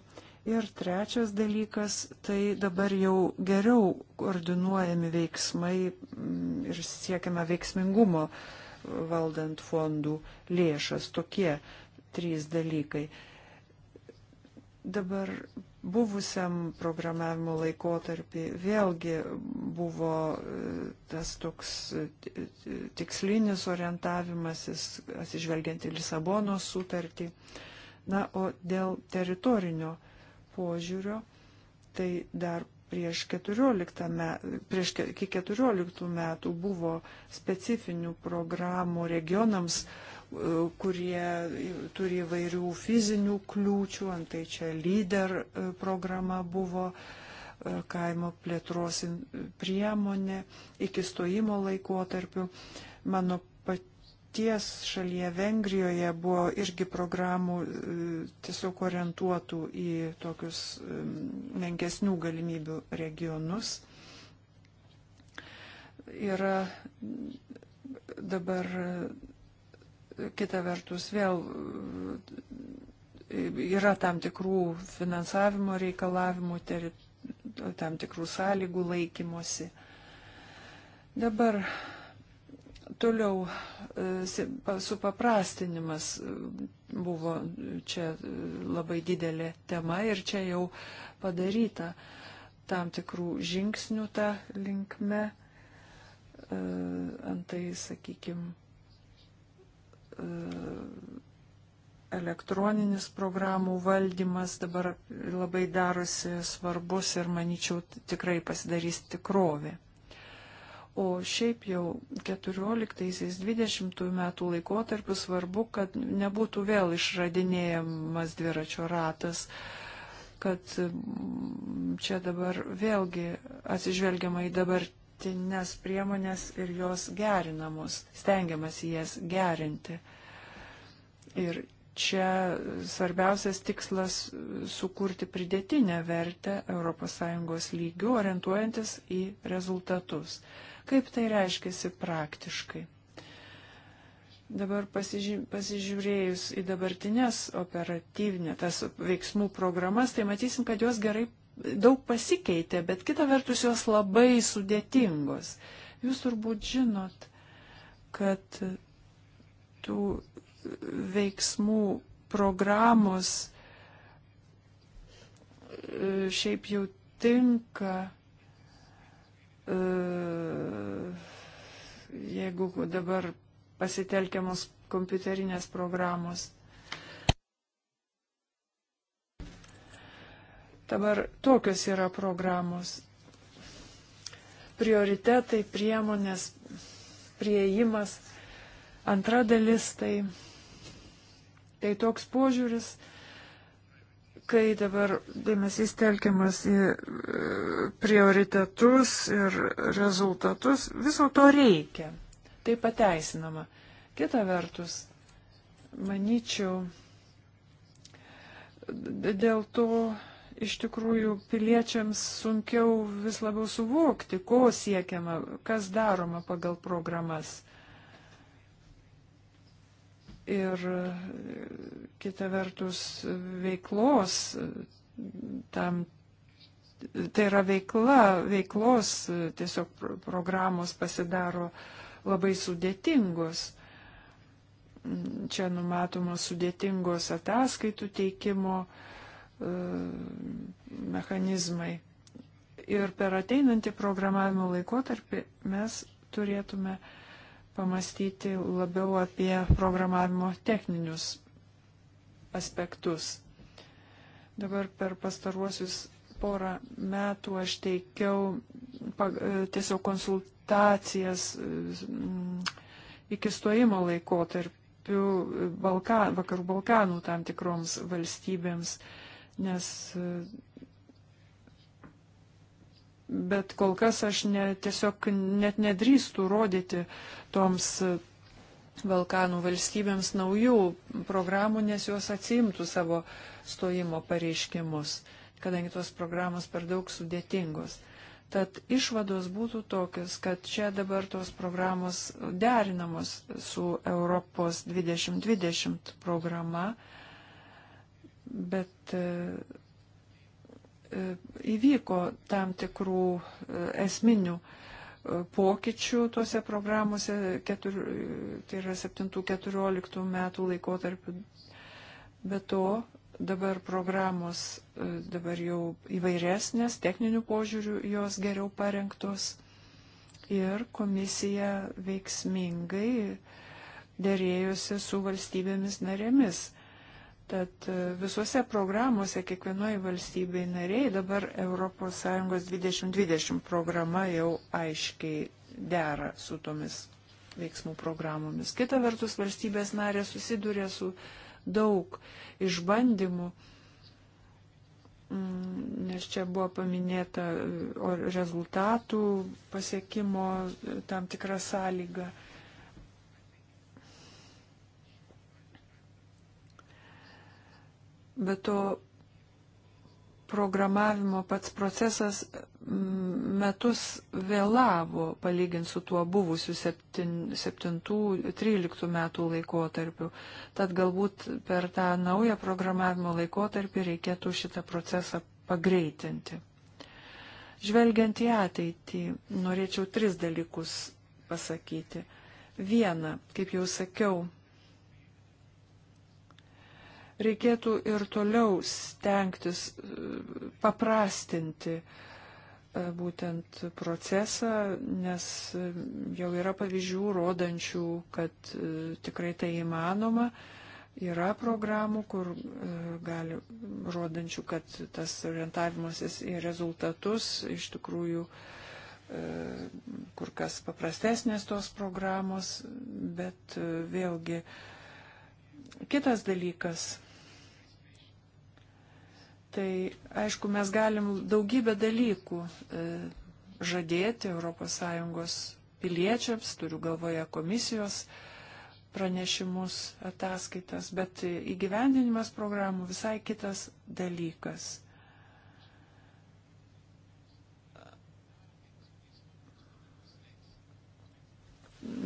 Ir trečias dalykas, tai dabar jau geriau koordinuojami veiksmai ir siekiame veiksmingumo uh, valdant fondų lėšas. Tokie trys dalykai. Dabar buvusiam programavimo laikotarpį vėlgi buvo e, tas toks e, tikslinis orientavimasis, atsižvelgiant į Lisabonos sutartį. Na, o dėl teritorinio požiūrio, tai dar Prieš 14, prieš 14 metų buvo specifinių programų regionams, e, kurie turi įvairių fizinių kliūčių, antai čia lyder e, programa buvo e, kaimo plėtros priemonė iki stojimo laikotarpiu. Mano paties šalyje Vengrijoje buvo irgi programų e, tiesiog orientuotų į tokius e, menkesnių galimybių regionus. Yra dabar e, kita vertus vėl yra tam tikrų finansavimo reikalavimų, teri, tam tikrų sąlygų laikymosi. Dabar Toliau e, supaprastinimas e, buvo čia e, labai didelė tema ir čia jau padaryta tam tikrų žingsnių tą linkme. Antai, sakykime, elektroninis programų valdymas dabar labai darosi svarbus ir, manyčiau, tikrai pasidarys tikrovė. O šiaip jau 14-20 metų laikotarpiu svarbu, kad nebūtų vėl išradinėjamas dviračio ratas, kad mm, čia dabar vėlgi atsižvelgiama į dabartinės priemonės ir jos gerinamos, stengiamas jas gerinti. Ir čia svarbiausias tikslas sukurti pridėtinę vertę ES lygių, orientuojantis į rezultatus. Kaip tai reiškiasi praktiškai? Dabar pasiži pasižiūrėjus į dabartinės operatyvinę tas veiksmų programas, tai matysim, kad jos gerai daug pasikeitė, bet kita vertus jos labai sudėtingos. Jūs turbūt žinot, kad tų veiksmų programos e, šiaip jau tinka E, jeigu dabar pasitelkiamos kompiuterinės programos. Dabar tokios yra programos. Prioritetai, priemonės, prieimas. Antra dalis tai, tai toks požiūris, kai dabar dėmesys telkiamas į e, prioritetus ir rezultatus, viso to reikia. Tai pateisinama. Kita vertus, manyčiau, dėl to iš tikrųjų piliečiams sunkiau vis labiau suvokti, ko siekiama, kas daroma pagal programas ir kita vertus veiklos tam. Tai yra veikla, veiklos tiesiog programos pasidaro labai sudėtingos. Čia numatomos sudėtingos ataskaitų teikimo e, mechanizmai. Ir per ateinantį programavimo laikotarpį mes turėtume uh, pamastyti labiau apie programavimo techninius aspektus. Dabar per pastaruosius porą metų aš teikiau tiesiog konsultacijas mm, iki stojimo laikotarpiu Balkan, vakarų Balkanų tam tikroms valstybėms, nes bet kol kas aš ne, tiesiog net nedrįstu rodyti toms Balkanų valstybėms naujų programų, nes jos atsimtų savo stojimo pareiškimus, kadangi tos programos per daug sudėtingos. Tad išvados būtų tokios, kad čia dabar tos programos derinamos su Europos 2020 programa, bet E, įvyko tam tikrų e, esminių e, pokyčių tose programuose, ketur, tai yra 7-14 metų laikotarpiu. Be to, dabar programos dabar jau įvairesnės, techninių požiūrių jos geriau parengtos ir komisija veiksmingai dėrėjosi su valstybėmis narėmis Tad e, visuose programuose kiekvienoje valstybei nariai dabar ES 2020 programa jau aiškiai dera su tomis veiksmų programomis. Kita vertus, valstybės narė susiduria su daug išbandymų, mm, nes čia buvo paminėta e, rezultatų pasiekimo e, tam tikra sąlyga. Bet to programavimo pats procesas metus vėlavo palyginti su tuo buvusiu 7-13 metų laikotarpiu. Tad galbūt per tą naują programavimo laikotarpį reikėtų šitą procesą pagreitinti. Žvelgiant į ateitį, norėčiau tris dalykus pasakyti. Viena, kaip jau sakiau, reikėtų ir toliau stengtis e, paprastinti e, būtent procesą, nes e, jau yra pavyzdžių rodančių, kad tikrai tai įmanoma. Yra programų, kur gali rodančių, kad tas orientavimasis į rezultatus iš tikrųjų kur kas paprastesnės tos programos, bet vėlgi kitas dalykas Tai aišku, mes galim daugybę dalykų e, žadėti ES piliečiams, turiu galvoje komisijos pranešimus, ataskaitas, bet įgyvendinimas programų visai kitas dalykas.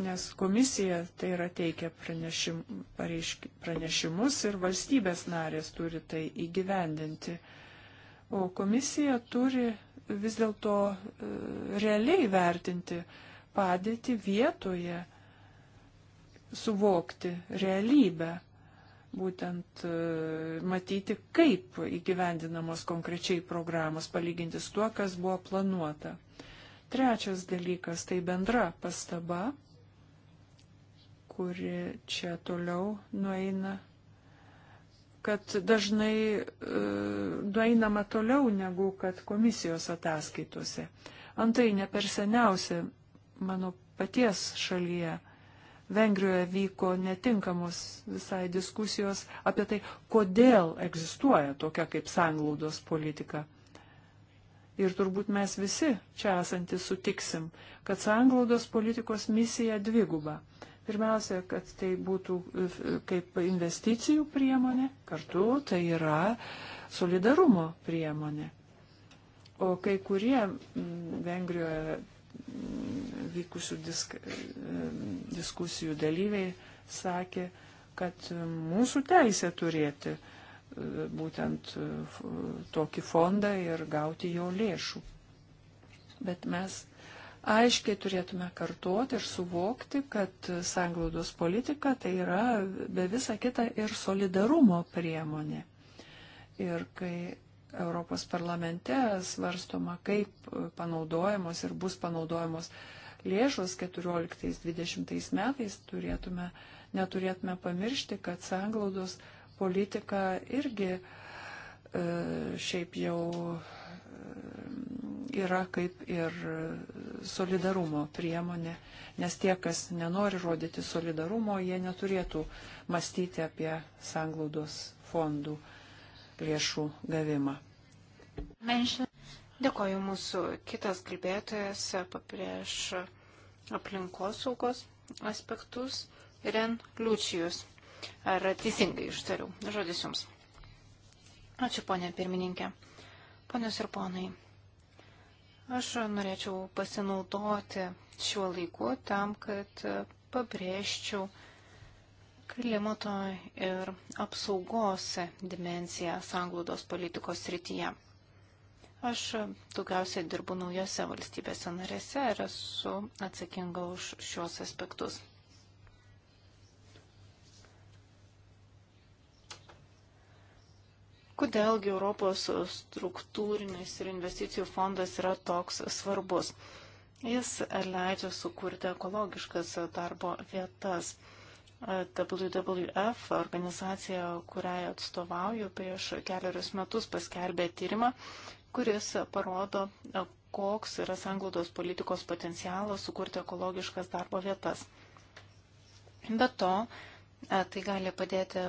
nes komisija tai yra teikia pranešim, pareišk, pranešimus ir valstybės narės turi tai įgyvendinti. O komisija turi vis dėlto e, realiai vertinti padėti vietoje, suvokti realybę, būtent e, matyti, kaip įgyvendinamos konkrečiai programos, palyginti su tuo, kas buvo planuota. Trečias dalykas - tai bendra pastaba kuri čia toliau nueina, kad dažnai e, nueinama toliau negu kad komisijos ataskaitose. Antai ne per seniausia mano paties šalyje Vengrijoje vyko netinkamos visai diskusijos apie tai, kodėl egzistuoja tokia kaip sanglaudos politika. Ir turbūt mes visi čia esantis sutiksim, kad sanglaudos politikos misija dviguba. Pirmiausia, kad tai būtų e, kaip investicijų priemonė, kartu tai yra solidarumo priemonė. O kai kurie Vengrijoje vykusių disk, e, diskusijų dalyviai sakė, kad mūsų teisė turėti e, būtent tokį fondą ir gauti jo lėšų. Bet mes aiškiai turėtume kartuoti ir suvokti, kad sanglaudos politika tai yra be visa kita ir solidarumo priemonė. Ir kai Europos parlamente svarstoma, kaip panaudojamos ir bus panaudojamos lėšos 14-20 metais, turėtume, neturėtume pamiršti, kad sanglaudos politika irgi e, šiaip jau e, yra kaip ir solidarumo priemonė, nes tie, kas nenori rodyti solidarumo, jie neturėtų mąstyti apie sanglaudos fondų lėšų gavimą. Dėkoju mūsų kitas kalbėtojas paprieš aplinkosaugos aspektus Ren Liučijus. Ar teisingai ištariau? Žodis jums. Ačiū, ponė pirmininkė. Ponios ir ponai, Aš norėčiau pasinaudoti šiuo laiku tam, kad pabrėžčiau klimato ir apsaugos dimenciją sanglaudos politikos srityje. Aš daugiausiai dirbu naujose valstybėse narėse ir esu atsakinga už šios aspektus. kodėlgi Europos struktūrinis ir investicijų fondas yra toks svarbus. Jis leidžia sukurti ekologiškas darbo vietas. WWF organizacija, kuriai atstovauju, prieš keliarius metus paskelbė tyrimą, kuris parodo, koks yra sanglaudos politikos potencialas sukurti ekologiškas darbo vietas. Be to, e, tai gali padėti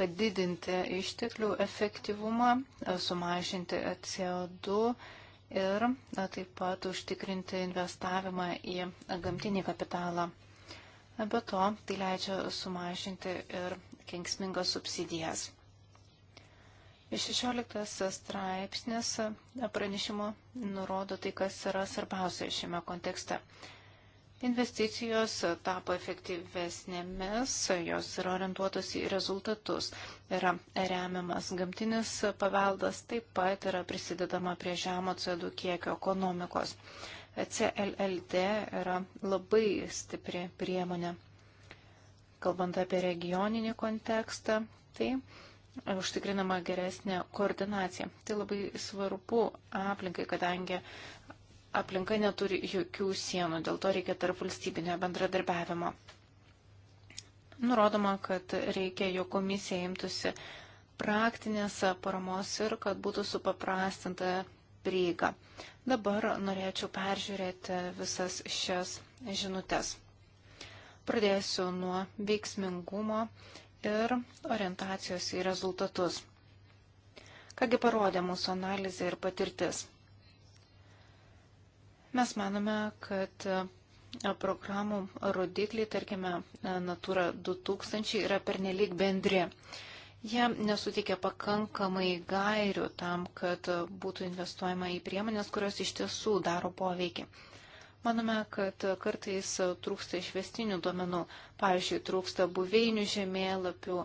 padidinti išteklių efektyvumą, e, sumažinti CO2 ir e, taip pat užtikrinti investavimą į gamtinį kapitalą. E, be to, tai leidžia sumažinti ir kenksmingas subsidijas. 16 straipsnis pranešimo nurodo tai, kas yra svarbiausia šiame kontekste. Investicijos tapo efektyvesnėmis, jos yra orientuotos į rezultatus. Yra remiamas gamtinis paveldas, taip pat yra prisidedama prie žemo CO2 kiekio ekonomikos. CLLD yra labai stipri priemonė. Kalbant apie regioninį kontekstą, tai užtikrinama geresnė koordinacija. Tai labai svarbu aplinkai, kadangi aplinka neturi jokių sienų, dėl to reikia tarp valstybinio bendradarbiavimo. Nurodoma, kad reikia, jo komisija imtųsi praktinės paramos ir kad būtų supaprastinta prieiga. Dabar norėčiau peržiūrėti visas šias žinutės. Pradėsiu nuo veiksmingumo ir orientacijos į rezultatus. Kągi parodė mūsų analizė ir patirtis. Mes manome, kad e, programų rodikliai, tarkime, e, Natura 2000 yra pernelyg bendri. Jie nesuteikia pakankamai gairių tam, kad e, būtų investuojama į priemonės, kurios iš tiesų daro poveikį. Manome, kad kartais trūksta išvestinių duomenų, pavyzdžiui, trūksta buveinių žemėlapių,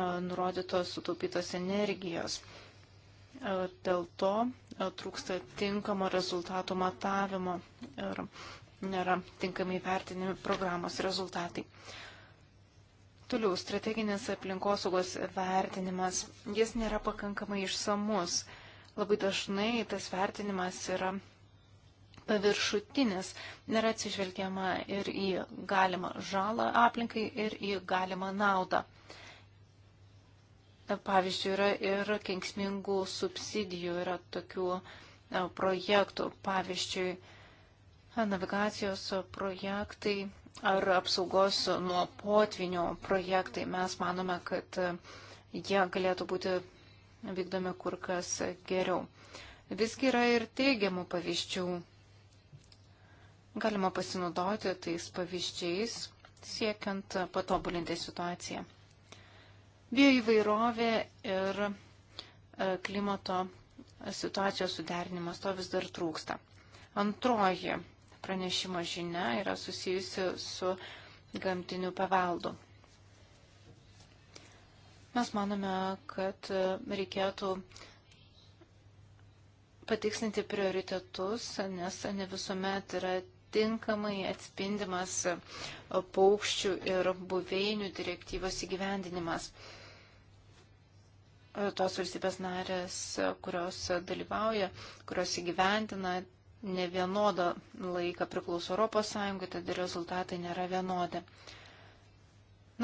nurodytos sutaupytos energijos. E, dėl to e, trūksta tinkamo rezultato matavimo ir nėra tinkamai vertinimi programos rezultatai. Toliau, strateginis aplinkosaugos vertinimas, jis nėra pakankamai išsamus. Labai dažnai tas vertinimas yra paviršutinis, nėra atsižvelgiama ir į galimą žalą aplinkai, ir į galimą naudą. Pavyzdžiui, yra ir kenksmingų subsidijų, yra tokių projektų. Pavyzdžiui, navigacijos projektai ar apsaugos nuo potvinio projektai. Mes manome, kad jie galėtų būti vykdomi kur kas geriau. Visgi yra ir teigiamų pavyzdžių. Galima pasinaudoti tais pavyzdžiais, siekiant patobulinti situaciją bioįvairovė ir e, klimato situacijos suderinimas, to vis dar trūksta. Antroji pranešimo žinia yra susijusi su gamtiniu paveldu. Mes manome, kad e, reikėtų patikslinti prioritetus, nes ne visuomet yra tinkamai atspindimas e, paukščių ir buveinių direktyvos įgyvendinimas tos valstybės narės, kurios dalyvauja, kurios įgyventina ne vienodą laiką priklauso ES, tad rezultatai nėra vienodi.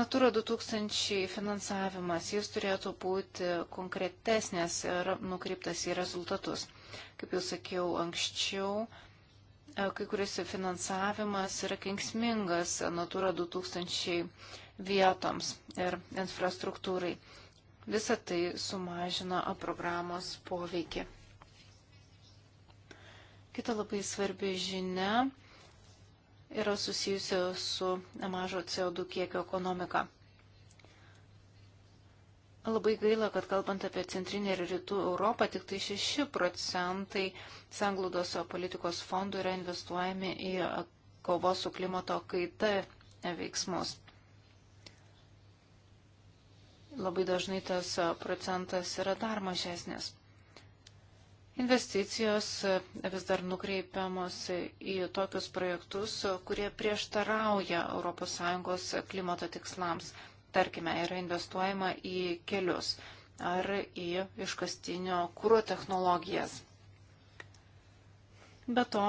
Natura 2000 finansavimas, jis turėtų būti konkretesnės ir nukreiptas į rezultatus. Kaip jau sakiau anksčiau, e, kai kuris finansavimas yra kengsmingas Natura 2000 vietoms ir infrastruktūrai. Visa tai sumažina programos poveikį. Kita labai svarbi žinia yra susijusi su mažo CO2 kiekio ekonomika. Labai gaila, kad kalbant apie centrinę ir rytų Europą, tik tai 6 procentai sanglaudos politikos fondų yra investuojami į kovos su klimato kaita veiksmus labai dažnai tas procentas yra dar mažesnis. Investicijos vis dar nukreipiamos į tokius projektus, kurie prieštarauja ES klimato tikslams. Tarkime, yra investuojama į kelius ar į iškastinio kūro technologijas. Be to,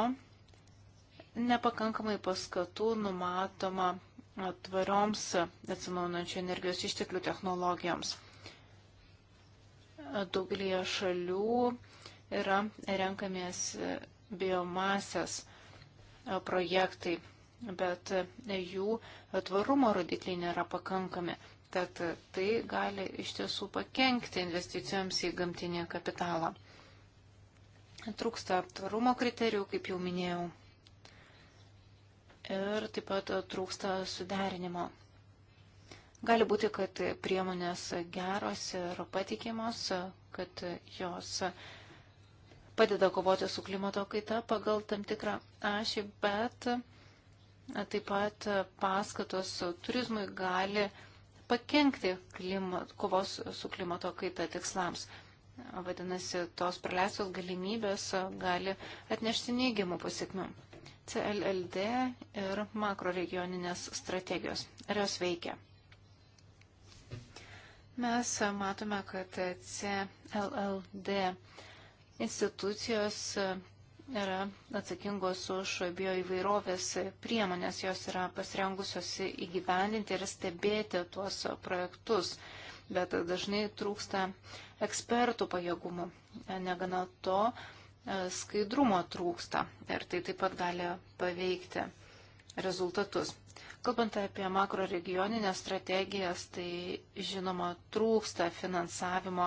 nepakankamai paskatų numatoma tvarioms atsinaunančių energijos išteklių technologijoms. Daugelie šalių yra renkamės biomasės projektai, bet jų tvarumo rodikliai nėra pakankami. Tad tai gali iš tiesų pakenkti investicijoms į gamtinį kapitalą. Trūksta tvarumo kriterijų, kaip jau minėjau ir taip pat trūksta suderinimo. Gali būti, kad priemonės geros ir patikimos, kad jos padeda kovoti su klimato kaita pagal tam tikrą ašį, bet taip pat paskatos turizmui gali pakengti klimat, kovos su klimato kaita tikslams. Vadinasi, tos praleistos galimybės gali atnešti neigiamų pasiekmių. CLLD ir makroregioninės strategijos. Ar jos veikia? Mes matome, kad CLLD institucijos yra atsakingos už bioįvairovės priemonės, jos yra pasirengusios įgyvendinti ir stebėti tuos projektus, bet dažnai trūksta ekspertų pajėgumų. Negana to, E, skaidrumo trūksta ir tai taip pat gali paveikti rezultatus. Kalbant apie makro regioninės strategijas, tai žinoma trūksta finansavimo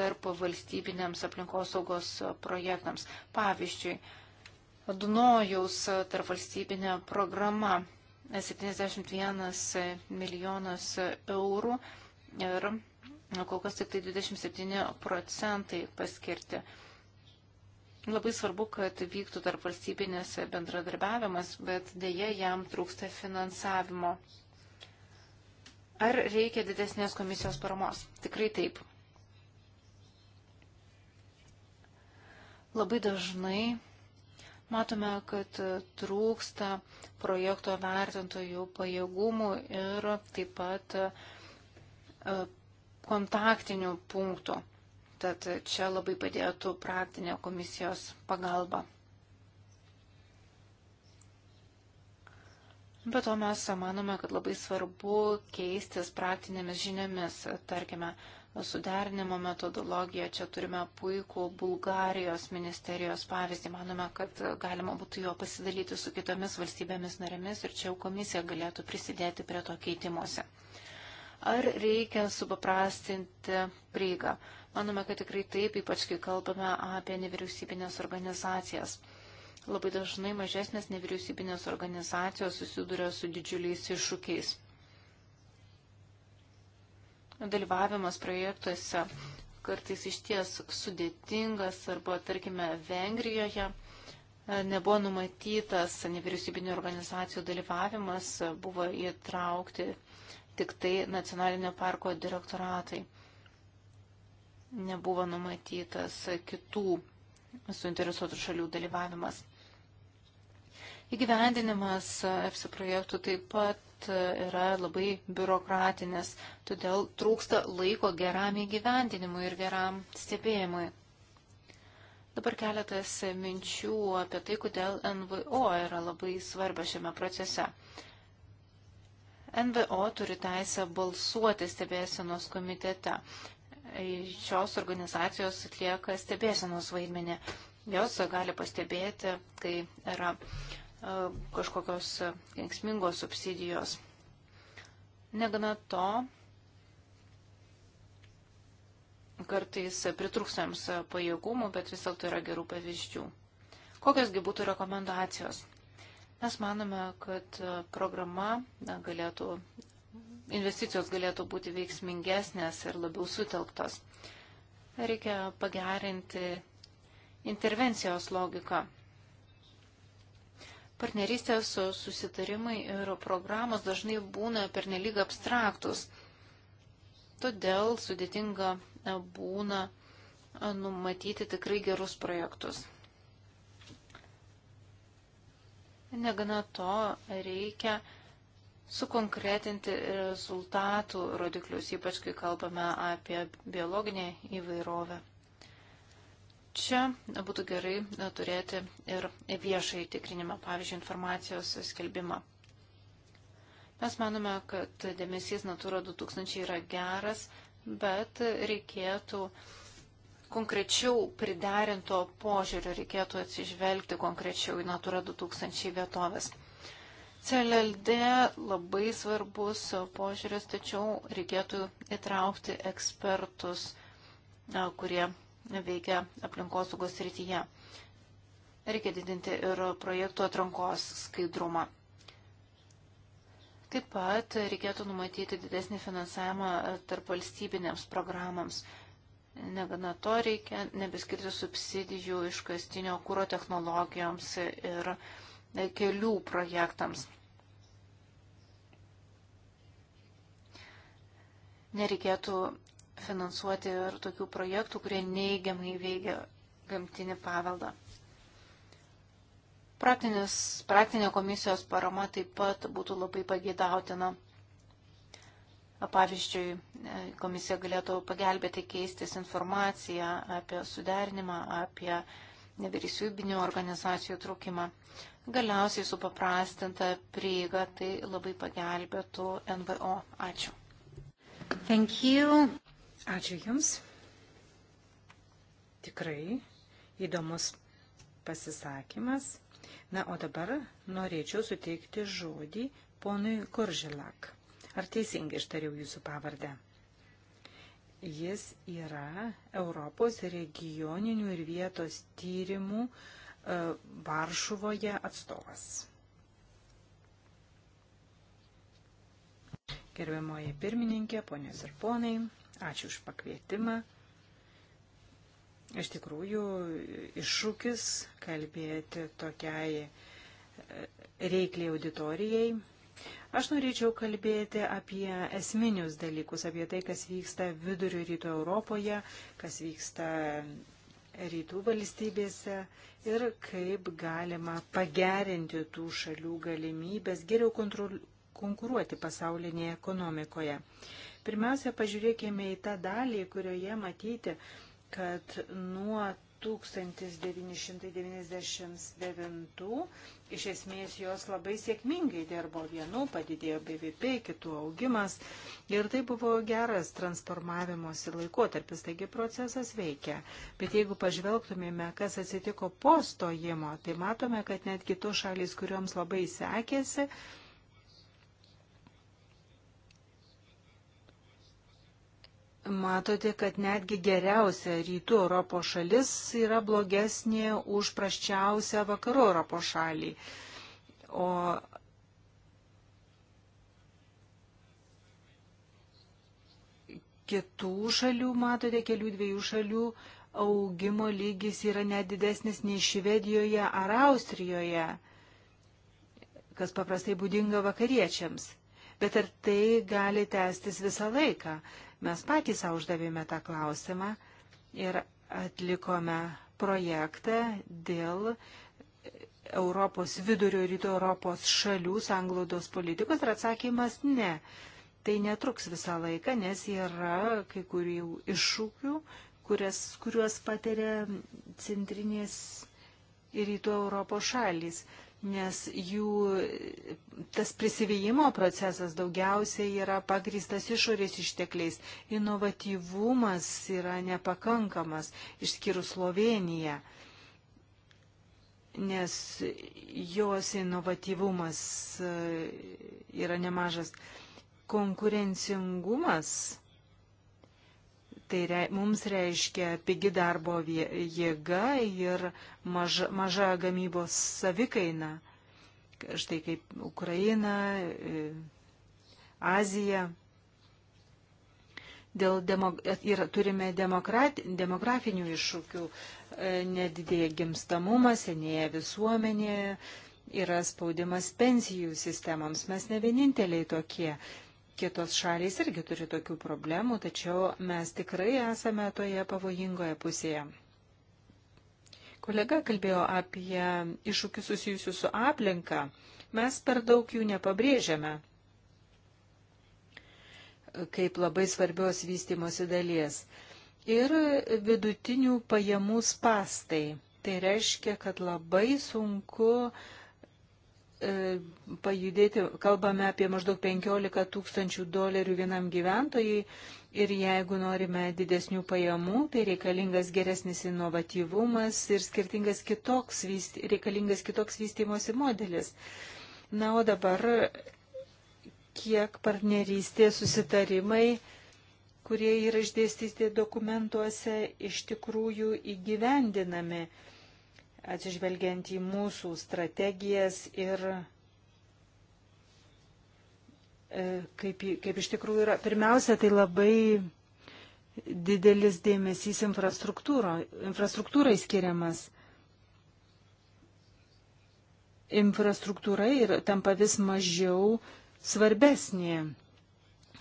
tarp valstybinėms aplinkosaugos projektams. Pavyzdžiui, Dunojaus tarp valstybinė programa 71 milijonas eurų ir kol kas tik tai 27 procentai paskirti Labai svarbu, kad vyktų tarp valstybinės bendradarbiavimas, bet dėje jam trūksta finansavimo. Ar reikia didesnės komisijos paramos? Tikrai taip. Labai dažnai matome, kad trūksta projekto vertintojų pajėgumų ir taip pat e, kontaktinių punktų. Tad čia labai padėtų praktinė komisijos pagalba. Be to mes manome, kad labai svarbu keistis praktinėmis žiniomis. Tarkime, suderinimo metodologiją čia turime puikų Bulgarijos ministerijos pavyzdį. Manome, kad galima būtų jo pasidalyti su kitomis valstybėmis narėmis ir čia jau komisija galėtų prisidėti prie to keitimuose. Ar reikia supaprastinti prieigą? Manome, kad tikrai taip, ypač kai kalbame apie nevyriausybinės organizacijas. Labai dažnai mažesnės nevyriausybinės organizacijos susiduria su didžiuliais iššūkiais. Dalyvavimas projektuose kartais iš ties sudėtingas arba, tarkime, Vengrijoje e, nebuvo numatytas nevyriausybinio organizacijų dalyvavimas, e, buvo įtraukti tik tai nacionalinio parko direktoratai nebuvo numatytas kitų suinteresuotų šalių dalyvavimas. Įgyvendinimas EFSI projektų taip pat yra labai biurokratinis, todėl trūksta laiko geram įgyvendinimui ir geram stebėjimui. Dabar keletas minčių apie tai, kodėl NVO yra labai svarba šiame procese. NVO turi teisę balsuoti stebėsenos komitete. E, šios organizacijos atlieka stebėsenos vaidmenį. Jos gali pastebėti, kai yra e, kažkokios kenksmingos subsidijos. Negana to, kartais pritrūksams pajėgumų, bet vis dėlto yra gerų pavyzdžių. Kokiosgi būtų rekomendacijos? Mes manome, kad e, programa galėtų investicijos galėtų būti veiksmingesnės ir labiau sutelktos. Reikia pagerinti intervencijos logiką. Partnerystės susitarimai ir programos dažnai būna pernelyg abstraktus. Todėl sudėtinga būna numatyti tikrai gerus projektus. Negana to reikia sukonkretinti rezultatų rodiklius, ypač kai kalbame apie biologinę įvairovę. Čia būtų gerai turėti ir viešai tikrinimą, pavyzdžiui, informacijos skelbimą. Mes manome, kad dėmesys Natura 2000 yra geras, bet reikėtų konkrečiau priderinto požiūrio, reikėtų atsižvelgti konkrečiau į Natura 2000 vietovės. CLLD labai svarbus požiūris, tačiau reikėtų įtraukti ekspertus, kurie veikia aplinkosaugos rytyje. Reikia didinti ir projektų atrankos skaidrumą. Taip pat reikėtų numatyti didesnį finansavimą tarp valstybinėms programams. Negana to reikia nebeskirti subsidijų iškastinio kūro technologijoms ir kelių projektams. nereikėtų finansuoti ir tokių projektų, kurie neigiamai veikia gamtinį paveldą. Praktinis, praktinė komisijos parama taip pat būtų labai pagėdautina. Pavyzdžiui, e, komisija galėtų pagelbėti keistis informaciją apie suderinimą, apie nevyriausybinių organizacijų trūkimą. Galiausiai supaprastinta prieiga tai labai pagelbėtų NVO. Ačiū. Thank you. Ačiū Jums. Tikrai įdomus pasisakymas. Na, o dabar norėčiau suteikti žodį ponui Kuržilak. Ar teisingai ištariau Jūsų pavardę? Jis yra Europos regioninių ir vietos tyrimų e, Varšuvoje atstovas. Gerbiamoji pirmininkė, ponės ir ponai, ačiū už pakvietimą. Iš tikrųjų, iššūkis kalbėti tokiai e, reikliai auditorijai. Aš norėčiau kalbėti apie esminius dalykus, apie tai, kas vyksta vidurio rytų Europoje, kas vyksta rytų valstybėse ir kaip galima pagerinti tų šalių galimybės geriau kontroliuoti konkuruoti pasaulinėje ekonomikoje. Pirmiausia, pažiūrėkime į tą dalį, kurioje matyti, kad nuo 1999 iš esmės jos labai sėkmingai dirbo vienu, padidėjo BVP, kitų augimas ir tai buvo geras transformavimosi laikotarpis, taigi procesas veikia. Bet jeigu pažvelgtumėme, kas atsitiko po stojimo, tai matome, kad netgi tos šalis, kuriuoms labai sekėsi, matote, kad netgi geriausia rytų Europos šalis yra blogesnė už praščiausią vakarų Europos šalį. O kitų šalių, matote, kelių dviejų šalių augimo lygis yra net didesnis nei Švedijoje ar Austrijoje, kas paprastai būdinga vakariečiams. Bet ar tai gali tęstis visą laiką? Mes patys savo uždavėme tą klausimą ir atlikome projektą dėl Europos vidurio ir rytų Europos šalių sanglaudos politikos ir atsakymas ne. Tai netruks visą laiką, nes yra kai kurių iššūkių, kurias, kuriuos patiria centrinės ir rytų Europos šalys nes jų tas prisivėjimo procesas daugiausiai yra pagristas išorės ištekliais. Inovatyvumas yra nepakankamas, išskyrus Sloveniją, nes jos inovatyvumas e, yra nemažas. Konkurencingumas Tai re, mums reiškia pigi darbo jėga ir maž, maža gamybos savikaina. Štai kaip Ukraina, e, Azija dėl demo, ir turime demokrat, demografinių iššūkių, e, nedidėja gimstamumas, senėja visuomenė, yra spaudimas pensijų sistemoms, mes ne vieninteliai tokie kitos šalys irgi turi tokių problemų, tačiau mes tikrai esame toje pavojingoje pusėje. Kolega kalbėjo apie iššūkius susijusius su aplinka. Mes per daug jų nepabrėžiame kaip labai svarbios vystimosi dalies. Ir vidutinių pajamų spastai. Tai reiškia, kad labai sunku uh, E, pajudėti, kalbame apie maždaug 15 tūkstančių dolerių vienam gyventojui ir jeigu norime didesnių pajamų, tai reikalingas geresnis inovatyvumas ir skirtingas kitoks, reikalingas kitoks vystymosi modelis. Na, o dabar kiek partnerystės susitarimai, kurie yra išdėstyti dokumentuose, iš tikrųjų įgyvendinami atsižvelgiant į mūsų strategijas ir e, kaip, kaip iš tikrųjų yra. Pirmiausia, tai labai didelis dėmesys infrastruktūrai skiriamas. Infrastruktūra ir tampa vis mažiau svarbesnė.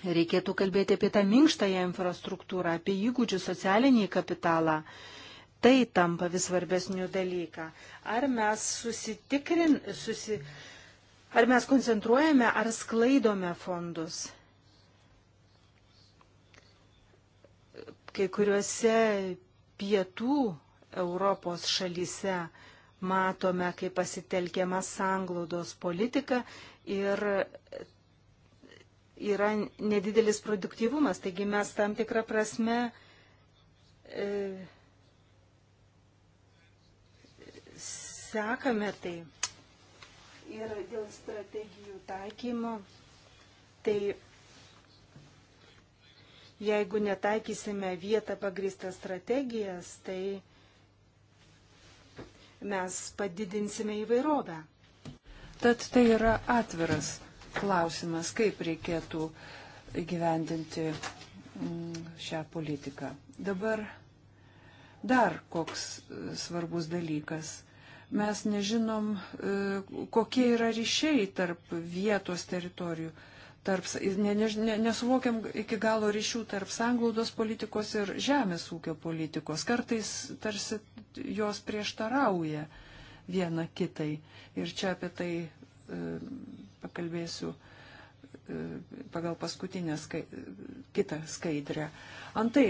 Reikėtų kalbėti apie tą minkštąją infrastruktūrą, apie įgūdžių socialinį kapitalą tai tampa vis svarbesnių dalyką. Ar mes susitikrin, susi, ar mes koncentruojame, ar sklaidome fondus? Kai kuriuose pietų Europos šalyse matome, kaip pasitelkiama sanglaudos politika ir yra nedidelis produktyvumas. Taigi mes tam tikrą prasme e, sekame tai. Ir dėl strategijų taikymo, tai jeigu netaikysime vietą pagrįstą strategijas, tai mes padidinsime įvairovę. Tad tai yra atviras klausimas, kaip reikėtų įgyvendinti mm, šią politiką. Dabar dar koks svarbus dalykas mes nežinom, e, kokie yra ryšiai tarp vietos teritorijų. Tarp, ne, ne, nesuvokiam iki galo ryšių tarp sanglaudos politikos ir žemės ūkio politikos. Kartais tarsi jos prieštarauja viena kitai. Ir čia apie tai e, pakalbėsiu e, pagal paskutinę skai, kitą skaidrę. Antai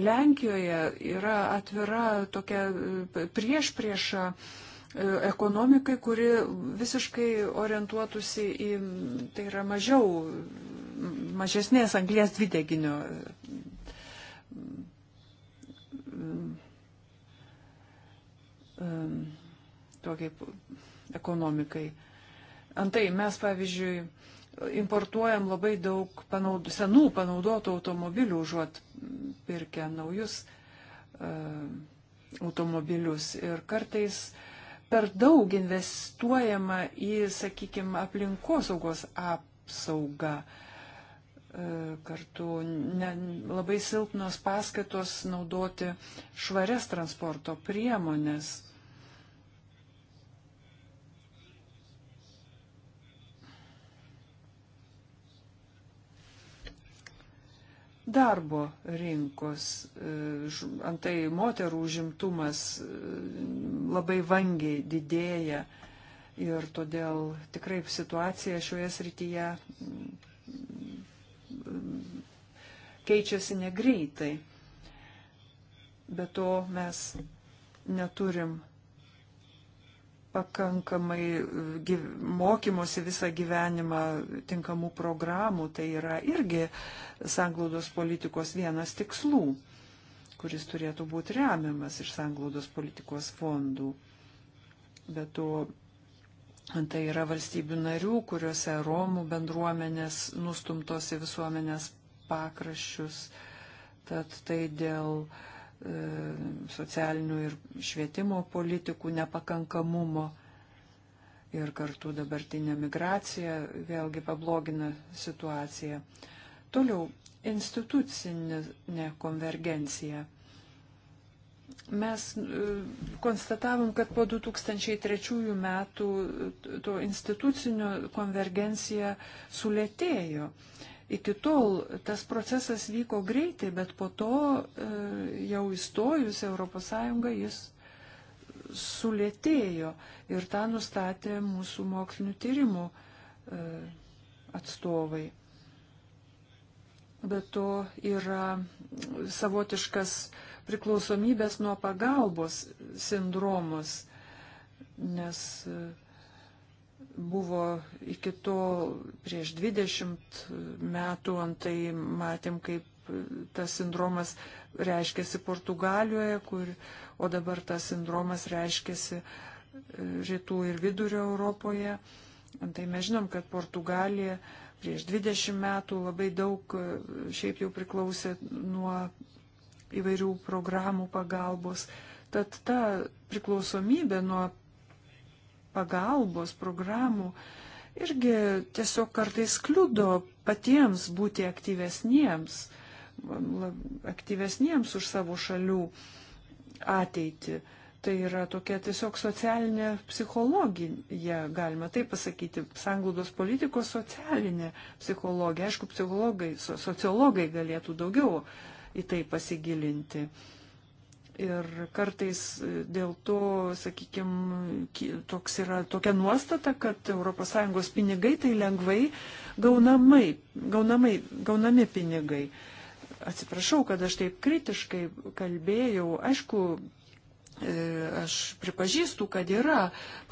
Lenkijoje yra atvira tokia e, prieš priešą prieš E, ekonomikai, kuri visiškai orientuotųsi į, tai yra mažiau, mažesnės anglės dvideginio e, e, tokiai ekonomikai. Antai mes, pavyzdžiui, importuojam labai daug panaud, senų panaudotų automobilių, užuot pirkę naujus uh, automobilius. Ir kartais uh, per daug investuojama į, sakykime, aplinkosaugos apsaugą. E, kartu ne, labai silpnos paskatos naudoti švarias transporto priemonės. darbo rinkos. E, antai moterų užimtumas e, labai vangiai didėja ir todėl tikrai situacija šioje srityje mm, keičiasi negreitai. Be to mes neturim pakankamai e, gyv, mokymosi visą gyvenimą tinkamų programų, tai yra irgi sanglaudos politikos vienas tikslų, kuris turėtų būti remiamas iš sanglaudos politikos fondų. Bet to tai yra valstybių narių, kuriuose Romų bendruomenės nustumtos į visuomenės pakraščius. Tad tai dėl uh, E, socialinių ir švietimo politikų nepakankamumo. Ir kartu dabartinė migracija vėlgi pablogina situaciją. Toliau, institucinė konvergencija. Mes e, konstatavom, kad po 2003 metų to institucinio konvergencija sulėtėjo Iki tol tas procesas vyko greitai, bet po to e, jau įstojus ES jis sulėtėjo ir tą nustatė mūsų mokslinių tyrimų e, atstovai. Bet to yra savotiškas priklausomybės nuo pagalbos sindromas, nes uh, buvo iki tol prieš 20 metų, antai matėm, kaip tas sindromas reiškėsi Portugalijoje, kur, o dabar tas sindromas reiškėsi e, rytų ir vidurio Europoje. Antai mes žinom, kad Portugalija prieš 20 metų labai daug e, šiaip jau priklausė nuo įvairių programų pagalbos. Tad ta priklausomybė nuo pagalbos programų irgi tiesiog kartais kliudo patiems būti aktyvesniems, aktyvesniems už savo šalių ateitį. Tai yra tokia tiesiog socialinė psichologija, galima taip pasakyti, sanglaudos politikos socialinė psichologija. Aišku, psichologai, sociologai galėtų daugiau į tai pasigilinti. Uh, Ir kartais e, dėl to, sakykime, toks yra tokia nuostata, kad ES pinigai tai lengvai gaunamai, gaunamai, gaunami pinigai. Atsiprašau, kad aš taip kritiškai kalbėjau. Aišku, e, aš pripažįstu, kad yra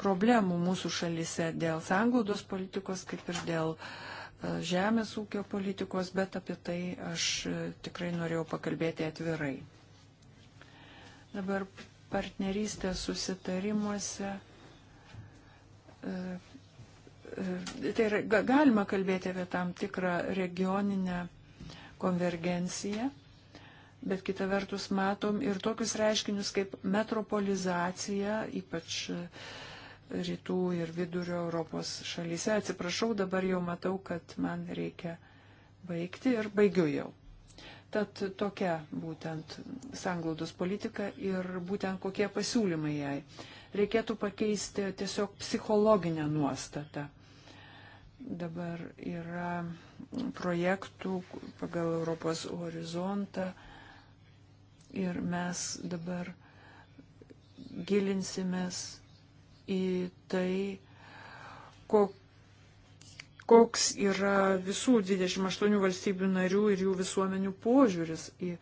problemų mūsų šalise dėl sanglaudos politikos, kaip ir dėl e, žemės ūkio politikos, bet apie tai aš tikrai norėjau pakalbėti atvirai. Dabar partnerystės susitarimuose. E, e, tai yra, galima kalbėti apie tam tikrą regioninę konvergenciją, bet kita vertus matom ir tokius reiškinius kaip metropolizacija, ypač e, rytų ir vidurio Europos šalyse. Atsiprašau, dabar jau matau, kad man reikia baigti ir baigiu jau. Tad tokia būtent sanglaudos politika ir būtent kokie pasiūlymai jai. Reikėtų pakeisti tiesiog psichologinę nuostatą. Dabar yra projektų pagal Europos horizontą ir mes dabar gilinsimės į tai, kokia koks yra visų 28 valstybių narių ir jų visuomenių požiūris į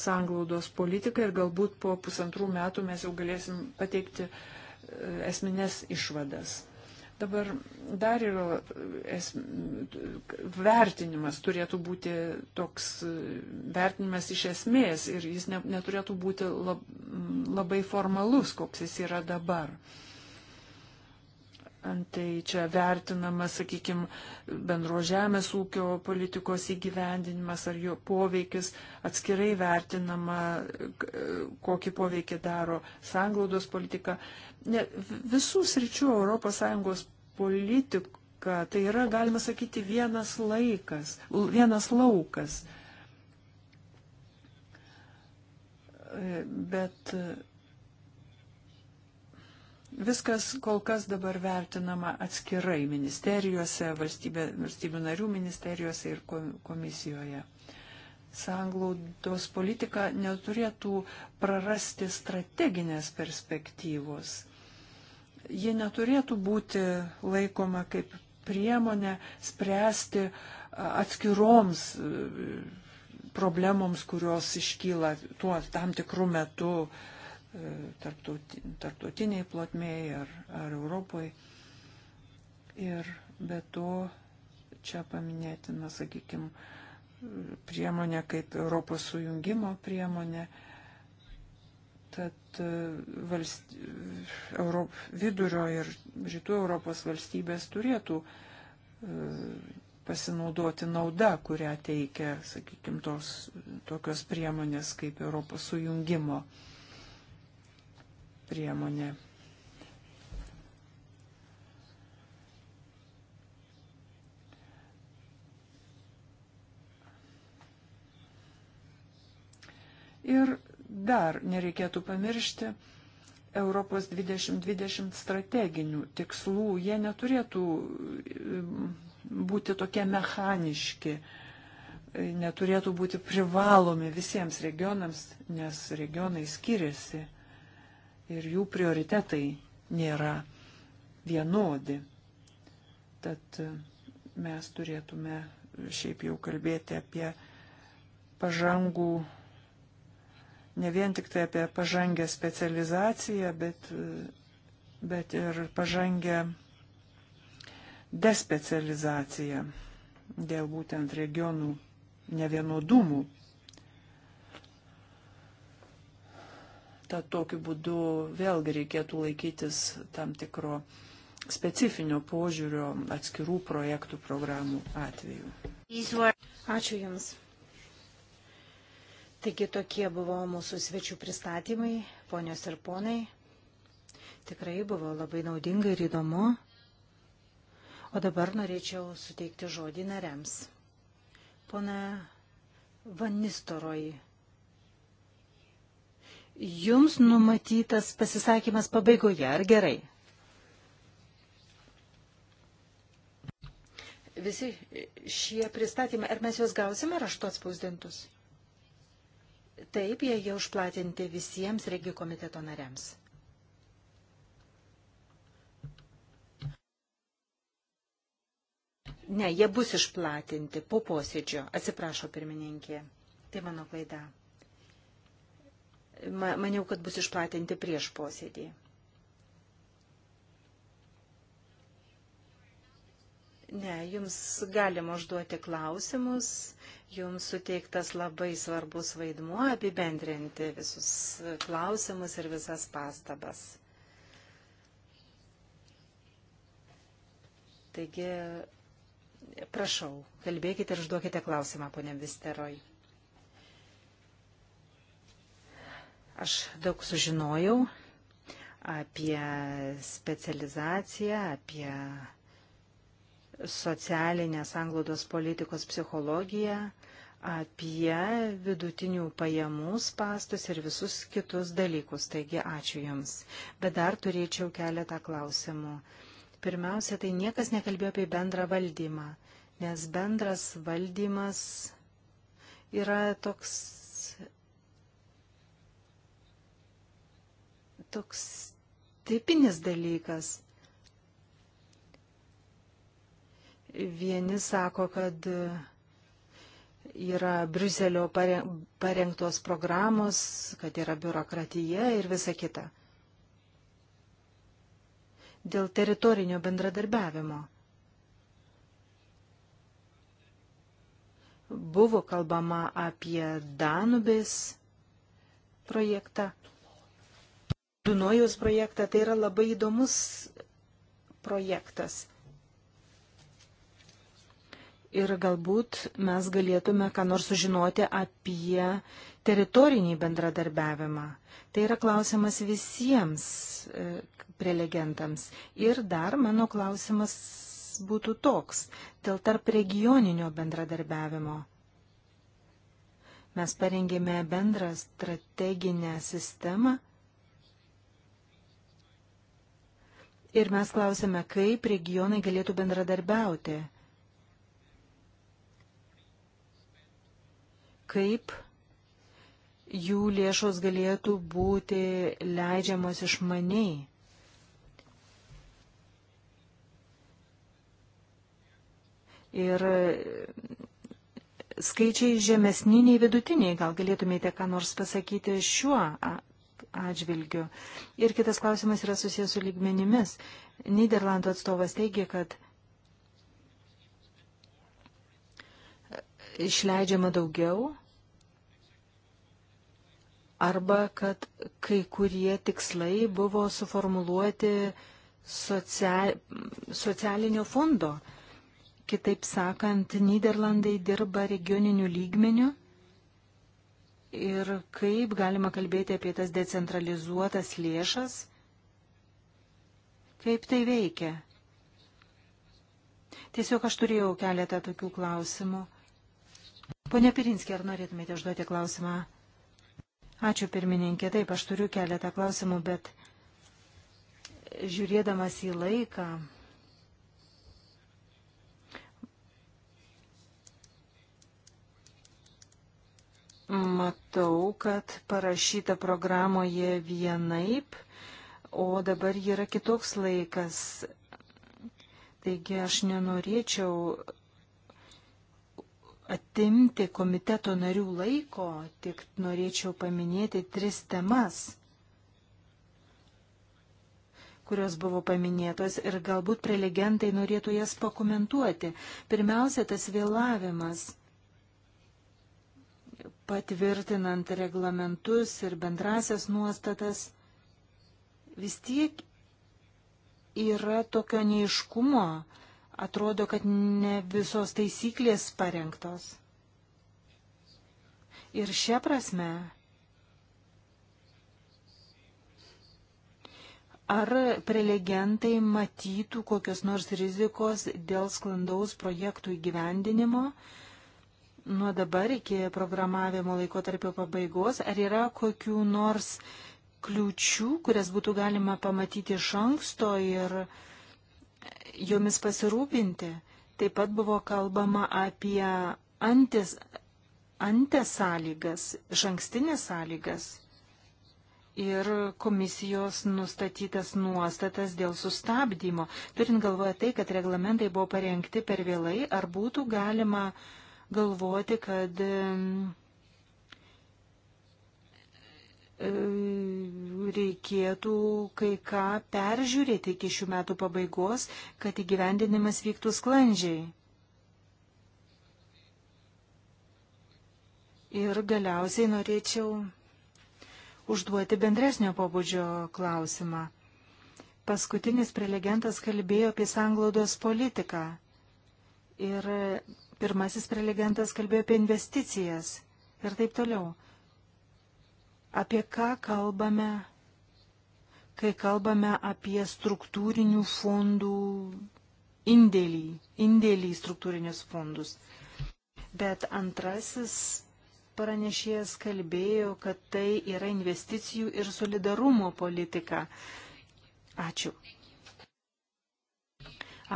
sanglaudos politiką ir galbūt po pusantrų metų mes jau galėsim pateikti e, esminės išvadas. Dabar dar yra e, es, vertinimas, turėtų būti toks e, vertinimas iš esmės ir jis ne, neturėtų būti lab, labai formalus, koks jis yra dabar. Uh, Antai čia vertinamas, sakykime, bendro žemės ūkio politikos įgyvendinimas ar jo poveikis, atskirai vertinama, kokį poveikį daro sanglaudos politika. Ne, visų sričių ES politika tai yra, galima sakyti, vienas laikas, vienas laukas. E, bet Viskas kol kas dabar vertinama atskirai ministerijose, valstybė, valstybių narių ministerijose ir komisijoje. Sanglaudos politika neturėtų prarasti strateginės perspektyvos. Ji neturėtų būti laikoma kaip priemonė spręsti atskiroms e, problemoms, kurios iškyla tuo tam tikrų metų uh, E, tarptautiniai plotmėje ar, ar Europoje. Ir be to čia paminėtina, sakykime, priemonė kaip Europos sujungimo priemonė. Tad e, valst... Europ... vidurio ir rytų Europos valstybės turėtų e, pasinaudoti nauda, kurią teikia, sakykime, tos tokios priemonės kaip Europos sujungimo priemonė priemonė. Ir dar nereikėtų pamiršti Europos 2020 strateginių tikslų. Jie neturėtų e, būti tokie mechaniški, e, neturėtų būti privalomi visiems regionams, nes regionai skiriasi ir jų prioritetai nėra vienodi. Tad e, mes turėtume šiaip jau kalbėti apie pažangų, ne vien tik tai apie pažangę specializaciją, bet, e, bet ir pažangę despecializaciją dėl būtent regionų nevienodumų Tad tokiu būdu vėlgi reikėtų laikytis tam tikro specifinio požiūrio atskirų projektų programų atveju. Ačiū Jums. Taigi tokie buvo mūsų svečių pristatymai, ponios ir ponai. Tikrai buvo labai naudinga ir įdomu. O dabar norėčiau suteikti žodį nariams. Pona Vanistoroj Jums numatytas pasisakymas pabaigoje, ar gerai? Visi šie pristatymai, ar mes juos gausime raštu atspausdintus? Taip, jie jau išplatinti visiems regijų komiteto nariams. Ne, jie bus išplatinti po posėdžio. Atsiprašo pirmininkė. Tai mano klaida maniau, kad bus išplatinti prieš posėdį. Ne, jums galima užduoti klausimus, jums suteiktas labai svarbus vaidmuo apibendrinti visus klausimus ir visas pastabas. Taigi, prašau, kalbėkite ir užduokite klausimą, ponė Visteroj. Aš daug sužinojau apie specializaciją, apie socialinės anglodos politikos psichologiją, apie vidutinių pajamų spastus ir visus kitus dalykus. Taigi ačiū Jums. Bet dar turėčiau keletą klausimų. Pirmiausia, tai niekas nekalbėjo apie bendrą valdymą, nes bendras valdymas yra toks toks tipinis dalykas. Vieni sako, kad yra Briuselio parengtos programos, kad yra biurokratija ir visa kita. Dėl teritorinio bendradarbiavimo. buvo kalbama apie Danubės projektą. Dunojaus projektą. Tai yra labai įdomus projektas. Ir galbūt mes galėtume ką nors sužinoti apie teritorinį bendradarbiavimą. Tai yra klausimas visiems e, prelegentams. Ir dar mano klausimas būtų toks dėl tarp regioninio bendradarbiavimo. Mes parengėme bendrą strateginę sistemą Ir mes klausėme, kaip regionai galėtų bendradarbiauti. Kaip jų lėšos galėtų būti leidžiamos išmaniai. Ir skaičiai žemesniniai vidutiniai, gal galėtumėte ką nors pasakyti šiuo atžvilgių. Ir kitas klausimas yra susijęs su lygmenimis. Niderlandų atstovas teigia, kad išleidžiama daugiau arba kad kai kurie tikslai buvo suformuluoti social, socialinio fondo. Kitaip sakant, Niderlandai dirba regioninių lygmenių ir kaip galima kalbėti apie tas decentralizuotas lėšas, kaip tai veikia. Tiesiog aš turėjau keletą tokių klausimų. Pone Pirinskė, ar norėtumėte užduoti klausimą? Ačiū pirmininkė, taip, aš turiu keletą klausimų, bet žiūrėdamas į laiką, matau, kad parašyta programoje vienaip, o dabar yra kitoks laikas. Taigi aš nenorėčiau atimti komiteto narių laiko, tik norėčiau paminėti tris temas kurios buvo paminėtos ir galbūt prelegentai norėtų jas pakomentuoti. Pirmiausia, tas vėlavimas patvirtinant reglamentus ir bendrasias nuostatas, vis tiek yra tokio neiškumo, atrodo, kad ne visos taisyklės parengtos. Ir šią prasme, ar prelegentai matytų kokios nors rizikos dėl sklandaus projektų įgyvendinimo, uh, nuo dabar iki programavimo laikotarpio pabaigos, ar yra kokių nors kliūčių, kurias būtų galima pamatyti iš anksto ir jomis pasirūpinti. Taip pat buvo kalbama apie antis, antesąlygas, iš ankstinės sąlygas ir komisijos nustatytas nuostatas dėl sustabdymo, turint galvoje tai, kad reglamentai buvo parengti per vėlai, ar būtų galima uh, galvoti, kad reikėtų kai ką peržiūrėti iki šių metų pabaigos, kad įgyvendinimas vyktų sklandžiai. Ir galiausiai norėčiau užduoti bendresnio pobūdžio klausimą. Paskutinis prelegentas kalbėjo apie sanglaudos politiką. Ir Pirmasis prelegentas kalbėjo apie investicijas ir taip toliau. Apie ką kalbame, kai kalbame apie struktūrinių fondų indėlį, indėlį į struktūrinius fondus. Bet antrasis pranešėjas kalbėjo, kad tai yra investicijų ir solidarumo politika. Ačiū.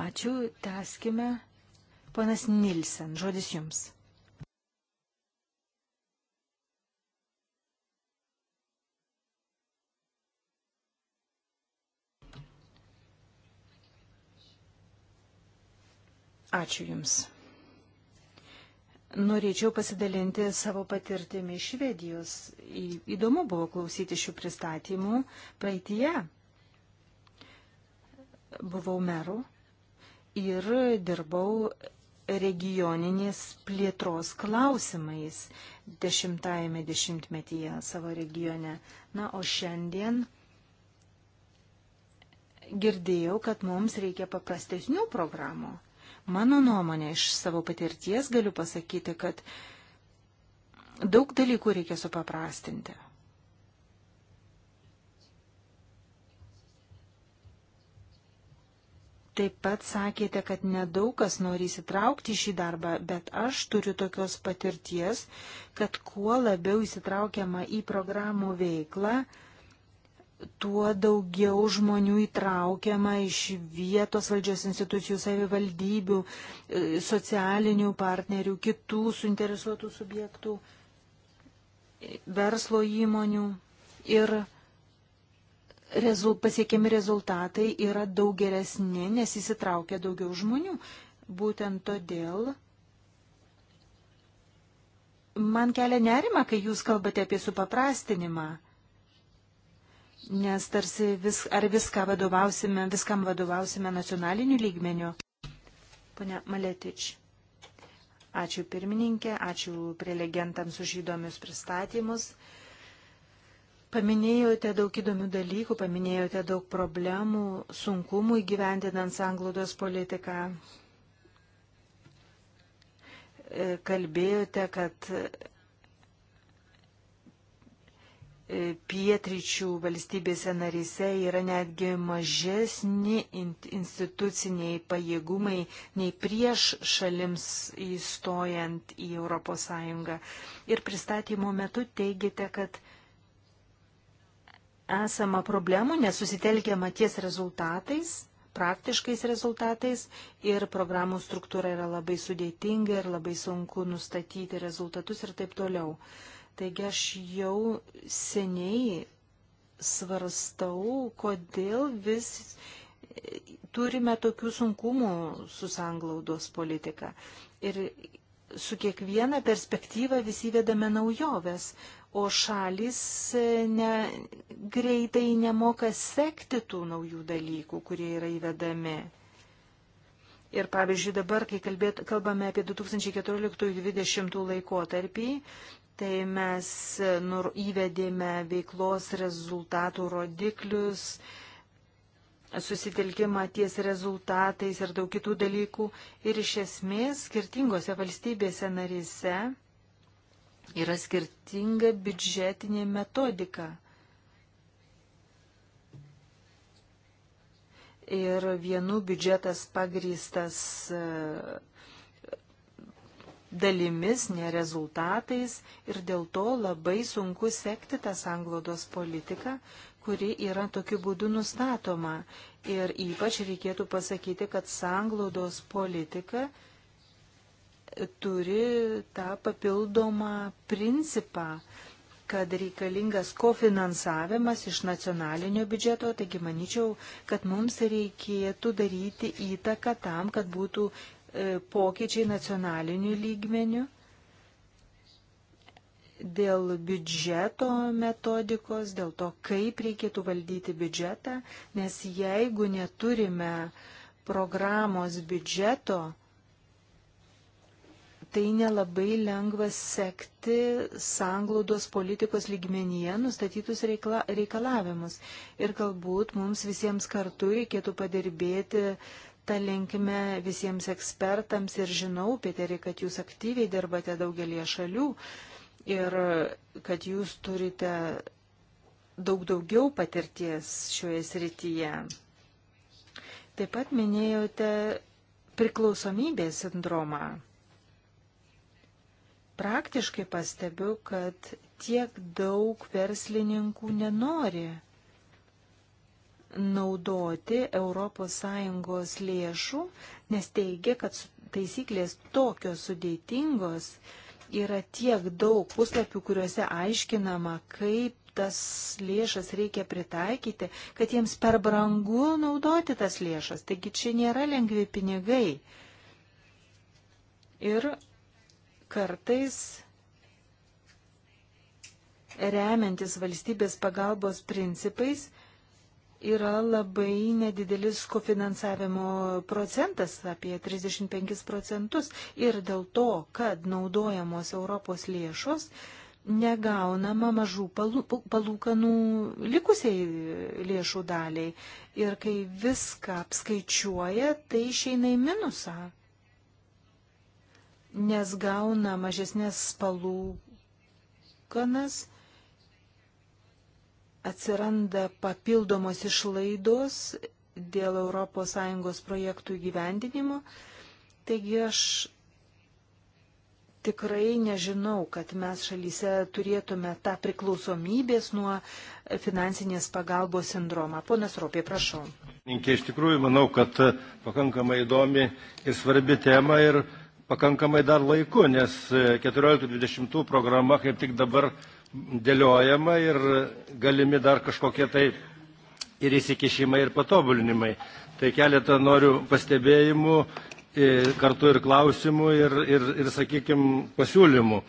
Ačiū, teskime. Panas Nilsen, žodis jums. Ačiū Jums. Norėčiau pasidalinti savo patirtimi iš Švedijos. Įdomu buvo klausyti šių pristatymų praeitie. Buvau meru ir dirbau regioninės plėtros klausimais dešimtajame dešimtmetyje savo regione. Na, o šiandien girdėjau, kad mums reikia paprastesnių programų. Mano nuomonė iš savo patirties galiu pasakyti, kad daug dalykų reikia supaprastinti. Taip pat sakėte, kad nedaug kas nori įsitraukti į šį darbą, bet aš turiu tokios patirties, kad kuo labiau įsitraukiama į programų veiklą, tuo daugiau žmonių įtraukiama iš vietos valdžios institucijų, savivaldybių, e, socialinių partnerių, kitų suinteresuotų subjektų, verslo įmonių. Ir rezult, pasiekiami rezultatai yra daug geresni, nes įsitraukia daugiau žmonių. Būtent todėl man kelia nerima, kai jūs kalbate apie supaprastinimą. Nes tarsi vis, ar viską vadovausime, viskam vadovausime nacionaliniu lygmeniu. Pone Maletič. Ačiū pirmininkė, ačiū prelegentams už įdomius pristatymus. Paminėjote daug įdomių dalykų, paminėjote daug problemų, sunkumų įgyvendinant sanglaudos politiką. E, kalbėjote, kad e, pietryčių valstybėse narise yra netgi mažesni instituciniai pajėgumai nei prieš šalims įstojant į ES. Ir pristatymo metu teigiate, kad esama problemų, nesusitelkiama ties rezultatais, praktiškais rezultatais ir programų struktūra yra labai sudėtinga ir labai sunku nustatyti rezultatus ir taip toliau. Taigi aš jau seniai svarstau, kodėl vis turime tokių sunkumų su sanglaudos politika. Ir su kiekviena perspektyva vis įvedame naujoves o šalis e, ne, greitai nemoka sekti tų naujų dalykų, kurie yra įvedami. Ir pavyzdžiui, dabar, kai kalbėt, kalbame apie 2014-2020 laikotarpį, tai mes e, nur, įvedėme veiklos rezultatų rodiklius, susitelkimą ties rezultatais ir daug kitų dalykų. Ir iš esmės skirtingose valstybėse narise Yra skirtinga biudžetinė metodika. Ir vienų biudžetas pagrystas e, dalimis, ne rezultatais ir dėl to labai sunku sekti tą sanglodos politiką, kuri yra tokiu būdu nustatoma. Ir ypač reikėtų pasakyti, kad sanglaudos politika turi tą papildomą principą, kad reikalingas kofinansavimas iš nacionalinio biudžeto, taigi manyčiau, kad mums reikėtų daryti įtaką tam, kad būtų e, pokyčiai nacionaliniu lygmeniu dėl biudžeto metodikos, dėl to, kaip reikėtų valdyti biudžetą, nes jeigu neturime programos biudžeto, tai nelabai lengva sekti sanglaudos politikos lygmenyje nustatytus reikla, reikalavimus. Ir galbūt mums visiems kartu reikėtų padirbėti tą linkime visiems ekspertams ir žinau, Peterį, kad jūs aktyviai dirbate daugelie šalių ir kad jūs turite daug daugiau patirties šioje srityje. Taip pat minėjote priklausomybės sindromą praktiškai pastebiu, kad tiek daug verslininkų nenori naudoti ES lėšų, nes teigia, kad taisyklės tokios sudėtingos yra tiek daug puslapių, kuriuose aiškinama, kaip tas lėšas reikia pritaikyti, kad jiems per brangu naudoti tas lėšas. Taigi čia nėra lengvi pinigai. Ir Kartais remiantis valstybės pagalbos principais yra labai nedidelis kofinansavimo procentas, apie 35 procentus. Ir dėl to, kad naudojamos Europos lėšos, negaunama mažų palūkanų likusiai lėšų daliai. Ir kai viską apskaičiuoja, tai išeina į minusą nes gauna mažesnės palūkanas, atsiranda papildomos išlaidos dėl ES projektų įgyvendinimo. Taigi aš tikrai nežinau, kad mes šalyse turėtume tą priklausomybės nuo finansinės pagalbos sindromą. Ponas Ropė, prašau. Iš tikrųjų, manau, kad pakankamai įdomi ir svarbi tema ir pakankamai dar laiku, nes 14-20 e, programa kaip tik dabar dėliojama ir galimi dar kažkokie tai ir įsikišimai, ir patobulinimai. Tai keletą noriu pastebėjimų, e, kartu ir klausimų, ir, ir, ir sakykime, pasiūlymų.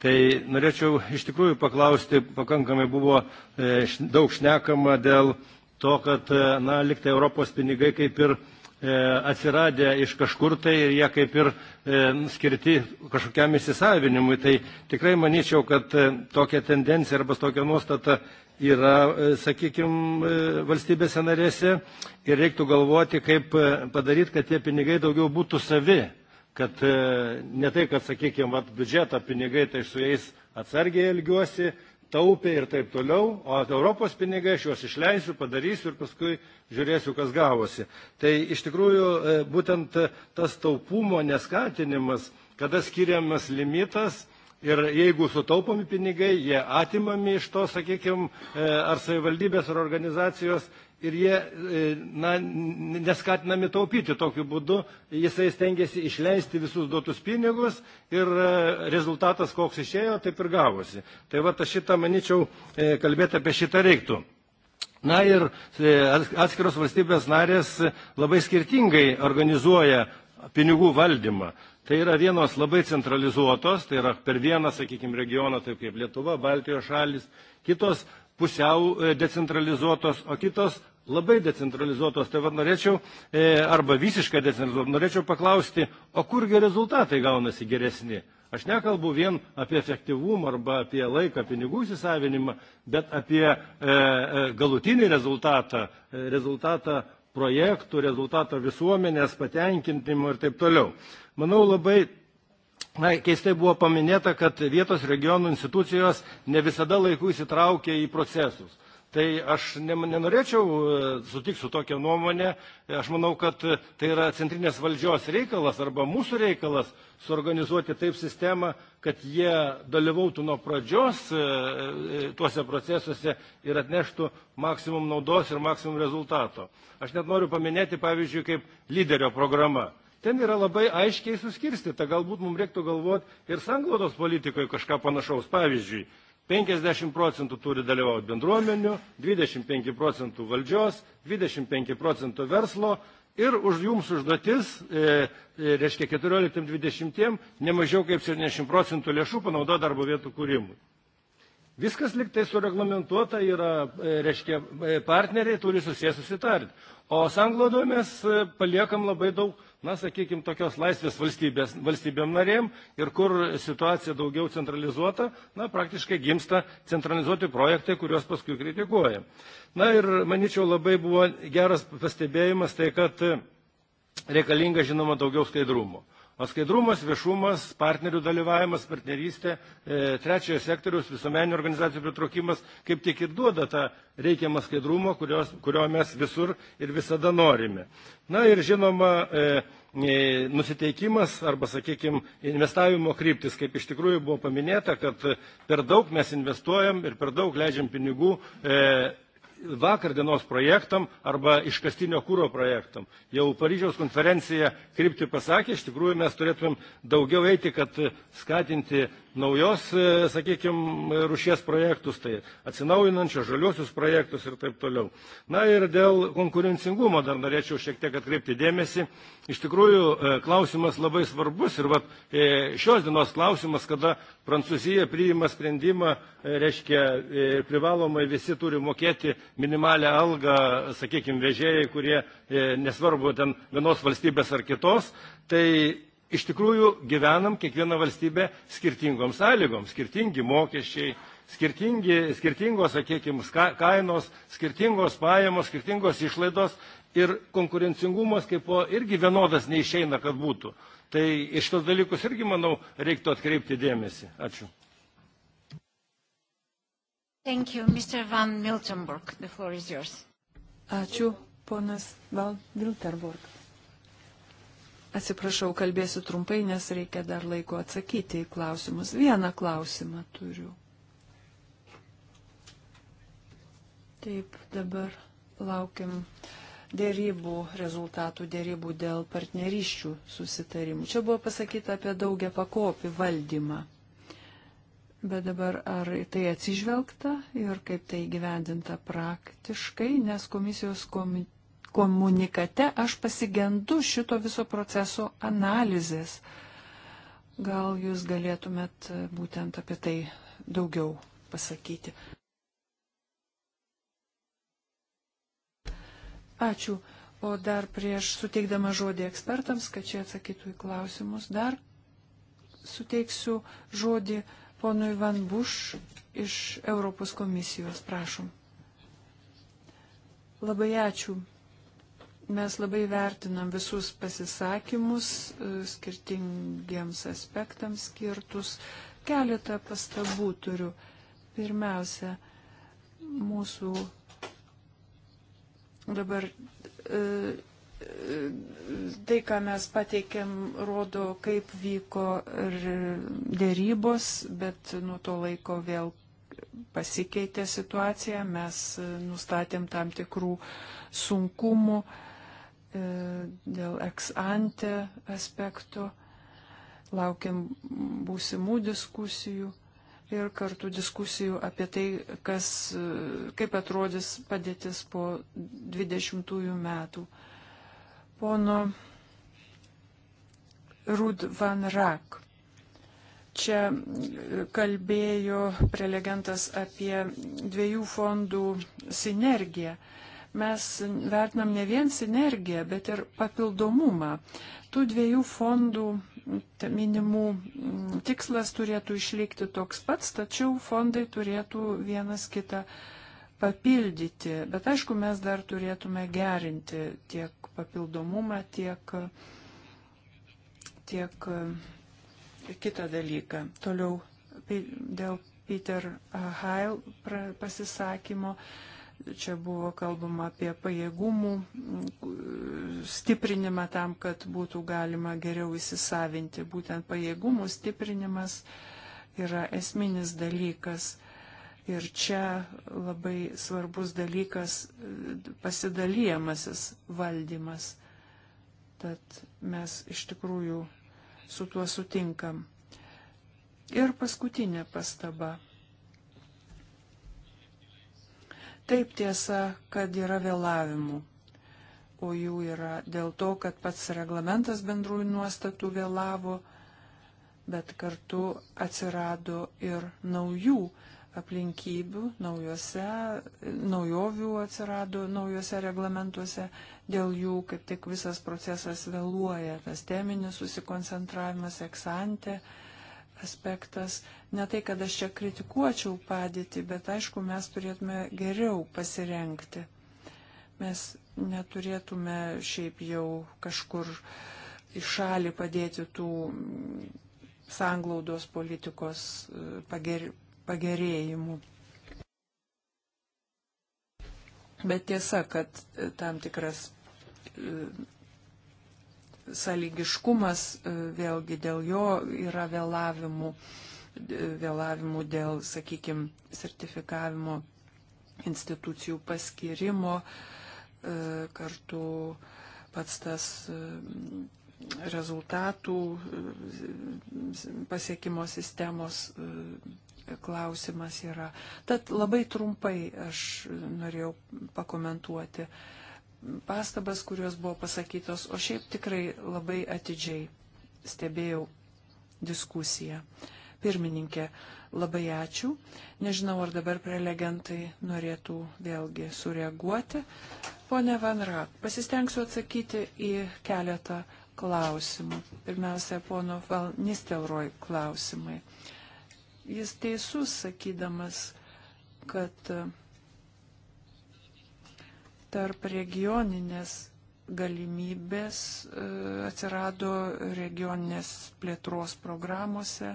Tai norėčiau iš tikrųjų paklausti, pakankamai buvo e, daug šnekama dėl to, kad, na, liktai Europos pinigai kaip ir E, atsiradę iš kažkur tai ir jie kaip ir e, skirti kažkokiam įsisavinimui. Tai tikrai manyčiau, kad e, tokia tendencija arba tokia nuostata yra, sakykime, valstybėse narėse ir reiktų galvoti, kaip padaryti, kad tie pinigai daugiau būtų savi, kad ne tai, kad, sakykime, biudžeto pinigai, tai su jais atsargiai elgiuosi, taupė ir taip toliau, o Europos pinigai aš juos išleisiu, padarysiu ir paskui žiūrėsiu, kas gavosi. Tai iš tikrųjų e, būtent tas taupumo neskatinimas, kada skiriamas limitas, Ir jeigu sutaupomi pinigai, jie atimami iš to, sakykime, ar savivaldybės, ar organizacijos ir jie e, na, neskatinami taupyti tokiu būdu, jisai stengiasi išleisti visus duotus pinigus ir e, rezultatas koks išėjo, taip ir gavosi. Tai va, aš šitą, manyčiau, e, kalbėti apie šitą reiktų. Na ir atskiros valstybės narės labai skirtingai organizuoja pinigų valdymą. Tai yra vienos labai centralizuotos, tai yra per vieną, sakykime, regioną, taip kaip Lietuva, Baltijos šalis, kitos pusiau e, decentralizuotos, o kitos labai decentralizuotos. Tai vad norėčiau, e, arba visiškai decentralizuotos, norėčiau paklausti, o kurgi rezultatai gaunasi geresni? Aš nekalbu vien apie efektyvumą arba apie laiką pinigų įsisavinimą, bet apie e, e galutinį rezultatą, rezultatą projektų, rezultato visuomenės, patenkintimų ir taip toliau. Manau, labai Na, keistai buvo paminėta, kad vietos regionų institucijos ne visada laiku įsitraukia į procesus. Tai aš nenorėčiau e, sutikti su tokia nuomonė. Aš manau, kad e, tai yra centrinės valdžios reikalas arba mūsų reikalas suorganizuoti taip sistemą, kad jie dalyvautų nuo pradžios e, tuose procesuose ir atneštų maksimum naudos ir maksimum rezultato. Aš net noriu paminėti, pavyzdžiui, kaip lyderio programa. Ten yra labai aiškiai suskirstyta. Galbūt mums reiktų galvoti ir sanglaudos politikoje kažką panašaus. Pavyzdžiui, 50 procentų turi dalyvauti bendruomenių, 25 procentų valdžios, 25 procentų verslo ir už jums užduotis, e, e reiškia 14-20, nemažiau kaip 70 procentų lėšų panaudo darbo vietų kūrimui. Viskas liktai sureglamentuota yra, e, reiškia, e, partneriai turi susijęs susitarti. O sanglaudomis paliekam labai daug na, sakykime, tokios laisvės valstybės, valstybėm narėm ir kur situacija daugiau centralizuota, na, praktiškai gimsta centralizuoti projektai, kuriuos paskui kritikuoja. Na ir, manyčiau, labai buvo geras pastebėjimas tai, kad reikalinga, žinoma, daugiau skaidrumo. O skaidrumas, viešumas, partnerių dalyvavimas, partnerystė, e, trečiojo sektoriaus visuomeninių organizacijų pritraukimas kaip tik ir duoda tą reikiamą skaidrumą, kurios, kurio mes visur ir visada norime. Na ir žinoma, e, e, nusiteikimas arba, sakykime, investavimo kryptis, kaip iš tikrųjų buvo paminėta, kad per daug mes investuojam ir per daug leidžiam pinigų vakar dienos projektam arba iškastinio kūro projektam. Jau Paryžiaus konferencija krypti pasakė, iš tikrųjų mes turėtumėm daugiau eiti, kad skatinti naujos, e, sakykime, rušies projektus, tai atsinaujinančios, žaliosius projektus ir taip toliau. Na ir dėl konkurencingumo dar norėčiau šiek tiek atkreipti dėmesį. Iš tikrųjų, e, klausimas labai svarbus ir vat, e, šios dienos klausimas, kada Prancūzija priima sprendimą, reiškia, privalomai visi turi mokėti minimalę algą, sakykime, vežėjai, kurie nesvarbu ten vienos valstybės ar kitos, tai iš tikrųjų gyvenam kiekvieną valstybę skirtingom sąlygom, skirtingi mokesčiai, skirtingi, skirtingos, sakykime, kainos, skirtingos pajamos, skirtingos išlaidos ir konkurencingumas kaip po irgi vienodas neišeina, kad būtų. Tai iš tos dalykus irgi, manau, reiktų atkreipti dėmesį. Ačiū. Thank you, Mr. Van Miltenburg. The floor is yours. Ačiū, ponas Van Miltenburg. Atsiprašau, kalbėsiu trumpai, nes reikia dar laiko atsakyti į klausimus. Vieną klausimą turiu. Taip, dabar laukiam dėrybų rezultatų, dėrybų dėl partneriščių susitarimų. Čia buvo pasakyta apie daugia pakopį valdymą. Bet dabar ar tai atsižvelgta ir kaip tai gyvendinta praktiškai, nes komisijos komit komunikate aš pasigendu šito viso proceso analizės. Gal jūs galėtumėt e, būtent apie tai daugiau pasakyti. Ačiū. O dar prieš suteikdama žodį ekspertams, kad čia atsakytų į klausimus, dar suteiksiu žodį ponui Van Buš iš Europos komisijos. Prašom. Labai ačiū Mes labai vertinam visus pasisakymus, e, skirtingiems aspektams skirtus. Keletą pastabų turiu. Pirmiausia, mūsų dabar e, tai, ką mes pateikėm, rodo, kaip vyko dėrybos, bet nuo to laiko vėl pasikeitė situacija, mes e, nustatėm tam tikrų sunkumų E, dėl ex-ante aspektų, laukiam būsimų diskusijų ir kartu diskusijų apie tai, kas, e, kaip atrodys padėtis po 20 metų. Pono Rud van Rak čia kalbėjo prelegentas apie dviejų fondų sinergiją mes vertinam ne vien sinergiją, bet ir papildomumą. Tų dviejų fondų minimų mm, tikslas turėtų išlikti toks pats, tačiau fondai turėtų vienas kitą papildyti. Bet aišku, mes dar turėtume gerinti tiek papildomumą, tiek, tiek kitą dalyką. Toliau dėl Peter Heil pasisakymo. Uh, Čia buvo kalbama apie pajėgumų stiprinimą tam, kad būtų galima geriau įsisavinti. Būtent pajėgumų stiprinimas yra esminis dalykas. Ir čia labai svarbus dalykas pasidalyjamasis valdymas. Tad mes iš tikrųjų su tuo sutinkam. Ir paskutinė pastaba. Taip tiesa, kad yra vėlavimų, o jų yra dėl to, kad pats reglamentas bendrųjų nuostatų vėlavo, bet kartu atsirado ir naujų aplinkybių, naujose, naujovių atsirado naujose reglamentuose, dėl jų kaip tik visas procesas vėluoja, tas teminis susikoncentravimas eksante. ante aspektas. Ne tai, kad aš čia kritikuočiau padėtį, bet aišku, mes turėtume geriau pasirenkti. Mes neturėtume šiaip jau kažkur į šalį padėti tų sanglaudos politikos e, pager, pagerėjimų. Bet tiesa, kad e, tam tikras e, sąlygiškumas e, vėlgi dėl jo yra vėlavimų, vėlavimų dėl, sakykime, sertifikavimo institucijų paskirimo, e, kartu pats tas e, rezultatų pasiekimo sistemos klausimas yra. Tad labai trumpai aš norėjau pakomentuoti uh, pastabas, kurios buvo pasakytos, o šiaip tikrai labai atidžiai stebėjau diskusiją. Pirmininkė, labai ačiū. Nežinau, ar dabar prelegentai norėtų vėlgi sureaguoti. Pone Van Rat, pasistengsiu atsakyti į keletą klausimų. Pirmiausia, pono Val Nistelroj klausimai. Jis teisus, sakydamas, kad uh, tarp regioninės galimybės e, atsirado regioninės plėtros programuose.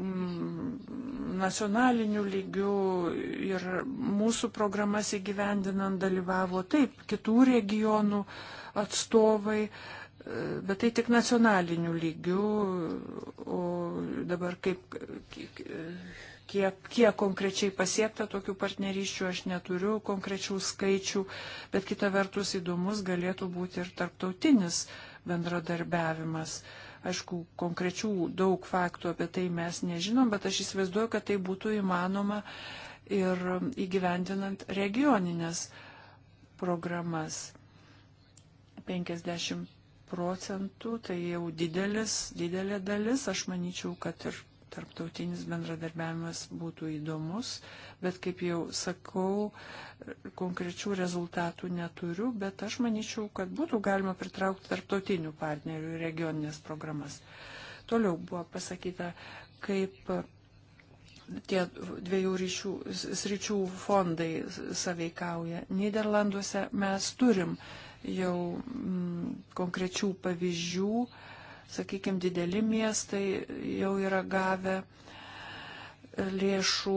Mm, nacionalinių lygių ir mūsų programas įgyvendinant dalyvavo taip kitų regionų atstovai, e, bet tai tik nacionalinių lygių, o dabar kaip, kaip kiek, kiek konkrečiai pasiekta tokių partnerysčių, aš neturiu konkrečių skaičių, bet kita vertus įdomus galėtų būti ir tarptautinis bendradarbiavimas. Aišku, konkrečių daug faktų apie tai mes nežinom, bet aš įsivaizduoju, kad tai būtų įmanoma ir įgyvendinant regioninės programas. 50 procentų, tai jau didelis, didelė dalis, aš manyčiau, kad ir tarptautinis bendradarbiavimas būtų įdomus, bet kaip jau sakau, konkrečių rezultatų neturiu, bet aš manyčiau, kad būtų galima pritraukti tarptautinių partnerių į regioninės programas. Toliau buvo pasakyta, kaip tie dviejų ryšių, sričių fondai saveikauja. Niderlanduose mes turim jau mm, konkrečių pavyzdžių, mm, sakykime, dideli miestai jau yra gavę e, lėšų.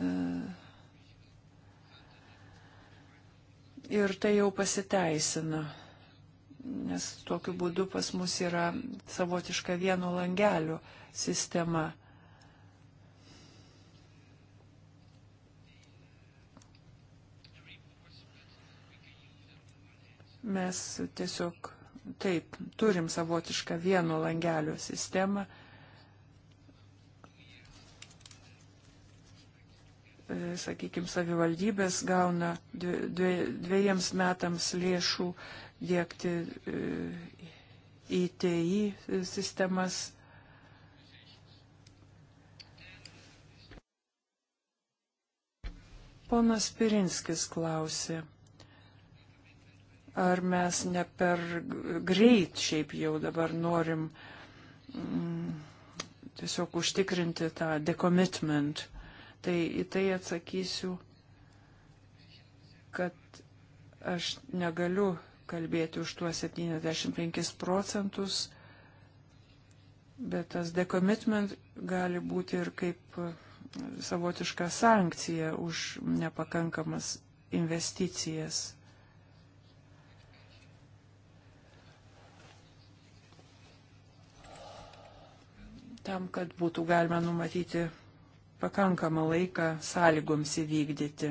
E, ir tai jau pasiteisina, nes tokiu būdu pas mus yra savotiška vieno langelio sistema. Mes tiesiog taip, turim savotišką vieno langelio sistemą. E, Sakykime, savivaldybės gauna dviejiems metams lėšų dėkti ITI e, sistemas Ponas Pirinskis klausė ar mes ne per greit šiaip jau dabar norim mm, tiesiog užtikrinti tą decommitment. Tai į tai atsakysiu, kad aš negaliu kalbėti už tuos 75 procentus, bet tas decommitment gali būti ir kaip savotiška sankcija už nepakankamas investicijas tam, kad būtų galima numatyti pakankamą laiką sąlygoms įvykdyti.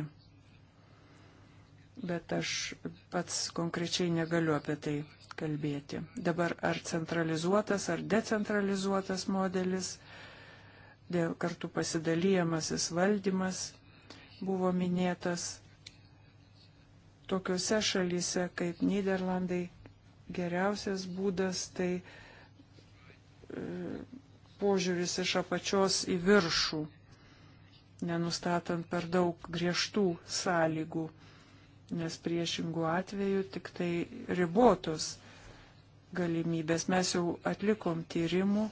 Bet aš pats konkrečiai negaliu apie tai kalbėti. Dabar ar centralizuotas, ar decentralizuotas modelis, dėl kartu pasidalyjamasis valdymas buvo minėtas. Tokiuose šalyse kaip Niderlandai geriausias būdas tai e, požiūris iš apačios į viršų, nenustatant per daug griežtų sąlygų, nes priešingų atveju tik tai ribotos galimybės. Mes jau atlikom tyrimų,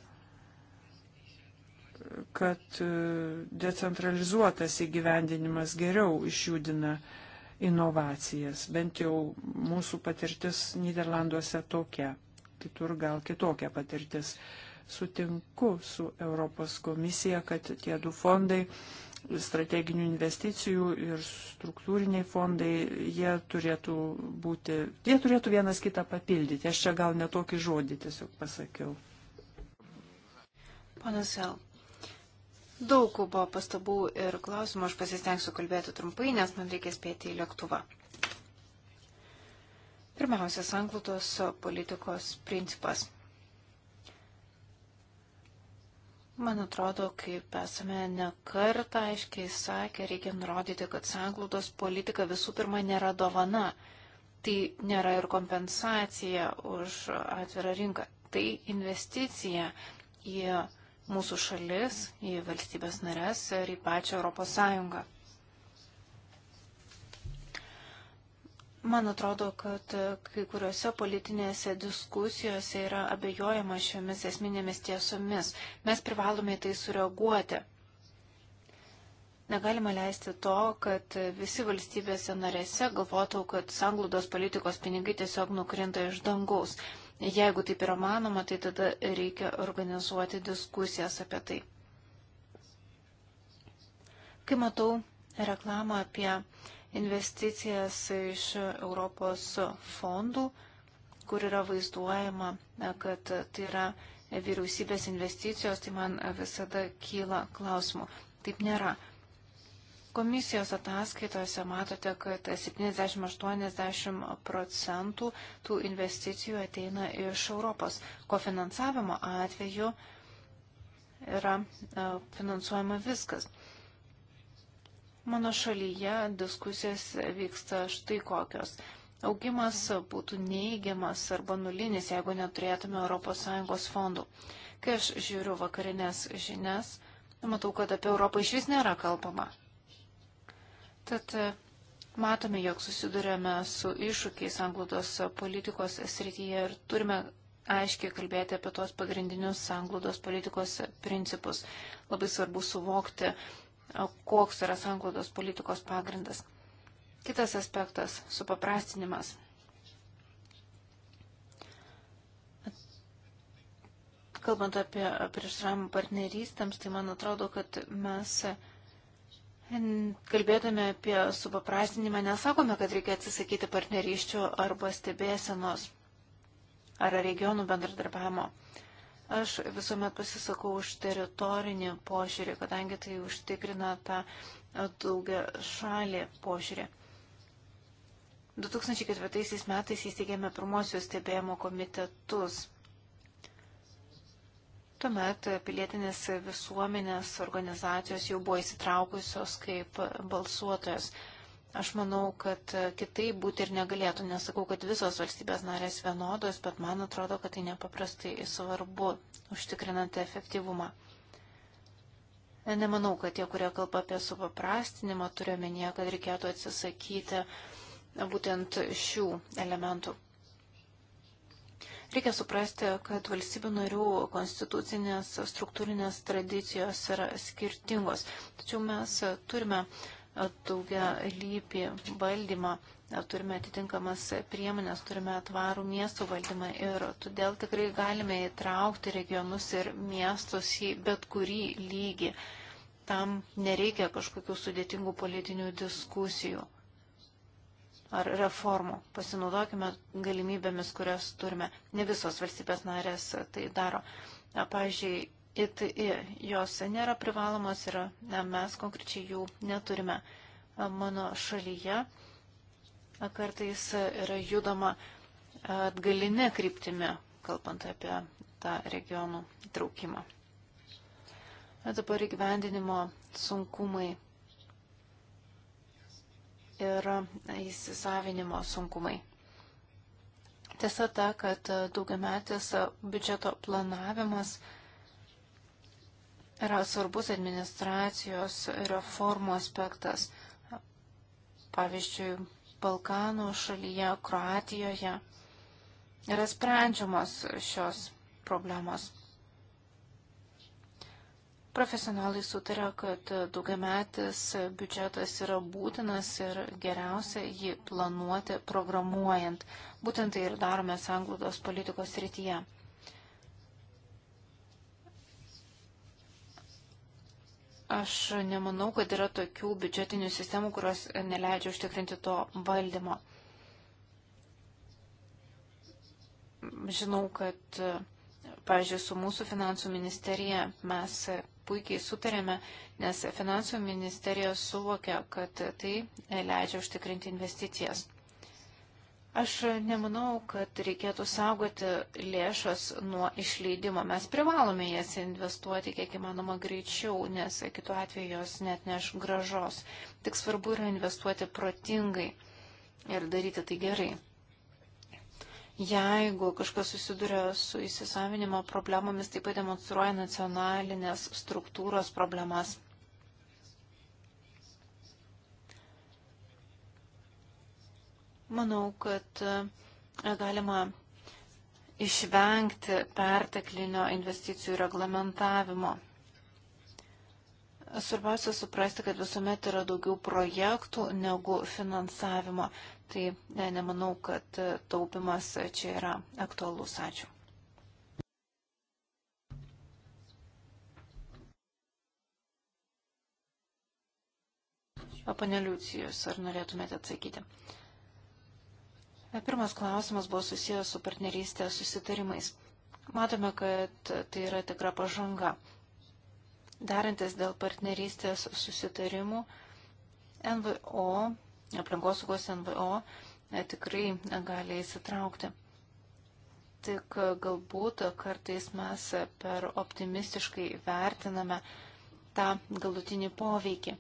kad e, decentralizuotas įgyvendinimas geriau išjudina inovacijas. Bent jau mūsų patirtis Niderlanduose tokia, kitur gal kitokia patirtis. Uh, sutinku su Europos komisija, kad tie du fondai strateginių investicijų ir struktūriniai fondai, jie turėtų būti, jie turėtų vienas kitą papildyti. Aš čia gal netokį žodį tiesiog pasakiau. Ponas Hel, daug buvo pastabų ir klausimų, aš pasistengsiu kalbėti trumpai, nes man reikia spėti į lėktuvą. Pirmiausia, sanklūtos politikos principas. Man atrodo, kaip esame nekartą aiškiai sakę, reikia nurodyti, kad sanglaudos politika visų pirma nėra dovana. Tai nėra ir kompensacija už atvirą rinką. Tai investicija į mūsų šalis, į valstybės narės ir į pačią Europos Sąjungą. Man atrodo, kad kai kuriuose politinėse diskusijose yra abejojama šiomis esminėmis tiesomis. Mes privalome į tai sureaguoti. Negalima leisti to, kad visi valstybėse narėse galvotų, kad sanglaudos politikos pinigai tiesiog nukrinta iš dangaus. Jeigu taip yra manoma, tai tada reikia organizuoti diskusijas apie tai. Kai matau reklamą apie investicijas iš Europos fondų, kur yra vaizduojama, kad tai yra vyriausybės investicijos, tai man visada kyla klausimų. Taip nėra. Komisijos ataskaitose matote, kad 70-80 procentų tų investicijų ateina iš Europos. Kofinansavimo atveju yra e, finansuojama viskas. Mano šalyje diskusijos vyksta štai kokios. Augimas būtų neįgiamas arba nulinis, jeigu neturėtume ES fondų. Kai aš žiūriu vakarinės žinias, matau, kad apie Europą iš vis nėra kalbama. Tad e, matome, jog susidurėme su iššūkiais anglodos politikos srityje ir turime aiškiai kalbėti apie tos pagrindinius anglodos politikos principus. Labai svarbu suvokti, koks yra sanglaudos politikos pagrindas. Kitas aspektas - supaprastinimas. Kalbant apie priešramų partnerystams, tai man atrodo, kad mes kalbėdami apie supaprastinimą nesakome, kad reikia atsisakyti partnerysčių arba stebėsenos ar regionų bendradarbiavimo. Aš visuomet pasisakau už teritorinį požiūrį, kadangi tai užtikrina tą daugia šalį požiūrį. 2004 metais įsteigėme pirmosius stebėjimo komitetus. Tuomet pilietinės visuomenės organizacijos jau buvo įsitraukusios kaip balsuotojas. Aš manau, kad e, kitaip būti ir negalėtų. Nesakau, kad visos valstybės narės vienodos, bet man atrodo, kad tai nepaprastai svarbu, užtikrinant efektyvumą. E, nemanau, kad tie, kurie kalba apie supaprastinimą, turiu menyje, kad reikėtų atsisakyti būtent šių elementų. Reikia suprasti, kad valstybių narių konstitucinės struktūrinės tradicijos yra skirtingos. Tačiau mes turime daugia lypį valdymą, turime atitinkamas priemonės, turime tvarų miestų valdymą ir todėl tikrai galime įtraukti regionus ir miestus į bet kurį lygį. Tam nereikia kažkokių sudėtingų politinių diskusijų ar reformų. Pasinaudokime galimybėmis, kurias turime. Ne visos valstybės narės tai daro. Pavyzdžiui, ITI. Jos nėra privalomos ir mes konkrečiai jų neturime. Mano šalyje kartais yra judama atgalinė kryptimi, kalbant apie tą regionų traukimą. Dabar įgyvendinimo sunkumai ir įsisavinimo sunkumai. Tiesa ta, kad daugiametis biudžeto planavimas yra svarbus administracijos reformų aspektas. Pavyzdžiui, Balkanų šalyje, Kroatijoje yra sprendžiamos šios problemos. Profesionalai sutarė, kad daugiametis biudžetas yra būtinas ir geriausia jį planuoti programuojant. Būtent tai ir darome sanglaudos politikos rytyje. Aš nemanau, kad yra tokių biudžetinių sistemų, kurios neleidžia užtikrinti to valdymo. Žinau, kad, pavyzdžiui, su mūsų finansų ministerija mes puikiai sutarėme, nes finansų ministerija suvokia, kad tai leidžia užtikrinti investicijas. Aš nemanau, kad reikėtų saugoti lėšas nuo išleidimo. Mes privalome jas investuoti kiek įmanoma greičiau, nes kitu atveju jos net neš gražos. Tik svarbu yra investuoti protingai ir daryti tai gerai. Jeigu kažkas susiduria su įsisavinimo problemomis, taip pat demonstruoja nacionalinės struktūros problemas. Manau, kad e, galima išvengti perteklinio investicijų reglamentavimo. Svarbiausia suprasti, kad visuomet yra daugiau projektų negu finansavimo. Tai ne, nemanau, kad e, taupimas čia yra aktualus. Ačiū. O pane Liucijus, ar norėtumėte atsakyti? Pirmas klausimas buvo susijęs su partnerystės susitarimais. Matome, kad tai yra tikra pažanga. Darantis dėl partnerystės susitarimų, NVO, aplinkosaugos NVO e, tikrai gali įsitraukti. Tik galbūt kartais mes per optimistiškai vertiname tą galutinį poveikį.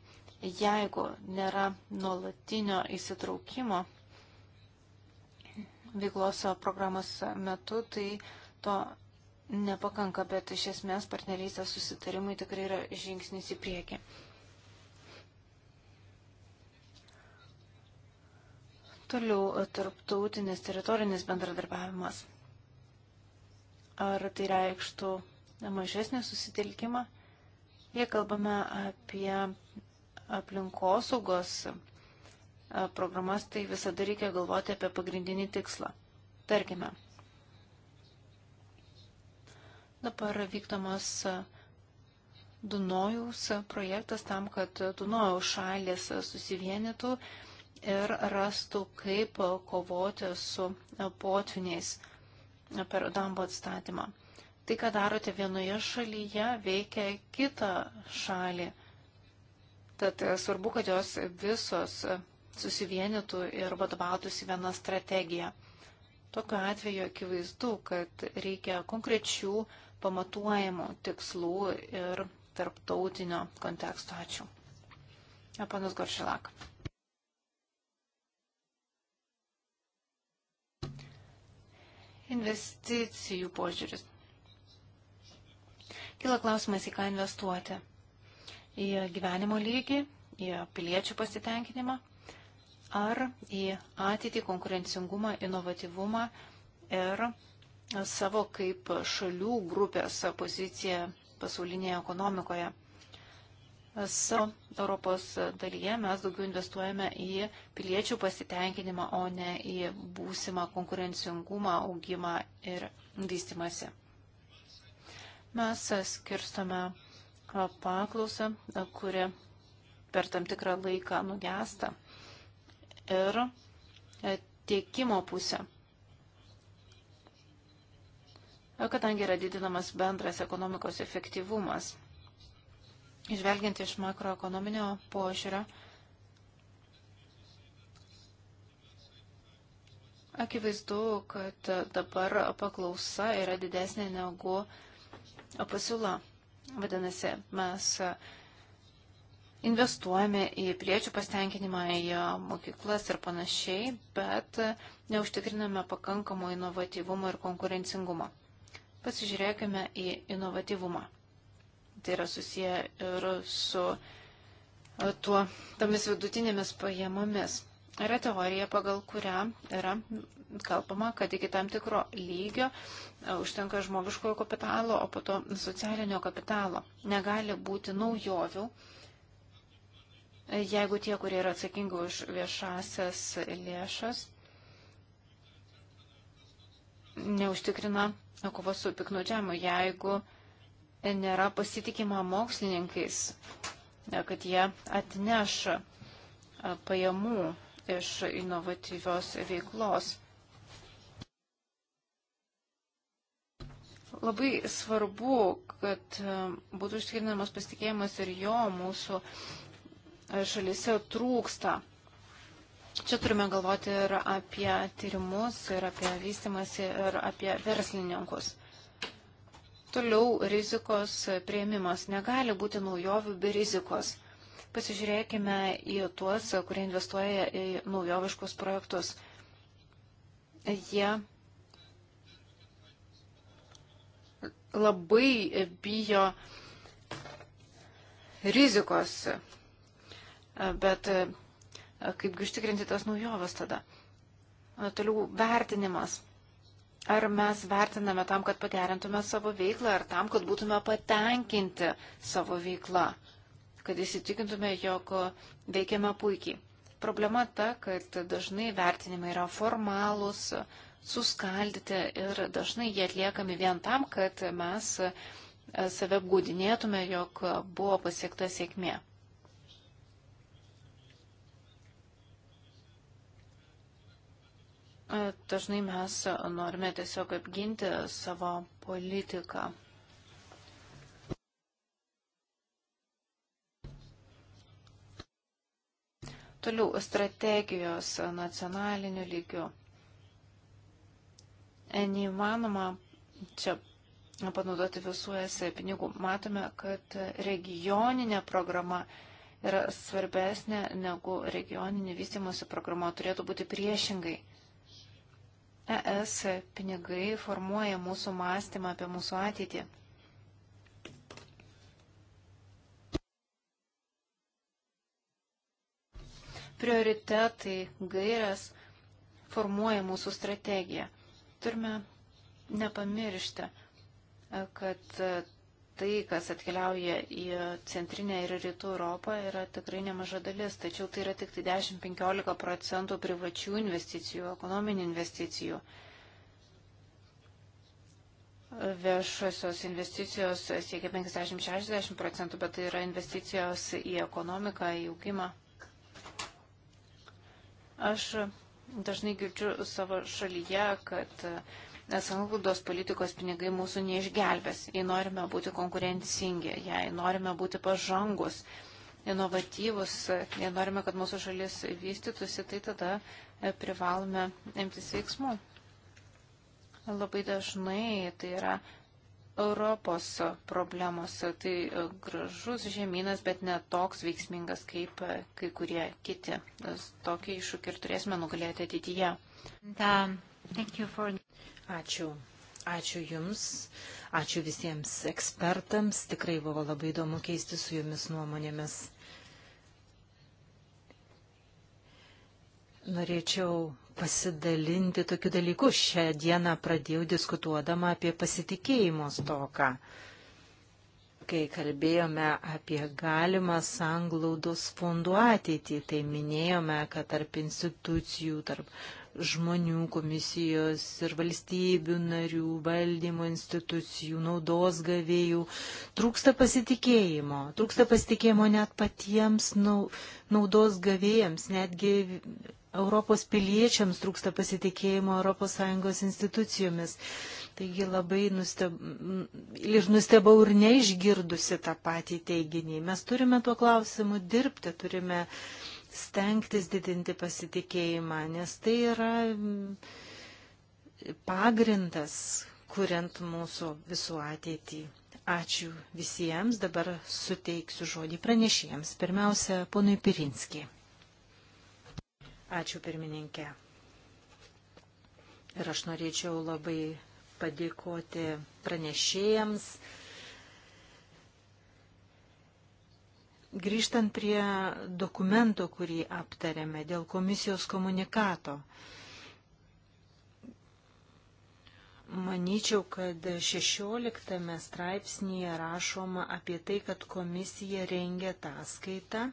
Jeigu nėra nuolatinio įsitraukimo veiklos programos metu, tai to nepakanka, bet iš esmės partnerystės susitarimai tikrai yra žingsnis į priekį. Toliau e, tarptautinis teritorinis bendradarbiavimas. Ar tai reikštų mažesnį susitelkimą? Jei kalbame apie aplinkosaugos programas, tai visada reikia galvoti apie pagrindinį tikslą. Tarkime, dabar vykdomas Dunojaus projektas tam, kad Dunojaus šalis susivienytų ir rastų, kaip kovoti su potviniais per dambo atstatymą. Tai, ką darote vienoje šalyje, veikia kitą šalį. Tad svarbu, kad jos visos susivienytų ir vadovautųsi viena strategija. Tokiu atveju akivaizdu, kad reikia konkrečių pamatuojamų tikslų ir tarptautinio konteksto. Ačiū. Panas Goršilak. Investicijų požiūris. Kila klausimas, į ką investuoti. Į gyvenimo lygį, į piliečių pasitenkinimą ar į ateitį konkurencingumą, inovatyvumą ir savo kaip šalių grupės poziciją pasaulinėje ekonomikoje. Savo Europos dalyje mes daugiau investuojame į piliečių pasitenkinimą, o ne į būsimą konkurencingumą, augimą ir vystimasi. Mes skirstome paklausą, kuri per tam tikrą laiką nugesta ir e, tiekimo pusę. E, kadangi yra didinamas bendras ekonomikos efektyvumas. Žvelgiant iš makroekonominio požiūrio, akivaizdu, kad dabar paklausa yra didesnė negu pasiūla. Vadinasi, mes investuojame į piliečių pasitenkinimą, į mokyklas ir panašiai, bet neužtikriname pakankamo inovatyvumo ir konkurencingumo. Pasižiūrėkime į inovatyvumą. Tai yra susiję ir su e, tuo, tomis vidutinėmis pajamomis. Yra teorija, pagal kurią yra kalbama, kad iki tam tikro lygio e, užtenka žmogiškojo kapitalo, o po to socialinio kapitalo. Negali būti naujovių, Jeigu tie, kurie yra atsakingi už viešasias lėšas, neužtikrina kovos su piknaudžiavimu, jeigu nėra pasitikima mokslininkais, kad jie atneš pajamų iš inovatyvios veiklos. Labai svarbu, kad būtų užtikrinamas pasitikėjimas ir jo mūsų šalise trūksta. Čia turime galvoti ir apie tyrimus, ir apie vystimąsi, ir apie verslininkus. Toliau rizikos prieimimas negali būti naujovių be rizikos. Pasižiūrėkime į tuos, kurie investuoja į naujoviškus projektus. Jie labai bijo rizikos bet e, kaipgi užtikrinti tas naujoves tada. E, toliau vertinimas. Ar mes vertiname tam, kad pagerintume savo veiklą, ar tam, kad būtume patenkinti savo veiklą, kad įsitikintume, jog veikiame puikiai. Problema ta, kad dažnai vertinimai yra formalūs, suskaldyti ir dažnai jie atliekami vien tam, kad mes e, save apgūdinėtume, jog buvo pasiekta sėkmė. Dažnai mes norime tiesiog apginti savo politiką. Toliau strategijos nacionaliniu lygiu. Neįmanoma čia panaudoti visų es pinigų. Matome, kad regioninė programa yra svarbesnė negu regioninė vystimosi programa. Turėtų būti priešingai. ES pinigai formuoja mūsų mąstymą apie mūsų ateitį. Prioritetai, gairias formuoja mūsų strategiją. Turime nepamiršti, kad tai, kas atkeliauja į centrinę ir rytų Europą, yra tikrai nemaža dalis, tačiau tai yra tik 10-15 tai procentų privačių investicijų, ekonominių investicijų. Viešosios investicijos siekia 50-60 procentų, bet tai yra investicijos į ekonomiką, į augimą. Aš dažnai girdžiu savo šalyje, kad uh, sanglaudos politikos pinigai mūsų neišgelbės, jei norime būti konkurencingi, jei norime būti pažangus, inovatyvus, jei norime, kad mūsų šalis vystytųsi, tai tada e, privalome imtis veiksmų. Labai dažnai tai yra Europos problemos. Tai e, gražus žemynas, bet netoks veiksmingas kaip e, kai kurie kiti. Tokį iššūkį ir turėsime nugalėti ateityje. Tam. For... Ačiū. Ačiū Jums, ačiū visiems ekspertams, tikrai buvo labai įdomu keisti su Jumis nuomonėmis. Norėčiau pasidalinti tokiu dalyku. Šią dieną pradėjau diskutuodama apie pasitikėjimo stoką, kai kalbėjome apie galimą sanglaudos fondų ateitį. Tai minėjome, kad tarp institucijų, tarp žmonių, komisijos ir valstybių narių, valdymo institucijų, naudos gavėjų. Trūksta pasitikėjimo. Trūksta pasitikėjimo net patiems naudos gavėjams, netgi Europos piliečiams trūksta pasitikėjimo ES institucijomis. Taigi labai nusteb... ir nustebau ir neišgirdusi tą patį teiginį. Mes turime tuo klausimu dirbti, turime uh, stengtis didinti pasitikėjimą, nes tai yra mm, pagrindas, kuriant mūsų visų ateitį. Ačiū visiems, dabar suteiksiu žodį pranešėjams. Pirmiausia, ponui Pirinskiai. Ačiū pirmininkė. Ir aš norėčiau labai padėkoti pranešėjams Grįžtant prie dokumento, kurį aptarėme dėl komisijos komunikato. Manyčiau, kad 16 straipsnėje rašoma apie tai, kad komisija rengia tą skaitą,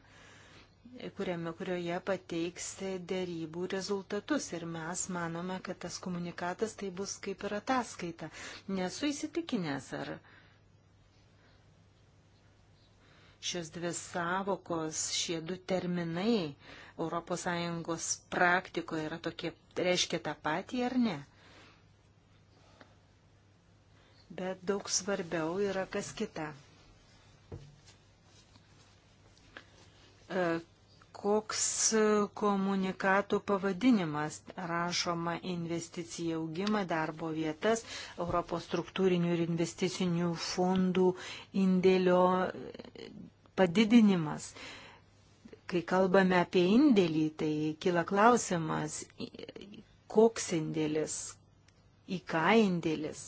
kuriame, kurioje pateiks dėrybų rezultatus. Ir mes manome, kad tas komunikatas tai bus kaip ir ataskaita. Nesu įsitikinęs, ar Šios dvi savokos, šie du terminai ES praktikoje yra tokie, reiškia tą patį ar ne? Bet daug svarbiau yra kas kita. E, koks komunikatų pavadinimas rašoma investicija augimą, darbo vietas, Europos struktūrinių ir investicinių fondų indėlio padidinimas. Kai kalbame apie indėlį, tai kila klausimas, koks indėlis, į ką indėlis.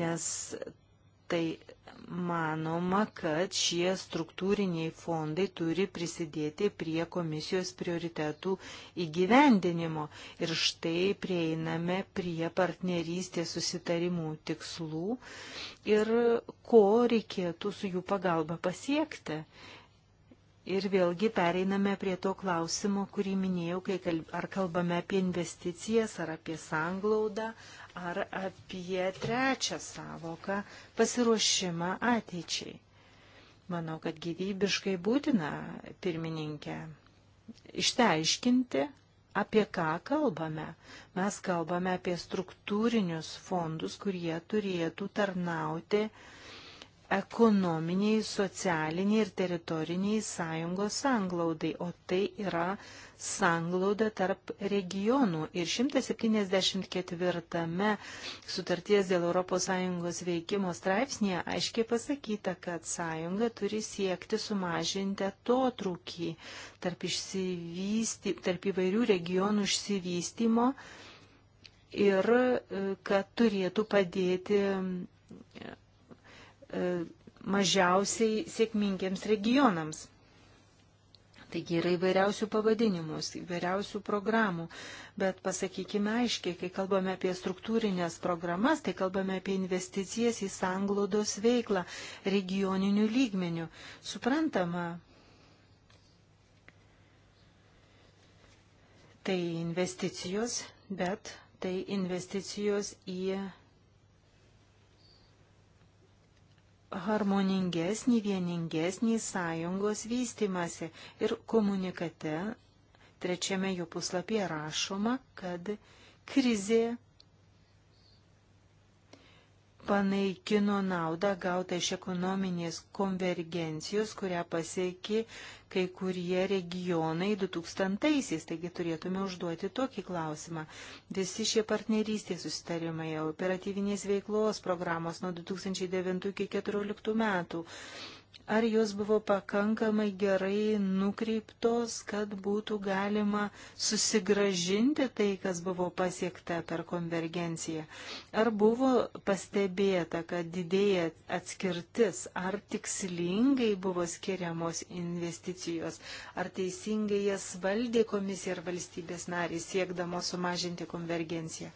Nes tai manoma, kad šie struktūriniai fondai turi prisidėti prie komisijos prioritetų įgyvendinimo. Ir štai prieiname prie partnerystės susitarimų tikslų ir ko reikėtų su jų pagalba pasiekti. Ir vėlgi pereiname prie to klausimo, kurį minėjau, kai kalb, ar kalbame apie investicijas, ar apie sanglaudą, ar apie trečią savoką - pasiruošimą ateičiai. Manau, kad gyvybiškai būtina, pirmininkė, išteiškinti, apie ką kalbame. Mes kalbame apie struktūrinius fondus, kurie turėtų tarnauti uh, ekonominiai, socialiniai ir teritoriniai sąjungos sanglaudai, o tai yra sanglauda tarp regionų. Ir 174 sutarties dėl ES veikimo straipsnėje aiškiai pasakyta, kad sąjunga turi siekti sumažinti atotrūkį tarp, tarp įvairių regionų išsivystymo ir e, kad turėtų padėti E, mažiausiai sėkmingiems regionams. Taigi yra įvairiausių pavadinimų, įvairiausių programų, bet pasakykime aiškiai, kai kalbame apie struktūrinės programas, tai kalbame apie investicijas į sanglodos veiklą regioninių lygmenių. Suprantama, tai investicijos, bet tai investicijos į harmoningesnį, vieningesnį sąjungos vystimasi. Ir komunikate trečiame jų puslapyje rašoma, kad krizė panaikino naudą gautą iš ekonominės konvergencijos, kurią pasiekė kai kurie regionai 2000-aisiais. Taigi turėtume užduoti tokį klausimą. Visi šie partnerystės susitarimai, operatyvinės veiklos programos nuo 2009 iki 2014 metų, Ar jos buvo pakankamai gerai nukreiptos, kad būtų galima susigražinti tai, kas buvo pasiekta per konvergenciją? Ar buvo pastebėta, kad didėja atskirtis? Ar tikslingai buvo skiriamos investicijos? Ar teisingai jas valdė komisija ir valstybės nariai siekdamos sumažinti konvergenciją?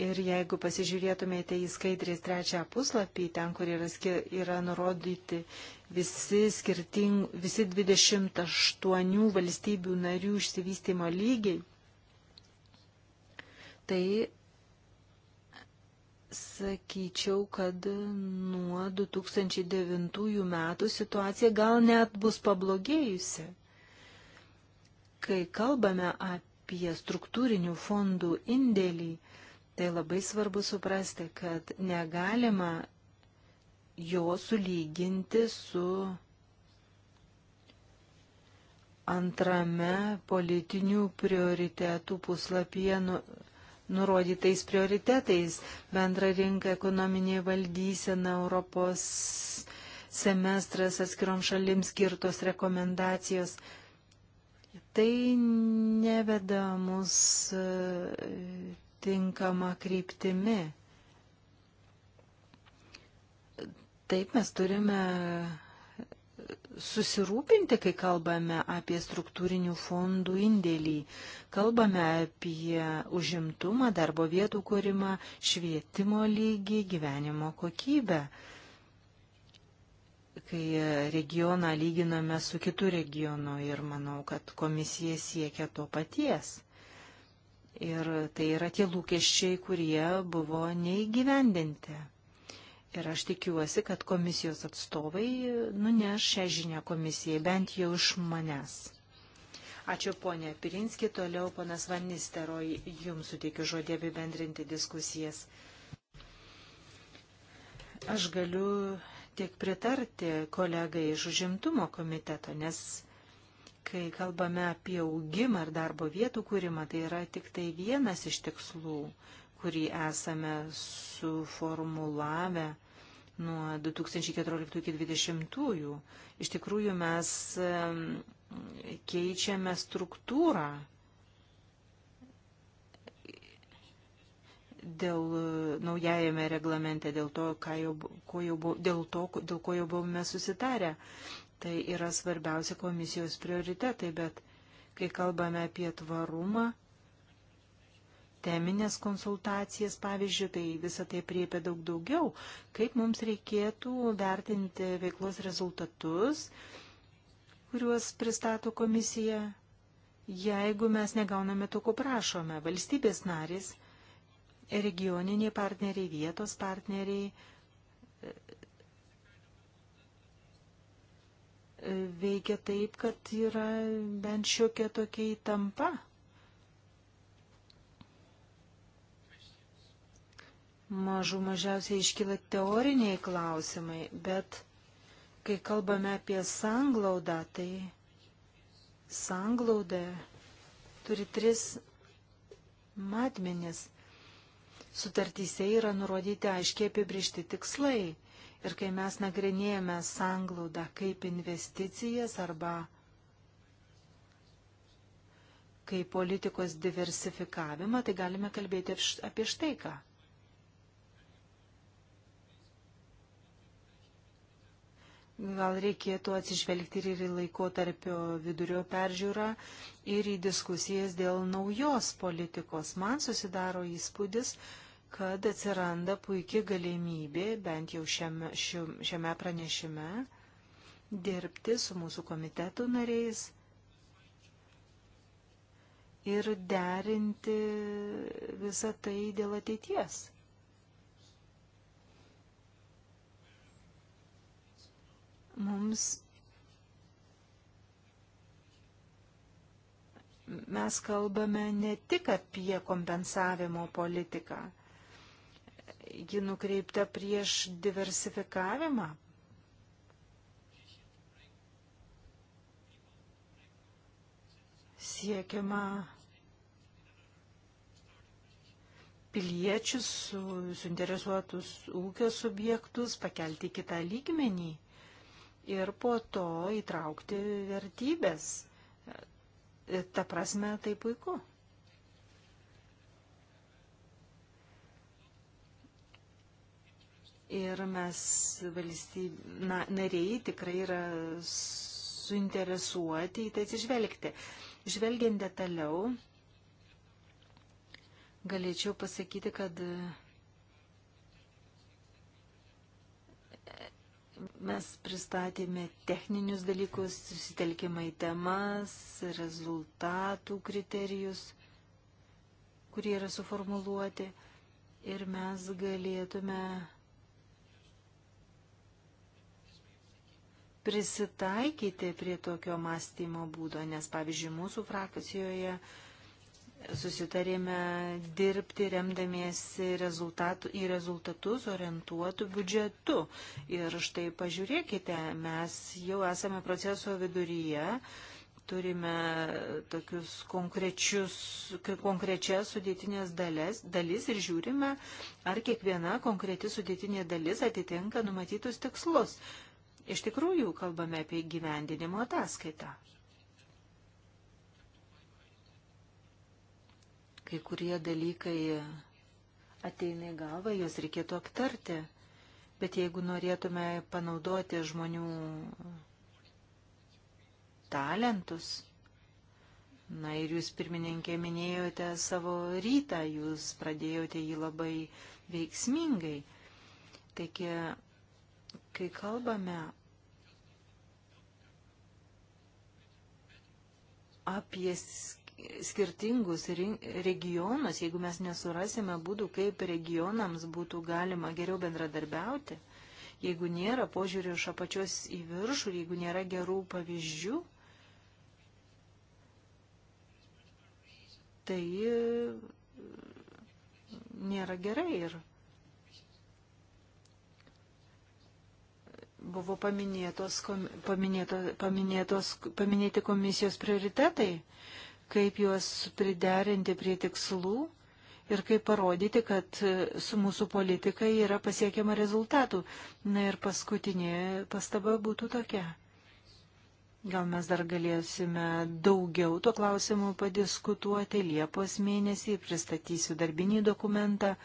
Ir jeigu pasižiūrėtumėte į skaidrės trečią puslapį, ten, kur yra, yra nurodyti visi, skirting, visi 28 valstybių narių išsivystymo lygiai, tai sakyčiau, kad nuo 2009 metų situacija gal net bus pablogėjusi. Kai kalbame apie struktūrinių fondų indėlį, Tai labai svarbu suprasti, kad negalima jo sulyginti su antrame politinių prioritetų puslapyje nu, nurodytais prioritetais - bendra rinka, ekonominė valdysena, Europos semestras, atskirom šalims skirtos rekomendacijos. Tai neveda mus tinkama kryptimi. Taip mes turime susirūpinti, kai kalbame apie struktūrinių fondų indėlį. Kalbame apie užimtumą, darbo vietų kūrimą, švietimo lygį, gyvenimo kokybę. Kai regioną lyginame su kitu regionu ir manau, kad komisija siekia to paties. Ir tai yra tie lūkesčiai, kurie buvo neįgyvendinti. Ir aš tikiuosi, kad komisijos atstovai nuneš šią žinią komisijai, bent jau iš manęs. Ačiū ponė Pirinski, toliau ponas Vanisteroj, jums suteikiu žodį apibendrinti diskusijas. Aš galiu tiek pritarti kolegai iš užimtumo komiteto, nes Kai kalbame apie augimą ir darbo vietų kūrimą, tai yra tik tai vienas iš tikslų, kurį esame suformulavę nuo 2014 iki 2020. Iš tikrųjų mes keičiame struktūrą dėl naujajame reglamente, dėl to, jau, ko jau, buvo, dėl to, dėl ko jau buvome susitarę. Tai yra svarbiausia komisijos prioritetai, bet kai kalbame apie tvarumą, teminės konsultacijas, pavyzdžiui, tai visą tai priepia daug daugiau, kaip mums reikėtų vertinti veiklos rezultatus, kuriuos pristato komisija, jeigu mes negauname to, ko prašome. Valstybės narys, regioniniai partneriai, vietos partneriai veikia taip, kad yra bent šiokia tokia įtampa. Mažų mažiausiai iškyla teoriniai klausimai, bet kai kalbame apie sanglaudą, tai sanglauda turi tris matmenis. Sutartyse yra nurodyti aiškiai apibrišti tikslai Ir kai mes nagrinėjame sanglaudą kaip investicijas arba kaip politikos diversifikavimą, tai galime kalbėti apie štai ką. Gal reikėtų atsižvelgti ir į laikotarpio vidurio peržiūrą ir į diskusijas dėl naujos politikos. Man susidaro įspūdis, kad kad atsiranda puikia galimybė, bent jau šiame, šiame pranešime, dirbti su mūsų komitetų nariais ir derinti visą tai dėl ateities. Mums mes kalbame ne tik apie kompensavimo politiką ji nukreipta prieš diversifikavimą. Siekiama piliečius, su, suinteresuotus ūkio subjektus pakelti kitą lygmenį ir po to įtraukti vertybės. Ta prasme, tai puiku. ir mes valstyb, na, nariai tikrai yra suinteresuoti į tai atsižvelgti. Žvelgiant detaliau, galėčiau pasakyti, kad e, mes pristatėme techninius dalykus, susitelkimą į temas, rezultatų kriterijus, kurie yra suformuluoti ir mes galėtume prisitaikyti prie tokio mąstymo būdo, nes, pavyzdžiui, mūsų frakcijoje susitarėme dirbti remdamiesi rezultatų, į rezultatus orientuotų biudžetu. Ir štai pažiūrėkite, mes jau esame proceso viduryje, turime tokius konkrečius, konkrečias sudėtinės dalis, dalis ir žiūrime, ar kiekviena konkreti sudėtinė dalis atitinka numatytus tikslus. Iš tikrųjų, kalbame apie gyvendinimo ataskaitą. Kai kurie dalykai ateina į galvą, juos reikėtų aptarti. Bet jeigu norėtume panaudoti žmonių talentus, na ir jūs pirmininkė minėjote savo rytą, jūs pradėjote jį labai veiksmingai. Taigi kai kalbame apie skirtingus regionus, jeigu mes nesurasime būdų, kaip regionams būtų galima geriau bendradarbiauti, jeigu nėra požiūrių iš apačios į viršų, jeigu nėra gerų pavyzdžių, tai e, nėra gerai ir buvo paminėtos, paminėto, paminėtos, paminėti komisijos prioritetai, kaip juos priderinti prie tikslų ir kaip parodyti, kad e, su mūsų politikai yra pasiekiama rezultatų. Na ir paskutinė pastaba būtų tokia. Gal mes dar galėsime daugiau tuo klausimu padiskutuoti Liepos mėnesį, pristatysiu darbinį dokumentą.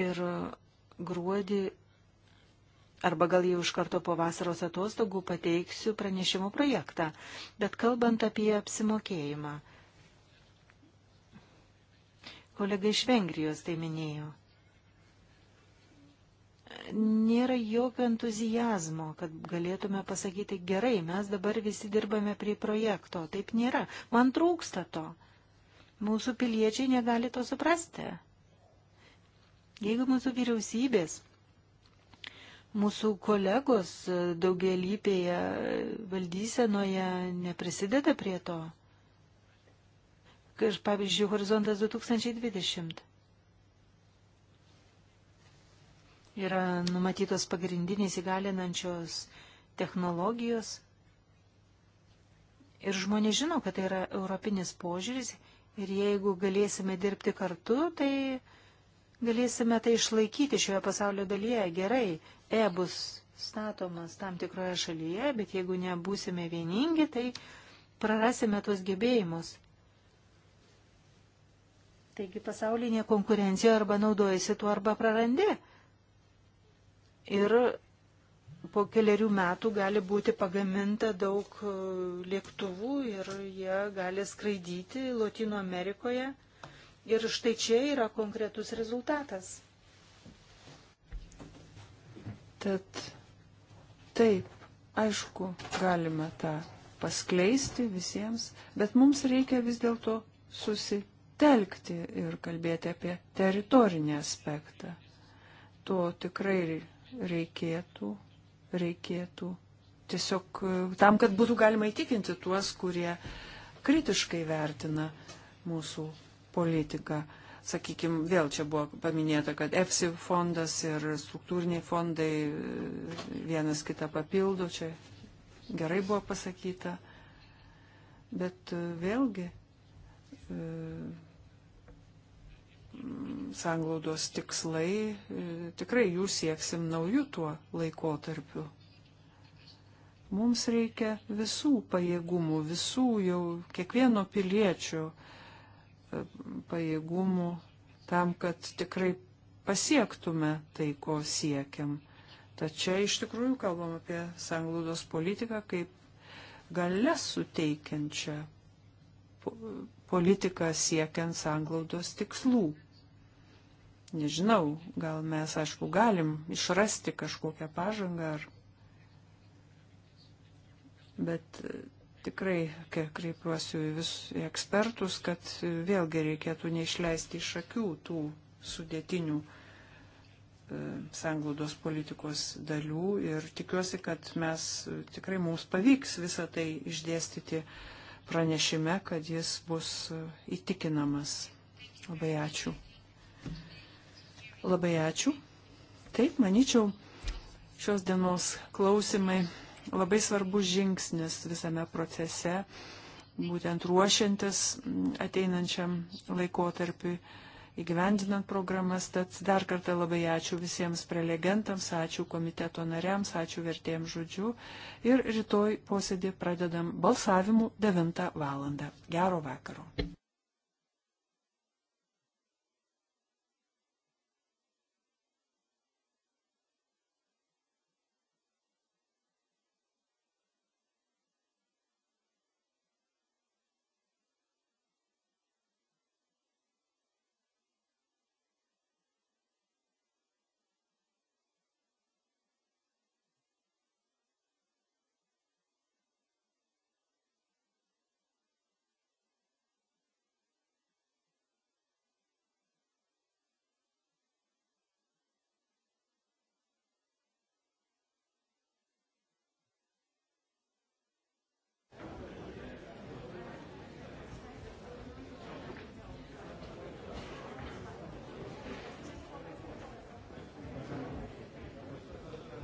ir gruodį arba gal jau iš karto po vasaros atostogų pateiksiu pranešimo projektą. Bet kalbant apie apsimokėjimą, kolega iš Vengrijos tai minėjo. Nėra jokio entuzijazmo, kad galėtume pasakyti, gerai, mes dabar visi dirbame prie projekto. Taip nėra. Man trūksta to. Mūsų piliečiai negali to suprasti. Jeigu mūsų vyriausybės, mūsų kolegos daugelypėje valdysenoje neprisideda prie to, kaip pavyzdžiui, horizontas 2020. Yra numatytos pagrindinės įgalinančios technologijos. Ir žmonės žino, kad tai yra europinis požiūris ir jeigu galėsime dirbti kartu, tai galėsime tai išlaikyti šioje pasaulio dalyje. Gerai, E bus statomas tam tikroje šalyje, bet jeigu nebūsime vieningi, tai prarasime tuos gebėjimus. Taigi pasaulinė konkurencija arba naudojasi tuo, arba prarandi. Ir po keliarių metų gali būti pagaminta daug e, lėktuvų ir jie gali skraidyti Latino Amerikoje Ir štai čia yra konkretus rezultatas. Tad taip, aišku, galime tą paskleisti visiems, bet mums reikia vis dėlto susitelkti ir kalbėti apie teritorinį aspektą. To tikrai reikėtų, reikėtų tiesiog e, tam, kad būtų galima įtikinti tuos, kurie kritiškai vertina mūsų politiką. Sakykime, vėl čia buvo paminėta, kad EFSI fondas ir struktūriniai fondai e, vienas kitą papildo, čia gerai buvo pasakyta. Bet e, vėlgi e, sanglaudos tikslai, tikrai jų sieksim naujų tuo laikotarpiu. Mums reikia visų pajėgumų, visų jau kiekvieno piliečio uh, pajėgumų tam, kad tikrai pasiektume tai, ko siekiam. Tačiau iš tikrųjų kalbam apie sanglaudos politiką kaip galę suteikiančią politiką siekiant sanglaudos tikslų. Nežinau, gal mes, aišku, galim išrasti kažkokią pažangą, ar... bet tikrai kreipiuosi į visus ekspertus, kad vėlgi reikėtų neišleisti iš akių tų sudėtinių e, sanglaudos politikos dalių ir tikiuosi, kad mes e, tikrai mums pavyks visą tai išdėstyti pranešime, kad jis bus e, įtikinamas. Labai ačiū. Labai ačiū. Taip, manyčiau, šios dienos klausimai labai svarbus žingsnis visame procese, būtent ruošiantis ateinančiam laikotarpiui, įgyvendinant programas. Tad dar kartą labai ačiū visiems prelegentams, ačiū komiteto nariams, ačiū vertėjams žodžiu. Ir rytoj posėdį pradedam balsavimu 9 val. Gero vakaro.